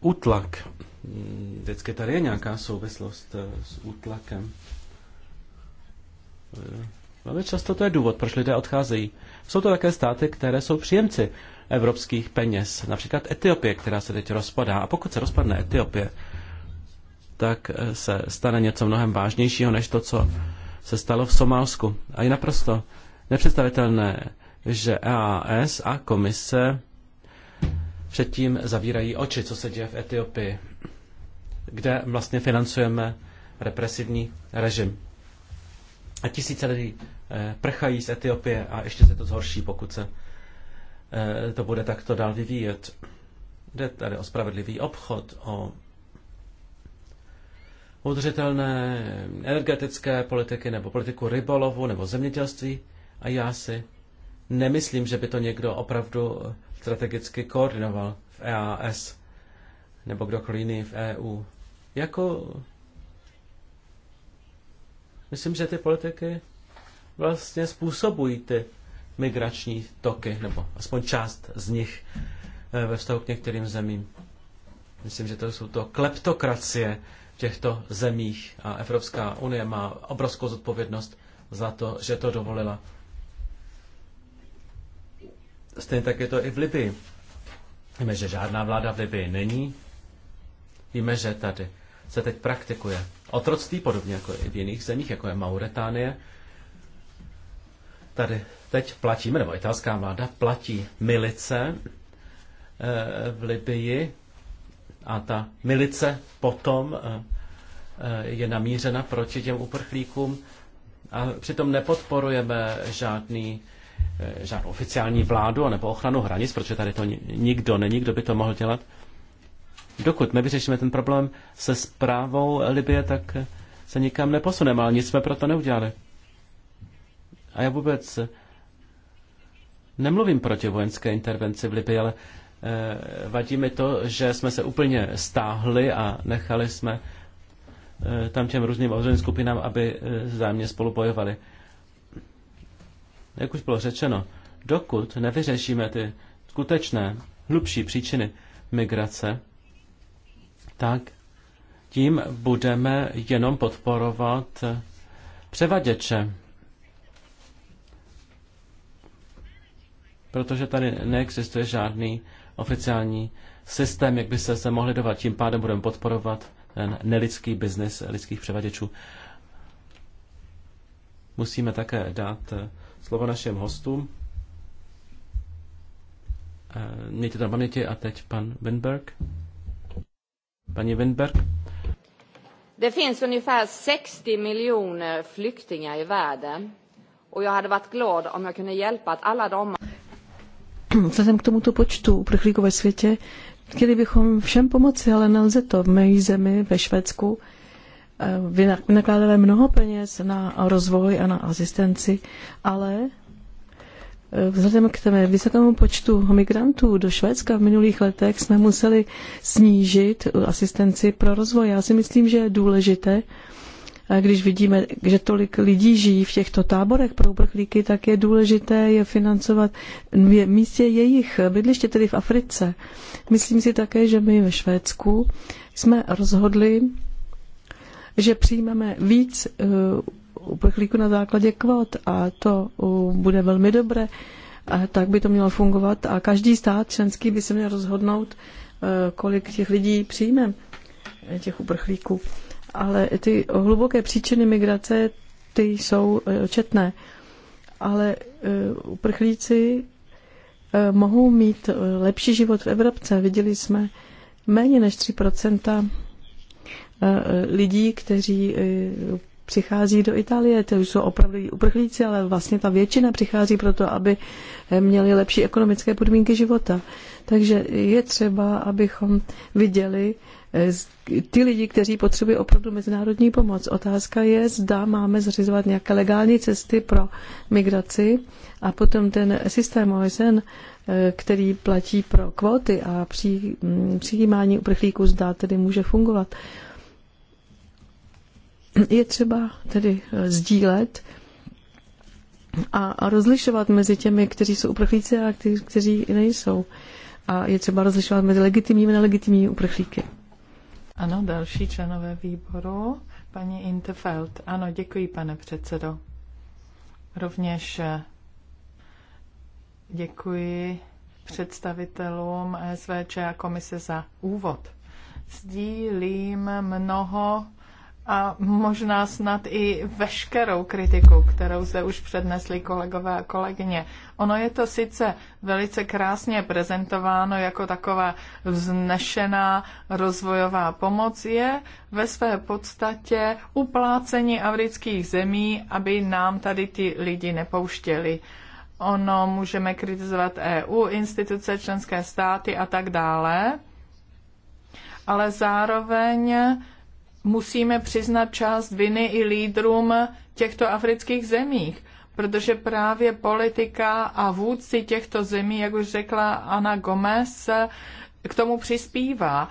B: útlak. Vždycky tady je nějaká souvislost eh, s útlakem. Eh, Velmi často to je důvod, proč lidé odcházejí. Jsou to také státy, které jsou příjemci evropských peněz. Například Etiopie, která se teď rozpadá. A pokud se rozpadne Etiopie, tak eh, se stane něco mnohem vážnějšího než to, co se stalo v Somálsku. A je naprosto nepředstavitelné, že EAS a komise předtím zavírají oči, co se děje v Etiopii, kde vlastně financujeme represivní režim. A tisíce lidí eh, prchají z Etiopie a ještě se to zhorší, pokud se eh, to bude takto dál vyvíjet. Jde tady o spravedlivý obchod, o udržitelné energetické politiky nebo politiku rybolovu nebo zemědělství a já si nemyslím, že by to někdo opravdu strategicky koordinoval v EAS nebo kdokoliv jiný v EU. Jako myslím, že ty politiky vlastně způsobují ty migrační toky, nebo aspoň část z nich eh, ve vztahu k některým zemím. Myslím, že to jsou to kleptokracie, těchto zemích a Evropská unie má obrovskou zodpovědnost za to, že to dovolila. Stejně tak je to i v Libii. Víme, že žádná vláda v Libii není. Víme, že tady se teď praktikuje otroctví, podobně jako i v jiných zemích, jako je Mauretánie. Tady teď platíme, nebo italská vláda platí milice eh, v Libii, a ta milice potom eh, eh, je namířena proti těm uprchlíkům a přitom nepodporujeme žádný, eh, žádnou oficiální vládu nebo ochranu hranic, protože tady to nikdo není, kdo by to mohl dělat. Dokud nevyřešíme ten problém se zprávou Libie, tak se nikam neposuneme, ale nic jsme proto neudělali. A já vůbec nemluvím proti vojenské intervenci v Libii, ale Eh, vadí mi to, že jsme se úplně stáhli a nechali jsme eh, tam těm různým ozbrojeným skupinám, aby eh, zájemně spolu bojovali. Jak už bylo řečeno, dokud nevyřešíme ty skutečné, hlubší příčiny migrace, tak tím budeme jenom podporovat převaděče. Protože tady neexistuje žádný oficiální systém, jak by se se mohli dovat. Tím pádem budeme podporovat ten nelidský biznis lidských převaděčů. Musíme také dát eh, slovo našim hostům. Eh, mějte to na paměti a teď pan Winberg. Paní Winberg.
A: Det finns ungefär 60 miljoner flyktingar i världen och jag hade varit glad om jag kunde hjälpa att alla de
C: vzhledem k tomuto počtu uprchlíků ve světě, chtěli bychom všem pomoci, ale nelze to. V mé zemi, ve Švédsku, eh, vynakládáme mnoho peněz na rozvoj a na asistenci, ale eh, vzhledem k tomu vysokému počtu migrantů do Švédska v minulých letech jsme museli snížit asistenci pro rozvoj. Já si myslím, že je důležité, když vidíme, že tolik lidí žijí v těchto táborech pro uprchlíky, tak je důležité je financovat v místě jejich bydliště, tedy v Africe. Myslím si také, že my ve Švédsku jsme rozhodli, že přijmeme víc uh, uprchlíků na základě kvot a to uh, bude velmi dobré. A tak by to mělo fungovat a každý stát členský by se měl rozhodnout, uh, kolik těch lidí přijme, eh, těch uprchlíků ale ty hluboké příčiny migrace, ty jsou e, četné. Ale e, uprchlíci e, mohou mít lepší život v Evropce. Viděli jsme méně než 3% lidí, kteří přichází do Itálie, to už jsou opravdu uprchlíci, ale vlastně ta většina přichází proto, aby měli lepší ekonomické podmínky života. Takže je třeba, abychom viděli, Eh, ty lidi, kteří potřebují opravdu mezinárodní pomoc. Otázka je, zda máme zřizovat nějaké legální cesty pro migraci a potom ten systém OSN, eh, který platí pro kvóty a při, mm, přijímání uprchlíků, zda tedy může fungovat. Je třeba tedy eh, sdílet a rozlišovat mezi těmi, kteří jsou uprchlíci a kteří nejsou. A je třeba rozlišovat mezi legitimními a nelegitimními uprchlíky.
A: Ano, další členové výboru. Paní Interfeld. Ano, děkuji, pane předsedo. Rovněž eh, děkuji představitelům SVČ a komise za úvod. Sdílím mnoho a možná snad i veškerou kritiku, kterou zde už přednesli kolegové a kolegyně. Ono je to sice velice krásně prezentováno jako taková vznešená rozvojová pomoc, je ve své podstatě uplácení afrických zemí, aby nám tady ty lidi nepouštěli. Ono můžeme kritizovat EU, instituce, členské státy a tak dále, ale zároveň musíme přiznat část viny i lídrům těchto afrických zemích, protože právě politika a vůdci těchto zemí, jak už řekla Ana Gomez, k tomu přispívá.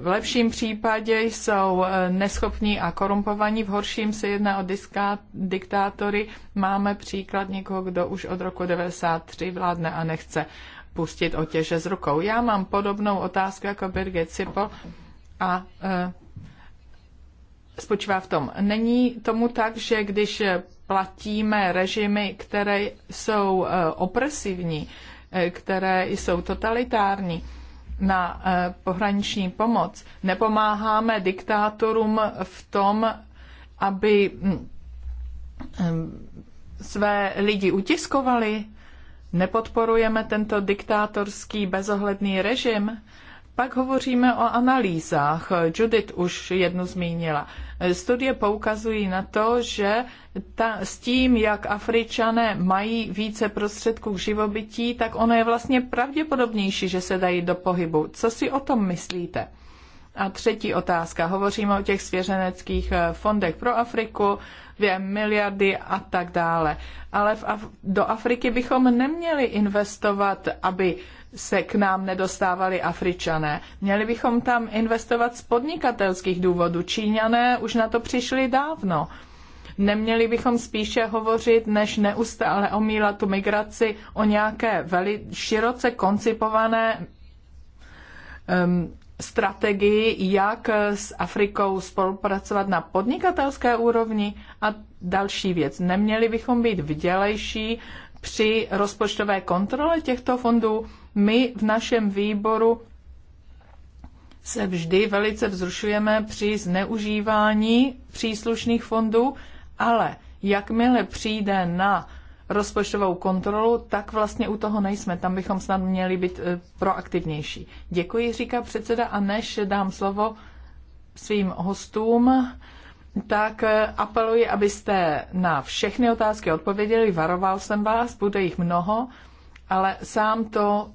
A: V lepším případě jsou neschopní a korumpovaní, v horším se jedná o diská, diktátory. Máme příklad někoho, kdo už od roku 93 vládne a nechce pustit otěže z rukou. Já mám podobnou otázku jako Birgit Cipol a eh, spočívá v tom. Není tomu tak, že když platíme režimy, které jsou eh, opresivní, eh, které jsou totalitární, na eh, pohraniční pomoc, nepomáháme diktátorům v tom, aby hm, hm, své lidi utiskovali, nepodporujeme tento diktátorský bezohledný režim, pak hovoříme o analýzách. Judith už jednu zmínila. Studie poukazují na to, že ta, s tím, jak Afričané mají více prostředků k živobytí, tak ono je vlastně pravděpodobnější, že se dají do pohybu. Co si o tom myslíte? A třetí otázka. Hovoříme o těch svěřeneckých eh, fondech pro Afriku, dvě miliardy a tak dále. Ale v Af- do Afriky bychom neměli investovat, aby se k nám nedostávali Afričané. Měli bychom tam investovat z podnikatelských důvodů. Číňané už na to přišli dávno. Neměli bychom spíše hovořit, než neustále omílat tu migraci o nějaké veli, široce koncipované um, strategii, jak s Afrikou spolupracovat na podnikatelské úrovni. A další věc, neměli bychom být vdělejší, při rozpočtové kontrole těchto fondů my v našem výboru se vždy velice vzrušujeme při zneužívání příslušných fondů, ale jakmile přijde na rozpočtovou kontrolu, tak vlastně u toho nejsme. Tam bychom snad měli být eh, proaktivnější. Děkuji, říká předseda, a než dám slovo svým hostům, tak eh, apeluji, abyste na všechny otázky odpověděli. Varoval jsem vás, bude jich mnoho, ale sám to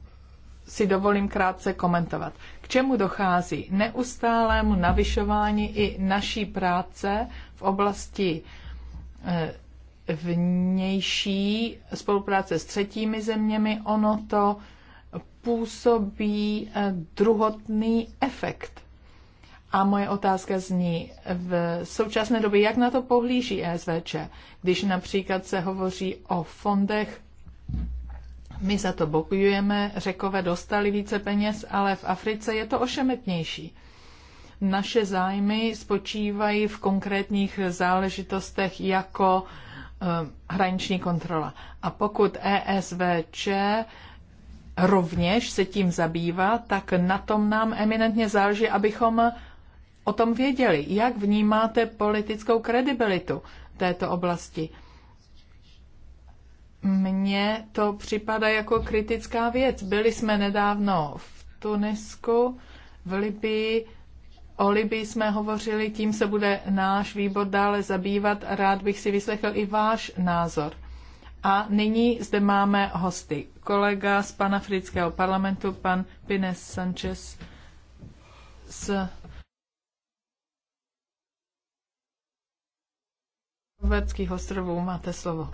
A: si dovolím krátce komentovat. K čemu dochází? Neustálému navyšování i naší práce v oblasti eh, vnější spolupráce s třetími zeměmi, ono to působí eh, druhotný efekt a moje otázka zní, v současné době, jak na to pohlíží ESVČ, když například se hovoří o fondech, my za to bokujeme, řekové dostali více peněz, ale v Africe je to ošemetnější. Naše zájmy spočívají v konkrétních záležitostech jako eh, hraniční kontrola. A pokud ESVČ rovněž se tím zabývá, tak na tom nám eminentně záleží, abychom o tom věděli. Jak vnímáte politickou kredibilitu této oblasti? Mně to připadá jako kritická věc. Byli jsme nedávno v Tunisku, v Libii, O Libii jsme hovořili, tím se bude náš výbor dále zabývat. Rád bych si vyslechl i váš názor. A nyní zde máme hosty. Kolega z panafrického parlamentu, pan Pines Sanchez z Švédských ostrovů máte slovo.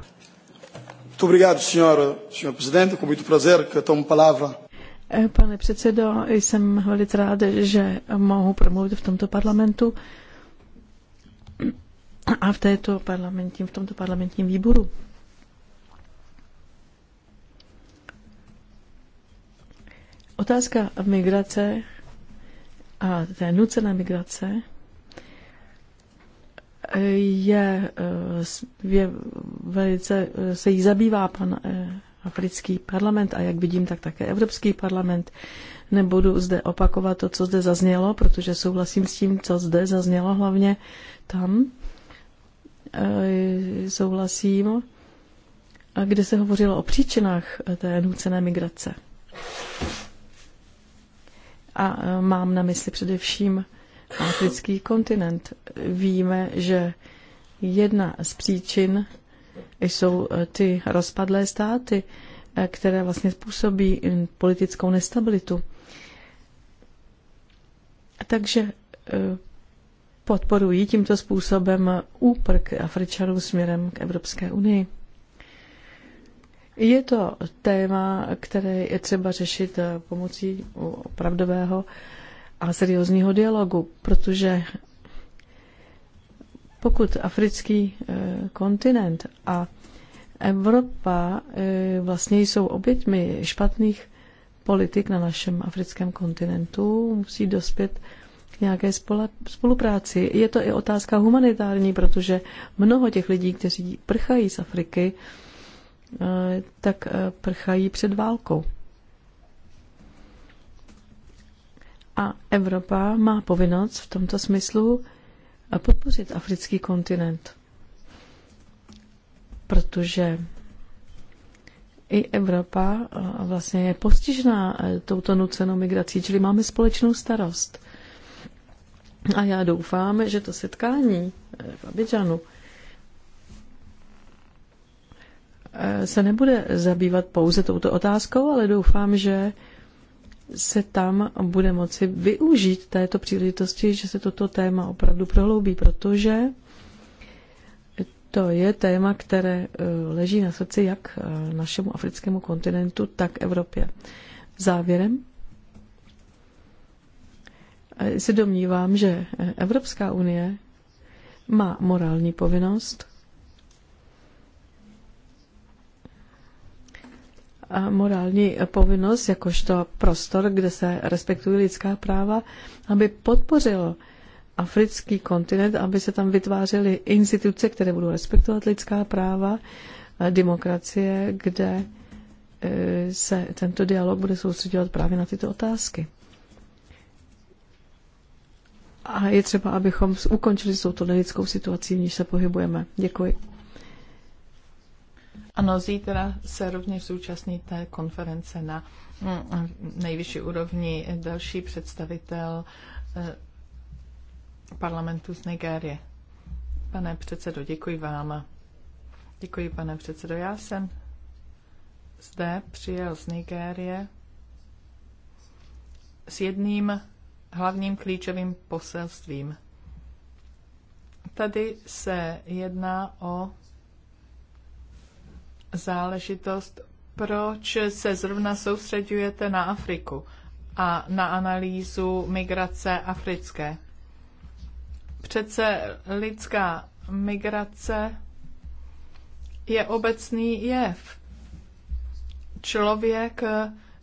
A: Muito obrigado, Presidente. Com muito prazer que tomo palavra.
C: Eh, pane předsedo, jsem velice rád, že mohu promluvit v tomto parlamentu a v, této parlamentním, v tomto parlamentním výboru. Otázka migrace a té nucené migrace je, eh, je velice, eh, se jí zabývá pan eh, africký parlament a jak vidím, tak také Evropský parlament. Nebudu zde opakovat to, co zde zaznělo, protože souhlasím s tím, co zde zaznělo hlavně tam. Souhlasím, kde se hovořilo o příčinách té nucené migrace. A mám na mysli především africký kontinent. Víme, že jedna z příčin jsou eh, ty rozpadlé státy, eh, které vlastně způsobí hm, politickou nestabilitu. Takže eh, podporují tímto způsobem úprk Afričanů směrem k Evropské unii. Je to téma, které je třeba řešit pomocí opravdového a seriózního dialogu, protože pokud africký e, kontinent a Evropa e, vlastně jsou oběťmi špatných politik na našem africkém kontinentu, musí dospět k nějaké spolupráci. Je to i otázka humanitární, protože mnoho těch lidí, kteří prchají z Afriky, e, tak prchají před válkou. A Evropa má povinnost v tomto smyslu podpořit africký kontinent. Protože i Evropa vlastně je postižná eh, touto nucenou migrací, čili máme společnou starost. A já doufám, že to setkání eh, v Abidžanu eh, se nebude zabývat pouze touto otázkou, ale doufám, že se tam bude moci využít této příležitosti, že se toto téma opravdu prohloubí, protože to je téma, které eh, leží na srdci jak eh, našemu africkému kontinentu, tak Evropě. Závěrem eh, se domnívám, že Evropská unie má morální povinnost morální povinnost, jakožto prostor, kde se respektují lidská práva, aby podpořil africký kontinent, aby se tam vytvářely instituce, které budou respektovat lidská práva, demokracie, kde e, se tento dialog bude soustředovat právě na tyto otázky. A je třeba, abychom ukončili s touto nelidskou situací, v níž se pohybujeme. Děkuji.
A: Ano, zítra se rovněž zúčastní té konference na mm, nejvyšší úrovni další představitel eh, parlamentu z Nigérie. Pane předsedo, děkuji vám. Děkuji, pane předsedo. Já jsem zde přijel z Nigérie s jedním hlavním klíčovým poselstvím. Tady se jedná o záležitost, proč se zrovna soustředujete na Afriku a na analýzu migrace africké. Přece lidská migrace je obecný jev. Člověk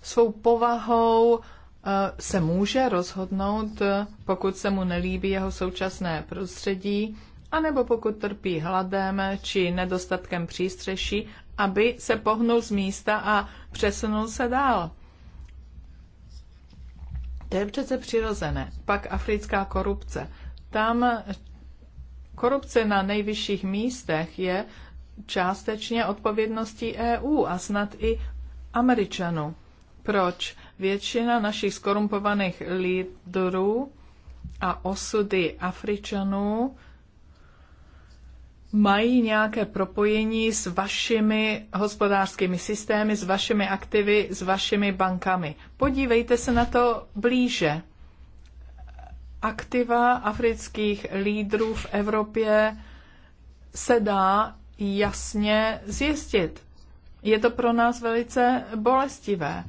A: svou povahou eh, se může rozhodnout, eh, pokud se mu nelíbí jeho současné prostředí, anebo pokud trpí hladem či nedostatkem přístřeší, aby se pohnul z místa a přesunul se dál. To je přece přirozené. Pak africká korupce. Tam korupce na nejvyšších místech je částečně odpovědností EU a snad i Američanů. Proč? Většina našich skorumpovaných lídrů a osudy Afričanů mají nějaké propojení s vašimi hospodářskými systémy, s vašimi aktivy, s vašimi bankami. Podívejte se na to blíže. Aktiva afrických lídrů v Evropě se dá jasně zjistit. Je to pro nás velice bolestivé.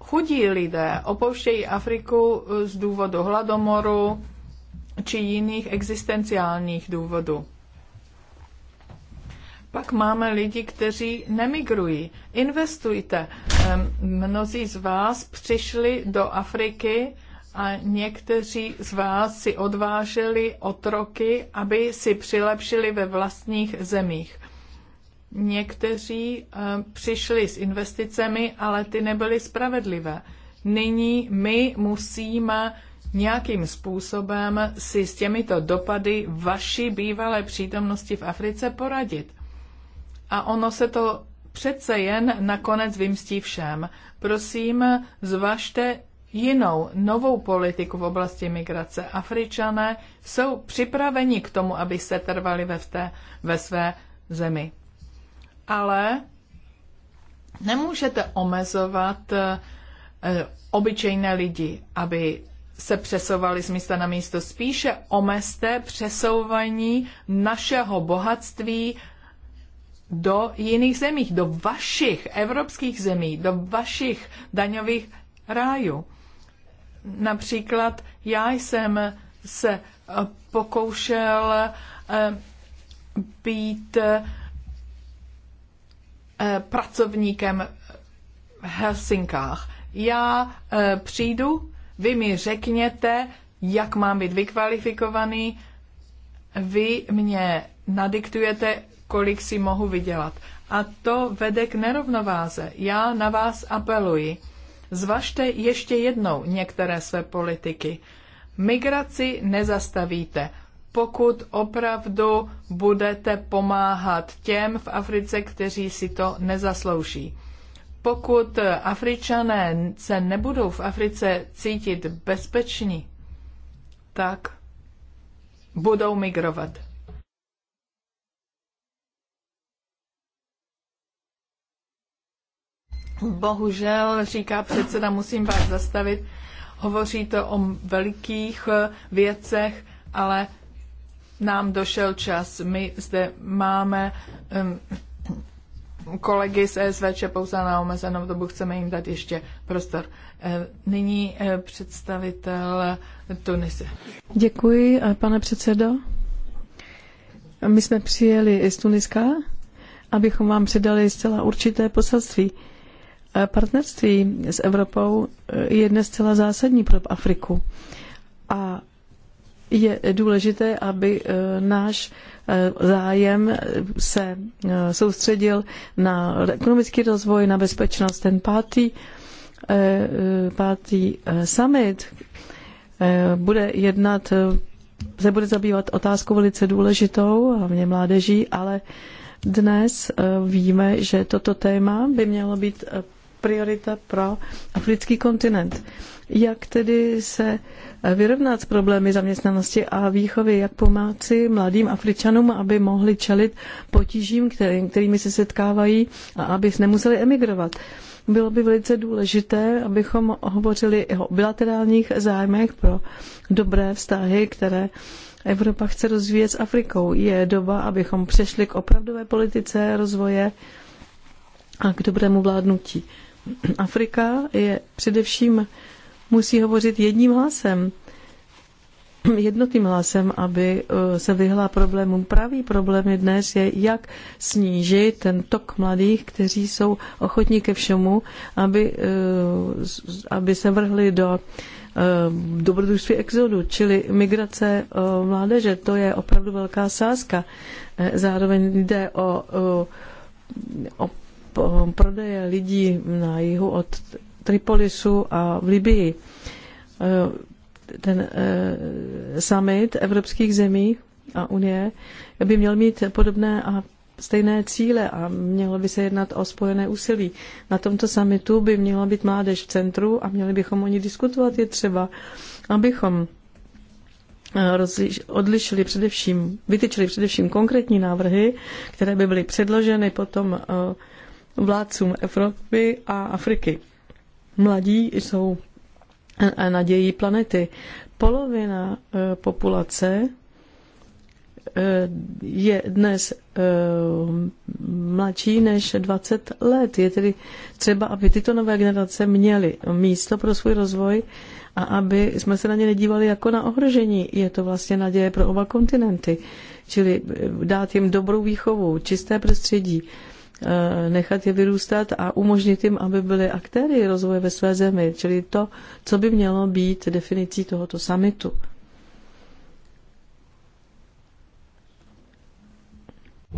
A: Chudí lidé opouštějí Afriku z důvodu hladomoru či jiných existenciálních důvodů pak máme lidi, kteří nemigrují. Investujte. Mnozí z vás přišli do Afriky a někteří z vás si odváželi otroky, aby si přilepšili ve vlastních zemích. Někteří eh, přišli s investicemi, ale ty nebyly spravedlivé. Nyní my musíme nějakým způsobem si s těmito dopady vaší bývalé přítomnosti v Africe poradit. A ono se to přece jen nakonec vymstí všem. Prosím, zvažte jinou, novou politiku v oblasti migrace. Afričané jsou připraveni k tomu, aby se trvali ve, té, ve své zemi. Ale nemůžete omezovat eh, obyčejné lidi, aby se přesouvali z místa na místo. Spíše omezte přesouvání našeho bohatství, do jiných zemích, do vašich evropských zemí, do vašich daňových rájů. Například já jsem se eh, pokoušel eh, být eh, pracovníkem v Helsinkách. Já přijdu, vy mi řekněte, jak mám být vykvalifikovaný, vy mě nadiktujete, kolik si mohu vydělat. A to vede k nerovnováze. Já na vás apeluji. Zvažte ještě jednou některé své politiky. Migraci nezastavíte, pokud opravdu budete pomáhat těm v Africe, kteří si to nezaslouží. Pokud Afričané se nebudou v Africe cítit bezpeční, tak budou migrovat. Bohužel, říká předseda, musím vás zastavit. Hovoří to o velikých eh, věcech, ale nám došel čas. My zde máme um, kolegy z SVČ pouze na omezenou dobu, chceme jim dát ještě prostor. Eh, nyní eh, představitel Tunise.
C: Děkuji, pane předsedo. My jsme přijeli z Tuniska, abychom vám předali zcela určité poselství. Eh, partnerství s Evropou eh, je dnes celá zásadní pro Afriku. A je důležité, aby eh, náš zájem se soustředil na ekonomický rozvoj, na bezpečnost. Ten pátý, pátý summit bude jednat, se bude zabývat otázkou velice důležitou, hlavně mládeží, ale dnes víme, že toto téma by mělo být priorita pro africký kontinent. Jak tedy se vyrovnat s problémy zaměstnanosti a výchovy, jak pomáci mladým Afričanům, aby mohli čelit potížím, který, kterými se setkávají a aby nemuseli emigrovat. Bylo by velice důležité, abychom hovořili o bilaterálních zájmech pro dobré vztahy, které Evropa chce rozvíjet s Afrikou. Je doba, abychom přešli k opravdové politice rozvoje a k dobrému vládnutí. Afrika je především musí hovořit jedním hlasem, jednotným hlasem, aby eh, se vyhla problémům. Pravý problém je dnes je, jak snížit ten tok mladých, kteří jsou ochotní ke všemu, aby, eh, aby se vrhli do eh, dobrodružství exodu, čili migrace mládeže. To je opravdu velká sázka. Zároveň jde o, o prodeje lidí na jihu od Tripolisu a v Libii. E, ten e, summit evropských zemí a Unie by měl mít podobné a stejné cíle a mělo by se jednat o spojené úsilí. Na tomto summitu by měla být mládež v centru a měli bychom o ní diskutovat. Je třeba, abychom e, odlišili především, vytyčili především konkrétní návrhy, které by byly předloženy potom vládcům Evropy a Afriky. Mladí jsou e, nadějí planety. Polovina e, populace e, je dnes mladší než 20 let. Je tedy třeba, aby tyto nové generace měly místo pro svůj rozvoj a aby jsme se na ně nedívali jako na ohrožení. Je to vlastně naděje pro oba kontinenty. Čili dát jim dobrou výchovu, čisté prostředí, Eh, nechat je vyrůstat a umožnit jim, aby byly aktéry rozvoje ve své zemi, čili to, co by mělo být definicí tohoto samitu.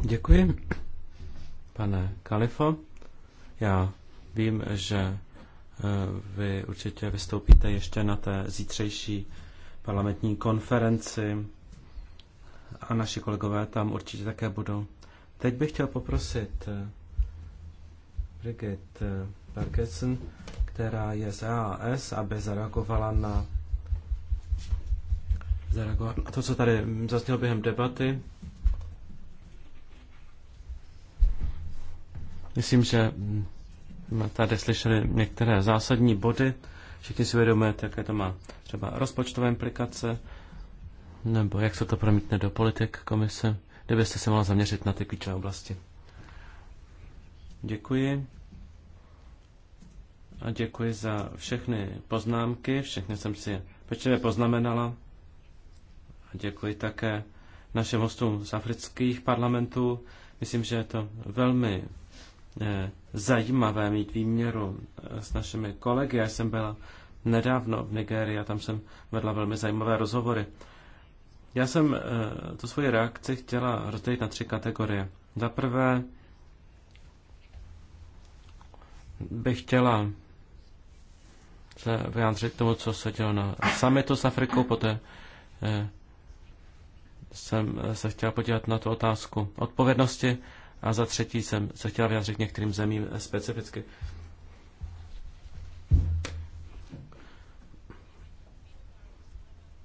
B: Děkuji, pane Kalifo. Já vím, že eh, vy určitě vystoupíte ještě na té zítřejší parlamentní konferenci a naši kolegové tam určitě také budou. Teď bych chtěl poprosit eh, Brigitte Parkinson, eh, která je z AAS, aby zareagovala na, zareagovala na to, co tady zaznělo během debaty. Myslím, že mm, tady slyšeli některé zásadní body. Všichni si uvědomujete, jaké to má třeba rozpočtové implikace, nebo jak se to promítne do politik komise byste se mohla zaměřit na ty klíčové oblasti. Děkuji. A děkuji za všechny poznámky, všechny jsem si pečlivě poznamenala. A děkuji také našim hostům z afrických parlamentů. Myslím, že je to velmi eh, zajímavé mít výměru eh, s našimi kolegy. Já jsem byla nedávno v Nigérii a tam jsem vedla velmi zajímavé rozhovory. Já jsem eh, tu svoji reakci chtěla rozdělit na tři kategorie. Za prvé bych chtěla se vyjádřit tomu, co se dělo na summitu s Afrikou, poté eh, jsem se chtěla podívat na tu otázku odpovědnosti a za třetí jsem se chtěla vyjádřit některým zemím specificky.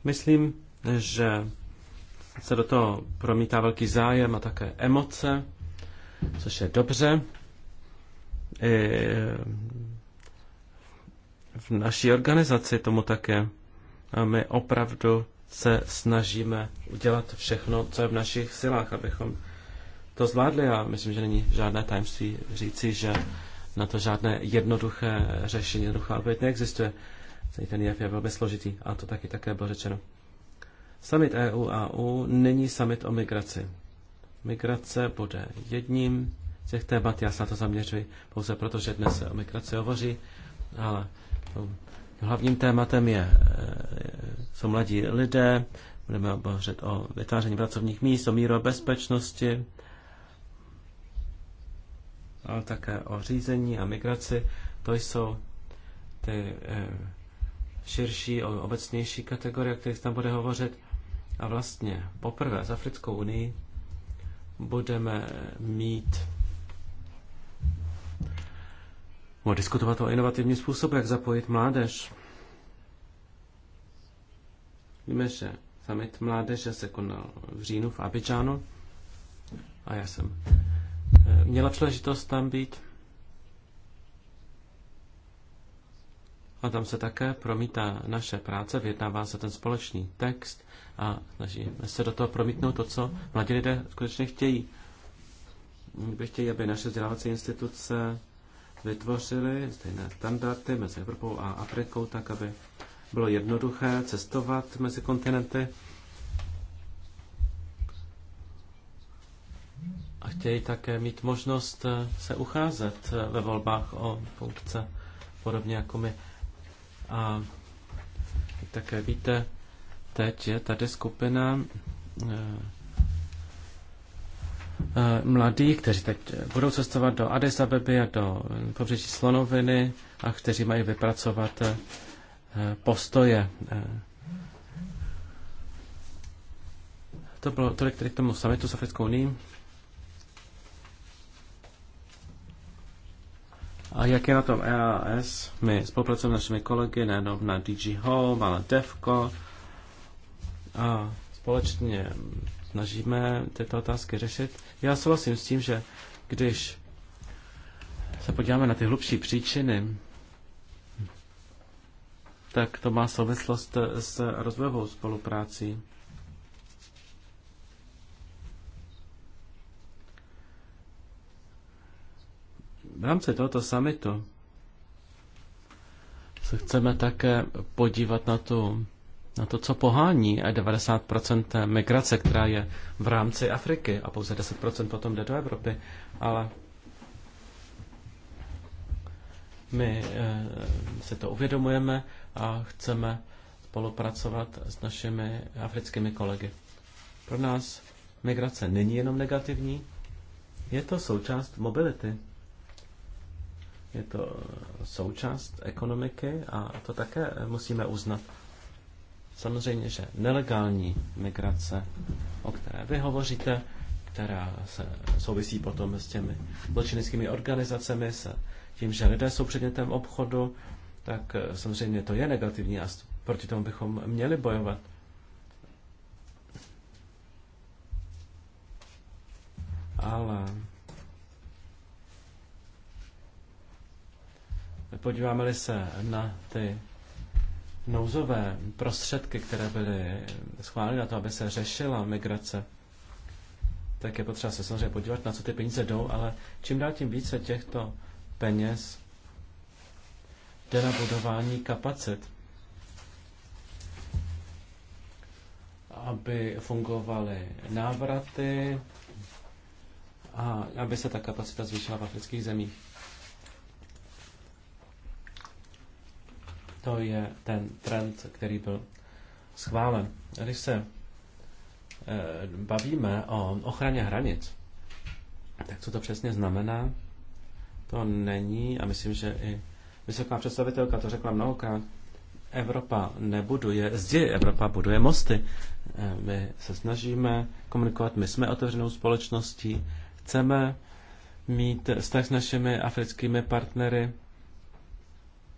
B: Myslím, že se do toho promítá velký zájem a také emoce, což je dobře. I eh, v naší organizaci tomu také. my opravdu se snažíme udělat všechno, co je v našich silách, abychom to zvládli. A myslím, že není žádné tajemství říci, že na to žádné jednoduché řešení, jednoduchá odpověď neexistuje. ten jev je velmi složitý a to taky také bylo řečeno. Summit EU a EU není summit o migraci. Migrace bude jedním z těch témat, já se na to zaměřuji pouze proto, že dnes se o migraci hovoří, ale hm, hlavním tématem je, eh, jsou mladí lidé, budeme hovořit o vytváření pracovních míst, o míru a bezpečnosti, ale také o řízení a migraci. To jsou ty eh, širší, obecnější kategorie, o kterých tam bude hovořit. A vlastně poprvé s Africkou unii budeme mít budeme diskutovat o inovativní způsob, jak zapojit mládež. Víme, že summit mládeže se konal v říjnu v Abidžánu a já jsem eh, měla příležitost tam být. A tam se také promítá naše práce, vyjednává se ten společný text a snažíme se do toho promítnout to, co mladí lidé skutečně chtějí. Kdyby chtěli, aby naše vzdělávací instituce vytvořily stejné standardy mezi Evropou a Afrikou, tak aby bylo jednoduché cestovat mezi kontinenty. A chtějí také mít možnost se ucházet ve volbách o funkce, podobně jako my. A také víte, Teď je tady skupina eh, eh, mladí, kteří teď budou cestovat do Addis Abeby a do pobřeží Slonoviny a kteří mají vypracovat eh, postoje. To bylo tolik tedy k tomu samitu s Africkou unii. A jak je na tom EAS? My spolupracujeme s našimi kolegy, nejenom na DG Home, ale DEFCO, a společně snažíme tyto otázky řešit. Já souhlasím s tím, že když se podíváme na ty hlubší příčiny, tak to má souvislost s rozvojovou spoluprácí. V rámci tohoto summitu se chceme také podívat na tu na to, co pohání 90% migrace, která je v rámci Afriky a pouze 10% potom jde do Evropy. Ale my eh, si to uvědomujeme a chceme spolupracovat s našimi africkými kolegy. Pro nás migrace není jenom negativní, je to součást mobility. Je to součást ekonomiky a to také musíme uznat. Samozřejmě, že nelegální migrace, o které vy hovoříte, která se souvisí potom s těmi zločinickými organizacemi, se tím, že lidé jsou předmětem obchodu, tak eh, samozřejmě to je negativní a proti tomu bychom měli bojovat. Ale podíváme-li se na ty nouzové prostředky, které byly schváleny na to, aby se řešila migrace, tak je potřeba se samozřejmě podívat, na co ty peníze jdou, ale čím dál tím více těchto peněz jde na budování kapacit, aby fungovaly návraty a aby se ta kapacita zvýšila v afrických zemích. To je ten trend, který byl schválen. Když se eh, bavíme o ochraně hranic, tak co to přesně znamená? To není, a myslím, že i vysoká představitelka to řekla mnohokrát, Evropa nebuduje zdi, Evropa buduje mosty. Eh, my se snažíme komunikovat, my jsme otevřenou společností, chceme mít vztah s našimi africkými partnery,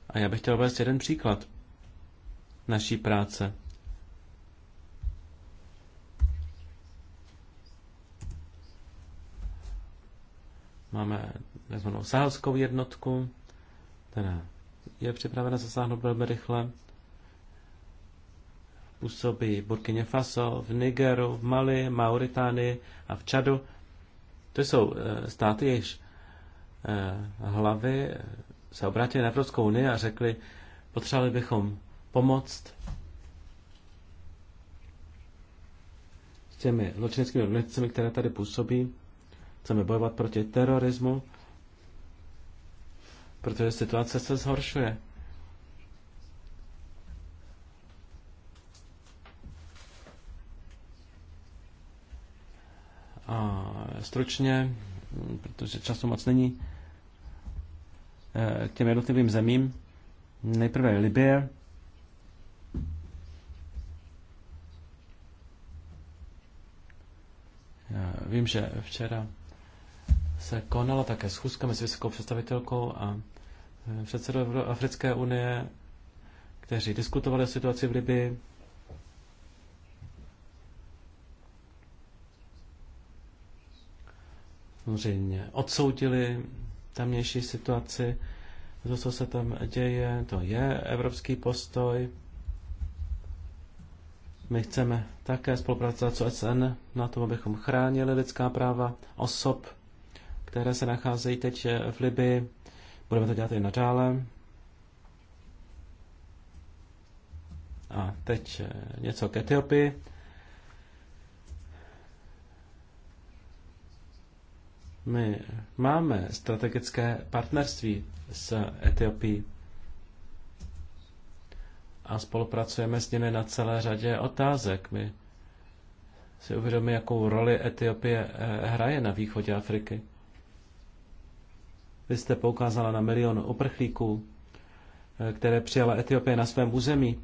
B: a já bych chtěl uvést jeden příklad naší práce. Máme takzvanou sahelskou jednotku, která je připravena zasáhnout velmi rychle. Působí Burkina Faso, v Nigeru, v Mali, Mauritánii a v Čadu. To jsou eh, státy, jejichž eh, hlavy se obrátili na Evropskou unii a řekli, potřebovali bychom pomoct s těmi zločineckými organizacemi, které tady působí. Chceme bojovat proti terorismu, protože situace se zhoršuje. A stručně, protože času moc není, Eh, těm jednotlivým zemím. Nejprve Libie. Já vím, že včera se konala také schůzka mezi vysokou představitelkou a eh, předsedou Africké unie, kteří diskutovali o situaci v Libii. Samozřejmě odsoudili tamnější situaci, to, co se tam děje, to je evropský postoj. My chceme také spolupracovat s OSN na tom, abychom chránili lidská práva osob, které se nacházejí teď v Libii. Budeme to dělat i nadále. A teď eh, něco k Etiopii. My máme strategické partnerství s Etiopií a spolupracujeme s nimi na celé řadě otázek. My si uvědomí, jakou roli Etiopie eh, hraje na východě Afriky. Vy jste poukázala na milion uprchlíků, eh, které přijala Etiopie na svém území.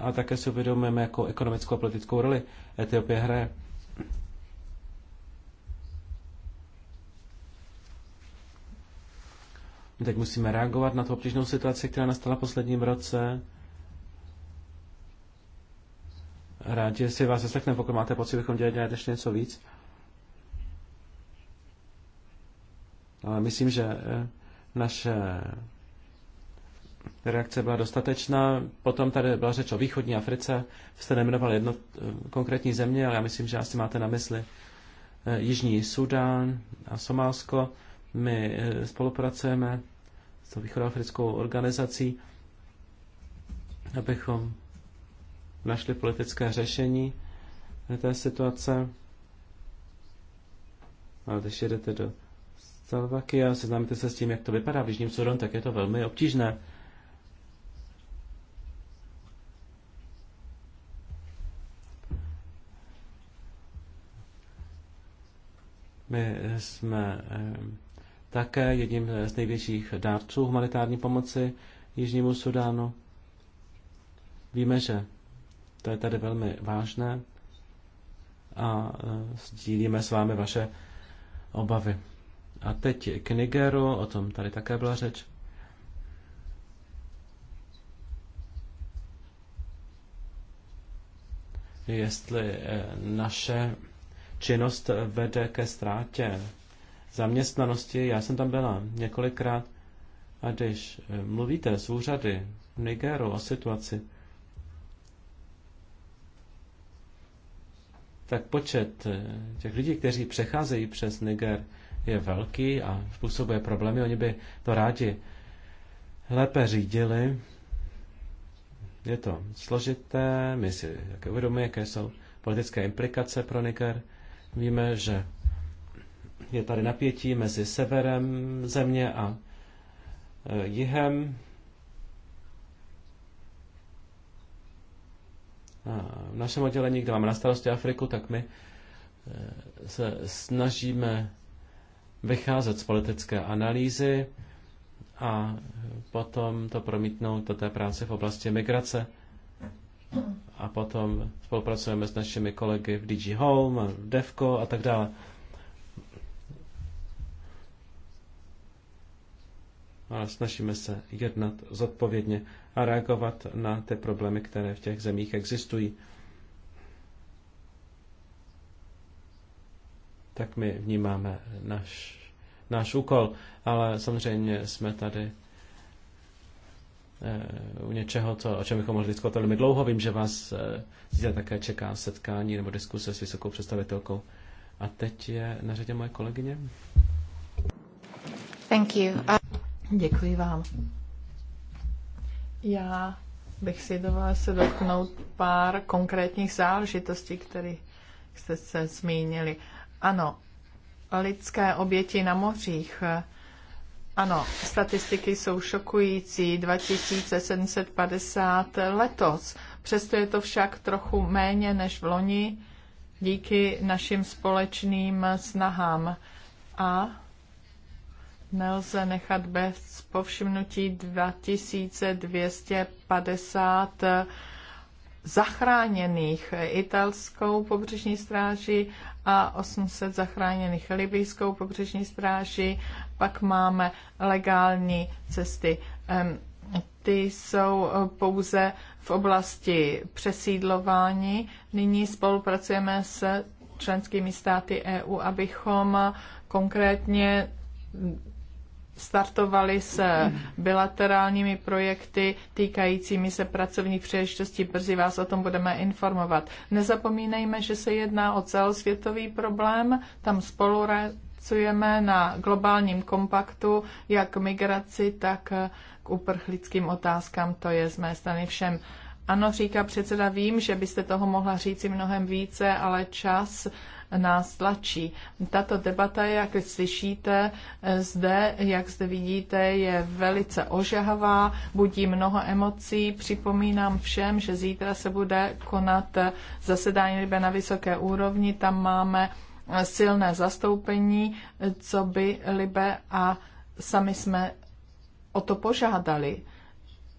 B: A také si uvědomujeme, jakou ekonomickou a politickou roli Etiopie hraje. My teď musíme reagovat na tu obtížnou situaci, která nastala v posledním roce. Rádi si vás zaslechneme, pokud máte pocit, bychom dělali, dělali ještě něco víc. Ale myslím, že eh, naše reakce byla dostatečná. Potom tady byla řeč o východní Africe. Jste nejmenoval jedno eh, konkrétní země, ale já myslím, že asi máte na mysli eh, Jižní Sudán a Somálsko. My eh, spolupracujeme s tou východoafrickou organizací, abychom našli politické řešení té situace. Ale když jedete do Salvaky a seznámíte se s tím, jak to vypadá v Jižním Sudan, tak je to velmi obtížné. My eh, jsme eh, také jedním z největších dárců humanitární pomoci Jižnímu Sudánu. Víme, že to je tady velmi vážné a e, sdílíme s vámi vaše obavy. A teď k Nigeru, o tom tady také byla řeč. Jestli e, naše činnost vede ke ztrátě zaměstnanosti. Já jsem tam byla několikrát a když eh, mluvíte s úřady v Nigeru o situaci, tak počet eh, těch lidí, kteří přecházejí přes Niger, je velký a způsobuje problémy. Oni by to rádi lépe řídili. Je to složité, my si také uvědomujeme, jaké jsou politické implikace pro Niger. Víme, že je tady napětí mezi severem země a e, jihem. A v našem oddělení, kde máme na starosti Afriku, tak my e, se snažíme vycházet z politické analýzy a potom to promítnout do té práce v oblasti migrace. A potom spolupracujeme s našimi kolegy v DG Home, v DEVCO a tak dále. a snažíme se jednat zodpovědně a reagovat na ty problémy, které v těch zemích existují. Tak my vnímáme náš, náš úkol, ale samozřejmě jsme tady eh, u něčeho, co, o čem bychom mohli diskutovat velmi dlouho. Vím, že vás eh, zde také čeká setkání nebo diskuse s vysokou představitelkou. A teď je na řadě moje kolegyně.
A: Thank you. Děkuji vám. Já bych si dovolila se dotknout pár konkrétních záležitostí, které jste se zmínili. Ano, lidské oběti na mořích. Ano, statistiky jsou šokující, 2750 letos. Přesto je to však trochu méně než v loni díky našim společným snahám. A nelze nechat bez povšimnutí 2250 eh, zachráněných italskou pobřežní stráží a 800 zachráněných libijskou pobřežní stráží. Pak máme legální cesty. Ty jsou eh, pouze v oblasti přesídlování. Nyní spolupracujeme s členskými státy EU, abychom konkrétně startovali se bilaterálními projekty týkajícími se pracovních příležitostí. Brzy vás o tom budeme informovat. Nezapomínejme, že se jedná o celosvětový problém. Tam spolupracujeme na globálním kompaktu, jak migraci, tak k uprchlickým otázkám. To je z mé strany všem. Ano, říká předseda, vím, že byste toho mohla říci mnohem více, ale čas nás tlačí. Tato debata, jak slyšíte eh, zde, jak zde vidíte, je velice ožahavá, budí mnoho emocí. Připomínám všem, že zítra se bude konat eh, zasedání Libe na vysoké úrovni. Tam máme eh, silné zastoupení, co by Libe a sami jsme o to požádali.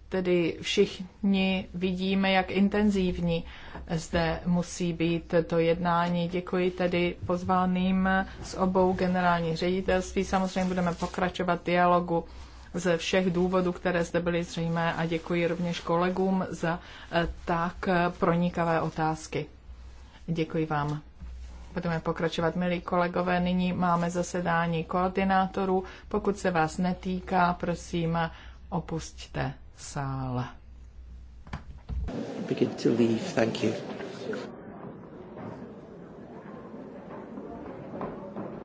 A: Tedy všichni vidíme, jak intenzivní zde musí být to jednání. Děkuji tedy pozvaným z obou generální ředitelství. Samozřejmě budeme pokračovat dialogu ze všech důvodů, které zde byly zřejmé a děkuji rovněž kolegům za eh, tak pronikavé otázky. Děkuji vám. Budeme pokračovat, milí kolegové. Nyní máme zasedání koordinátorů. Pokud se vás netýká, prosím, opusťte sál
C: begin to leave. Thank you.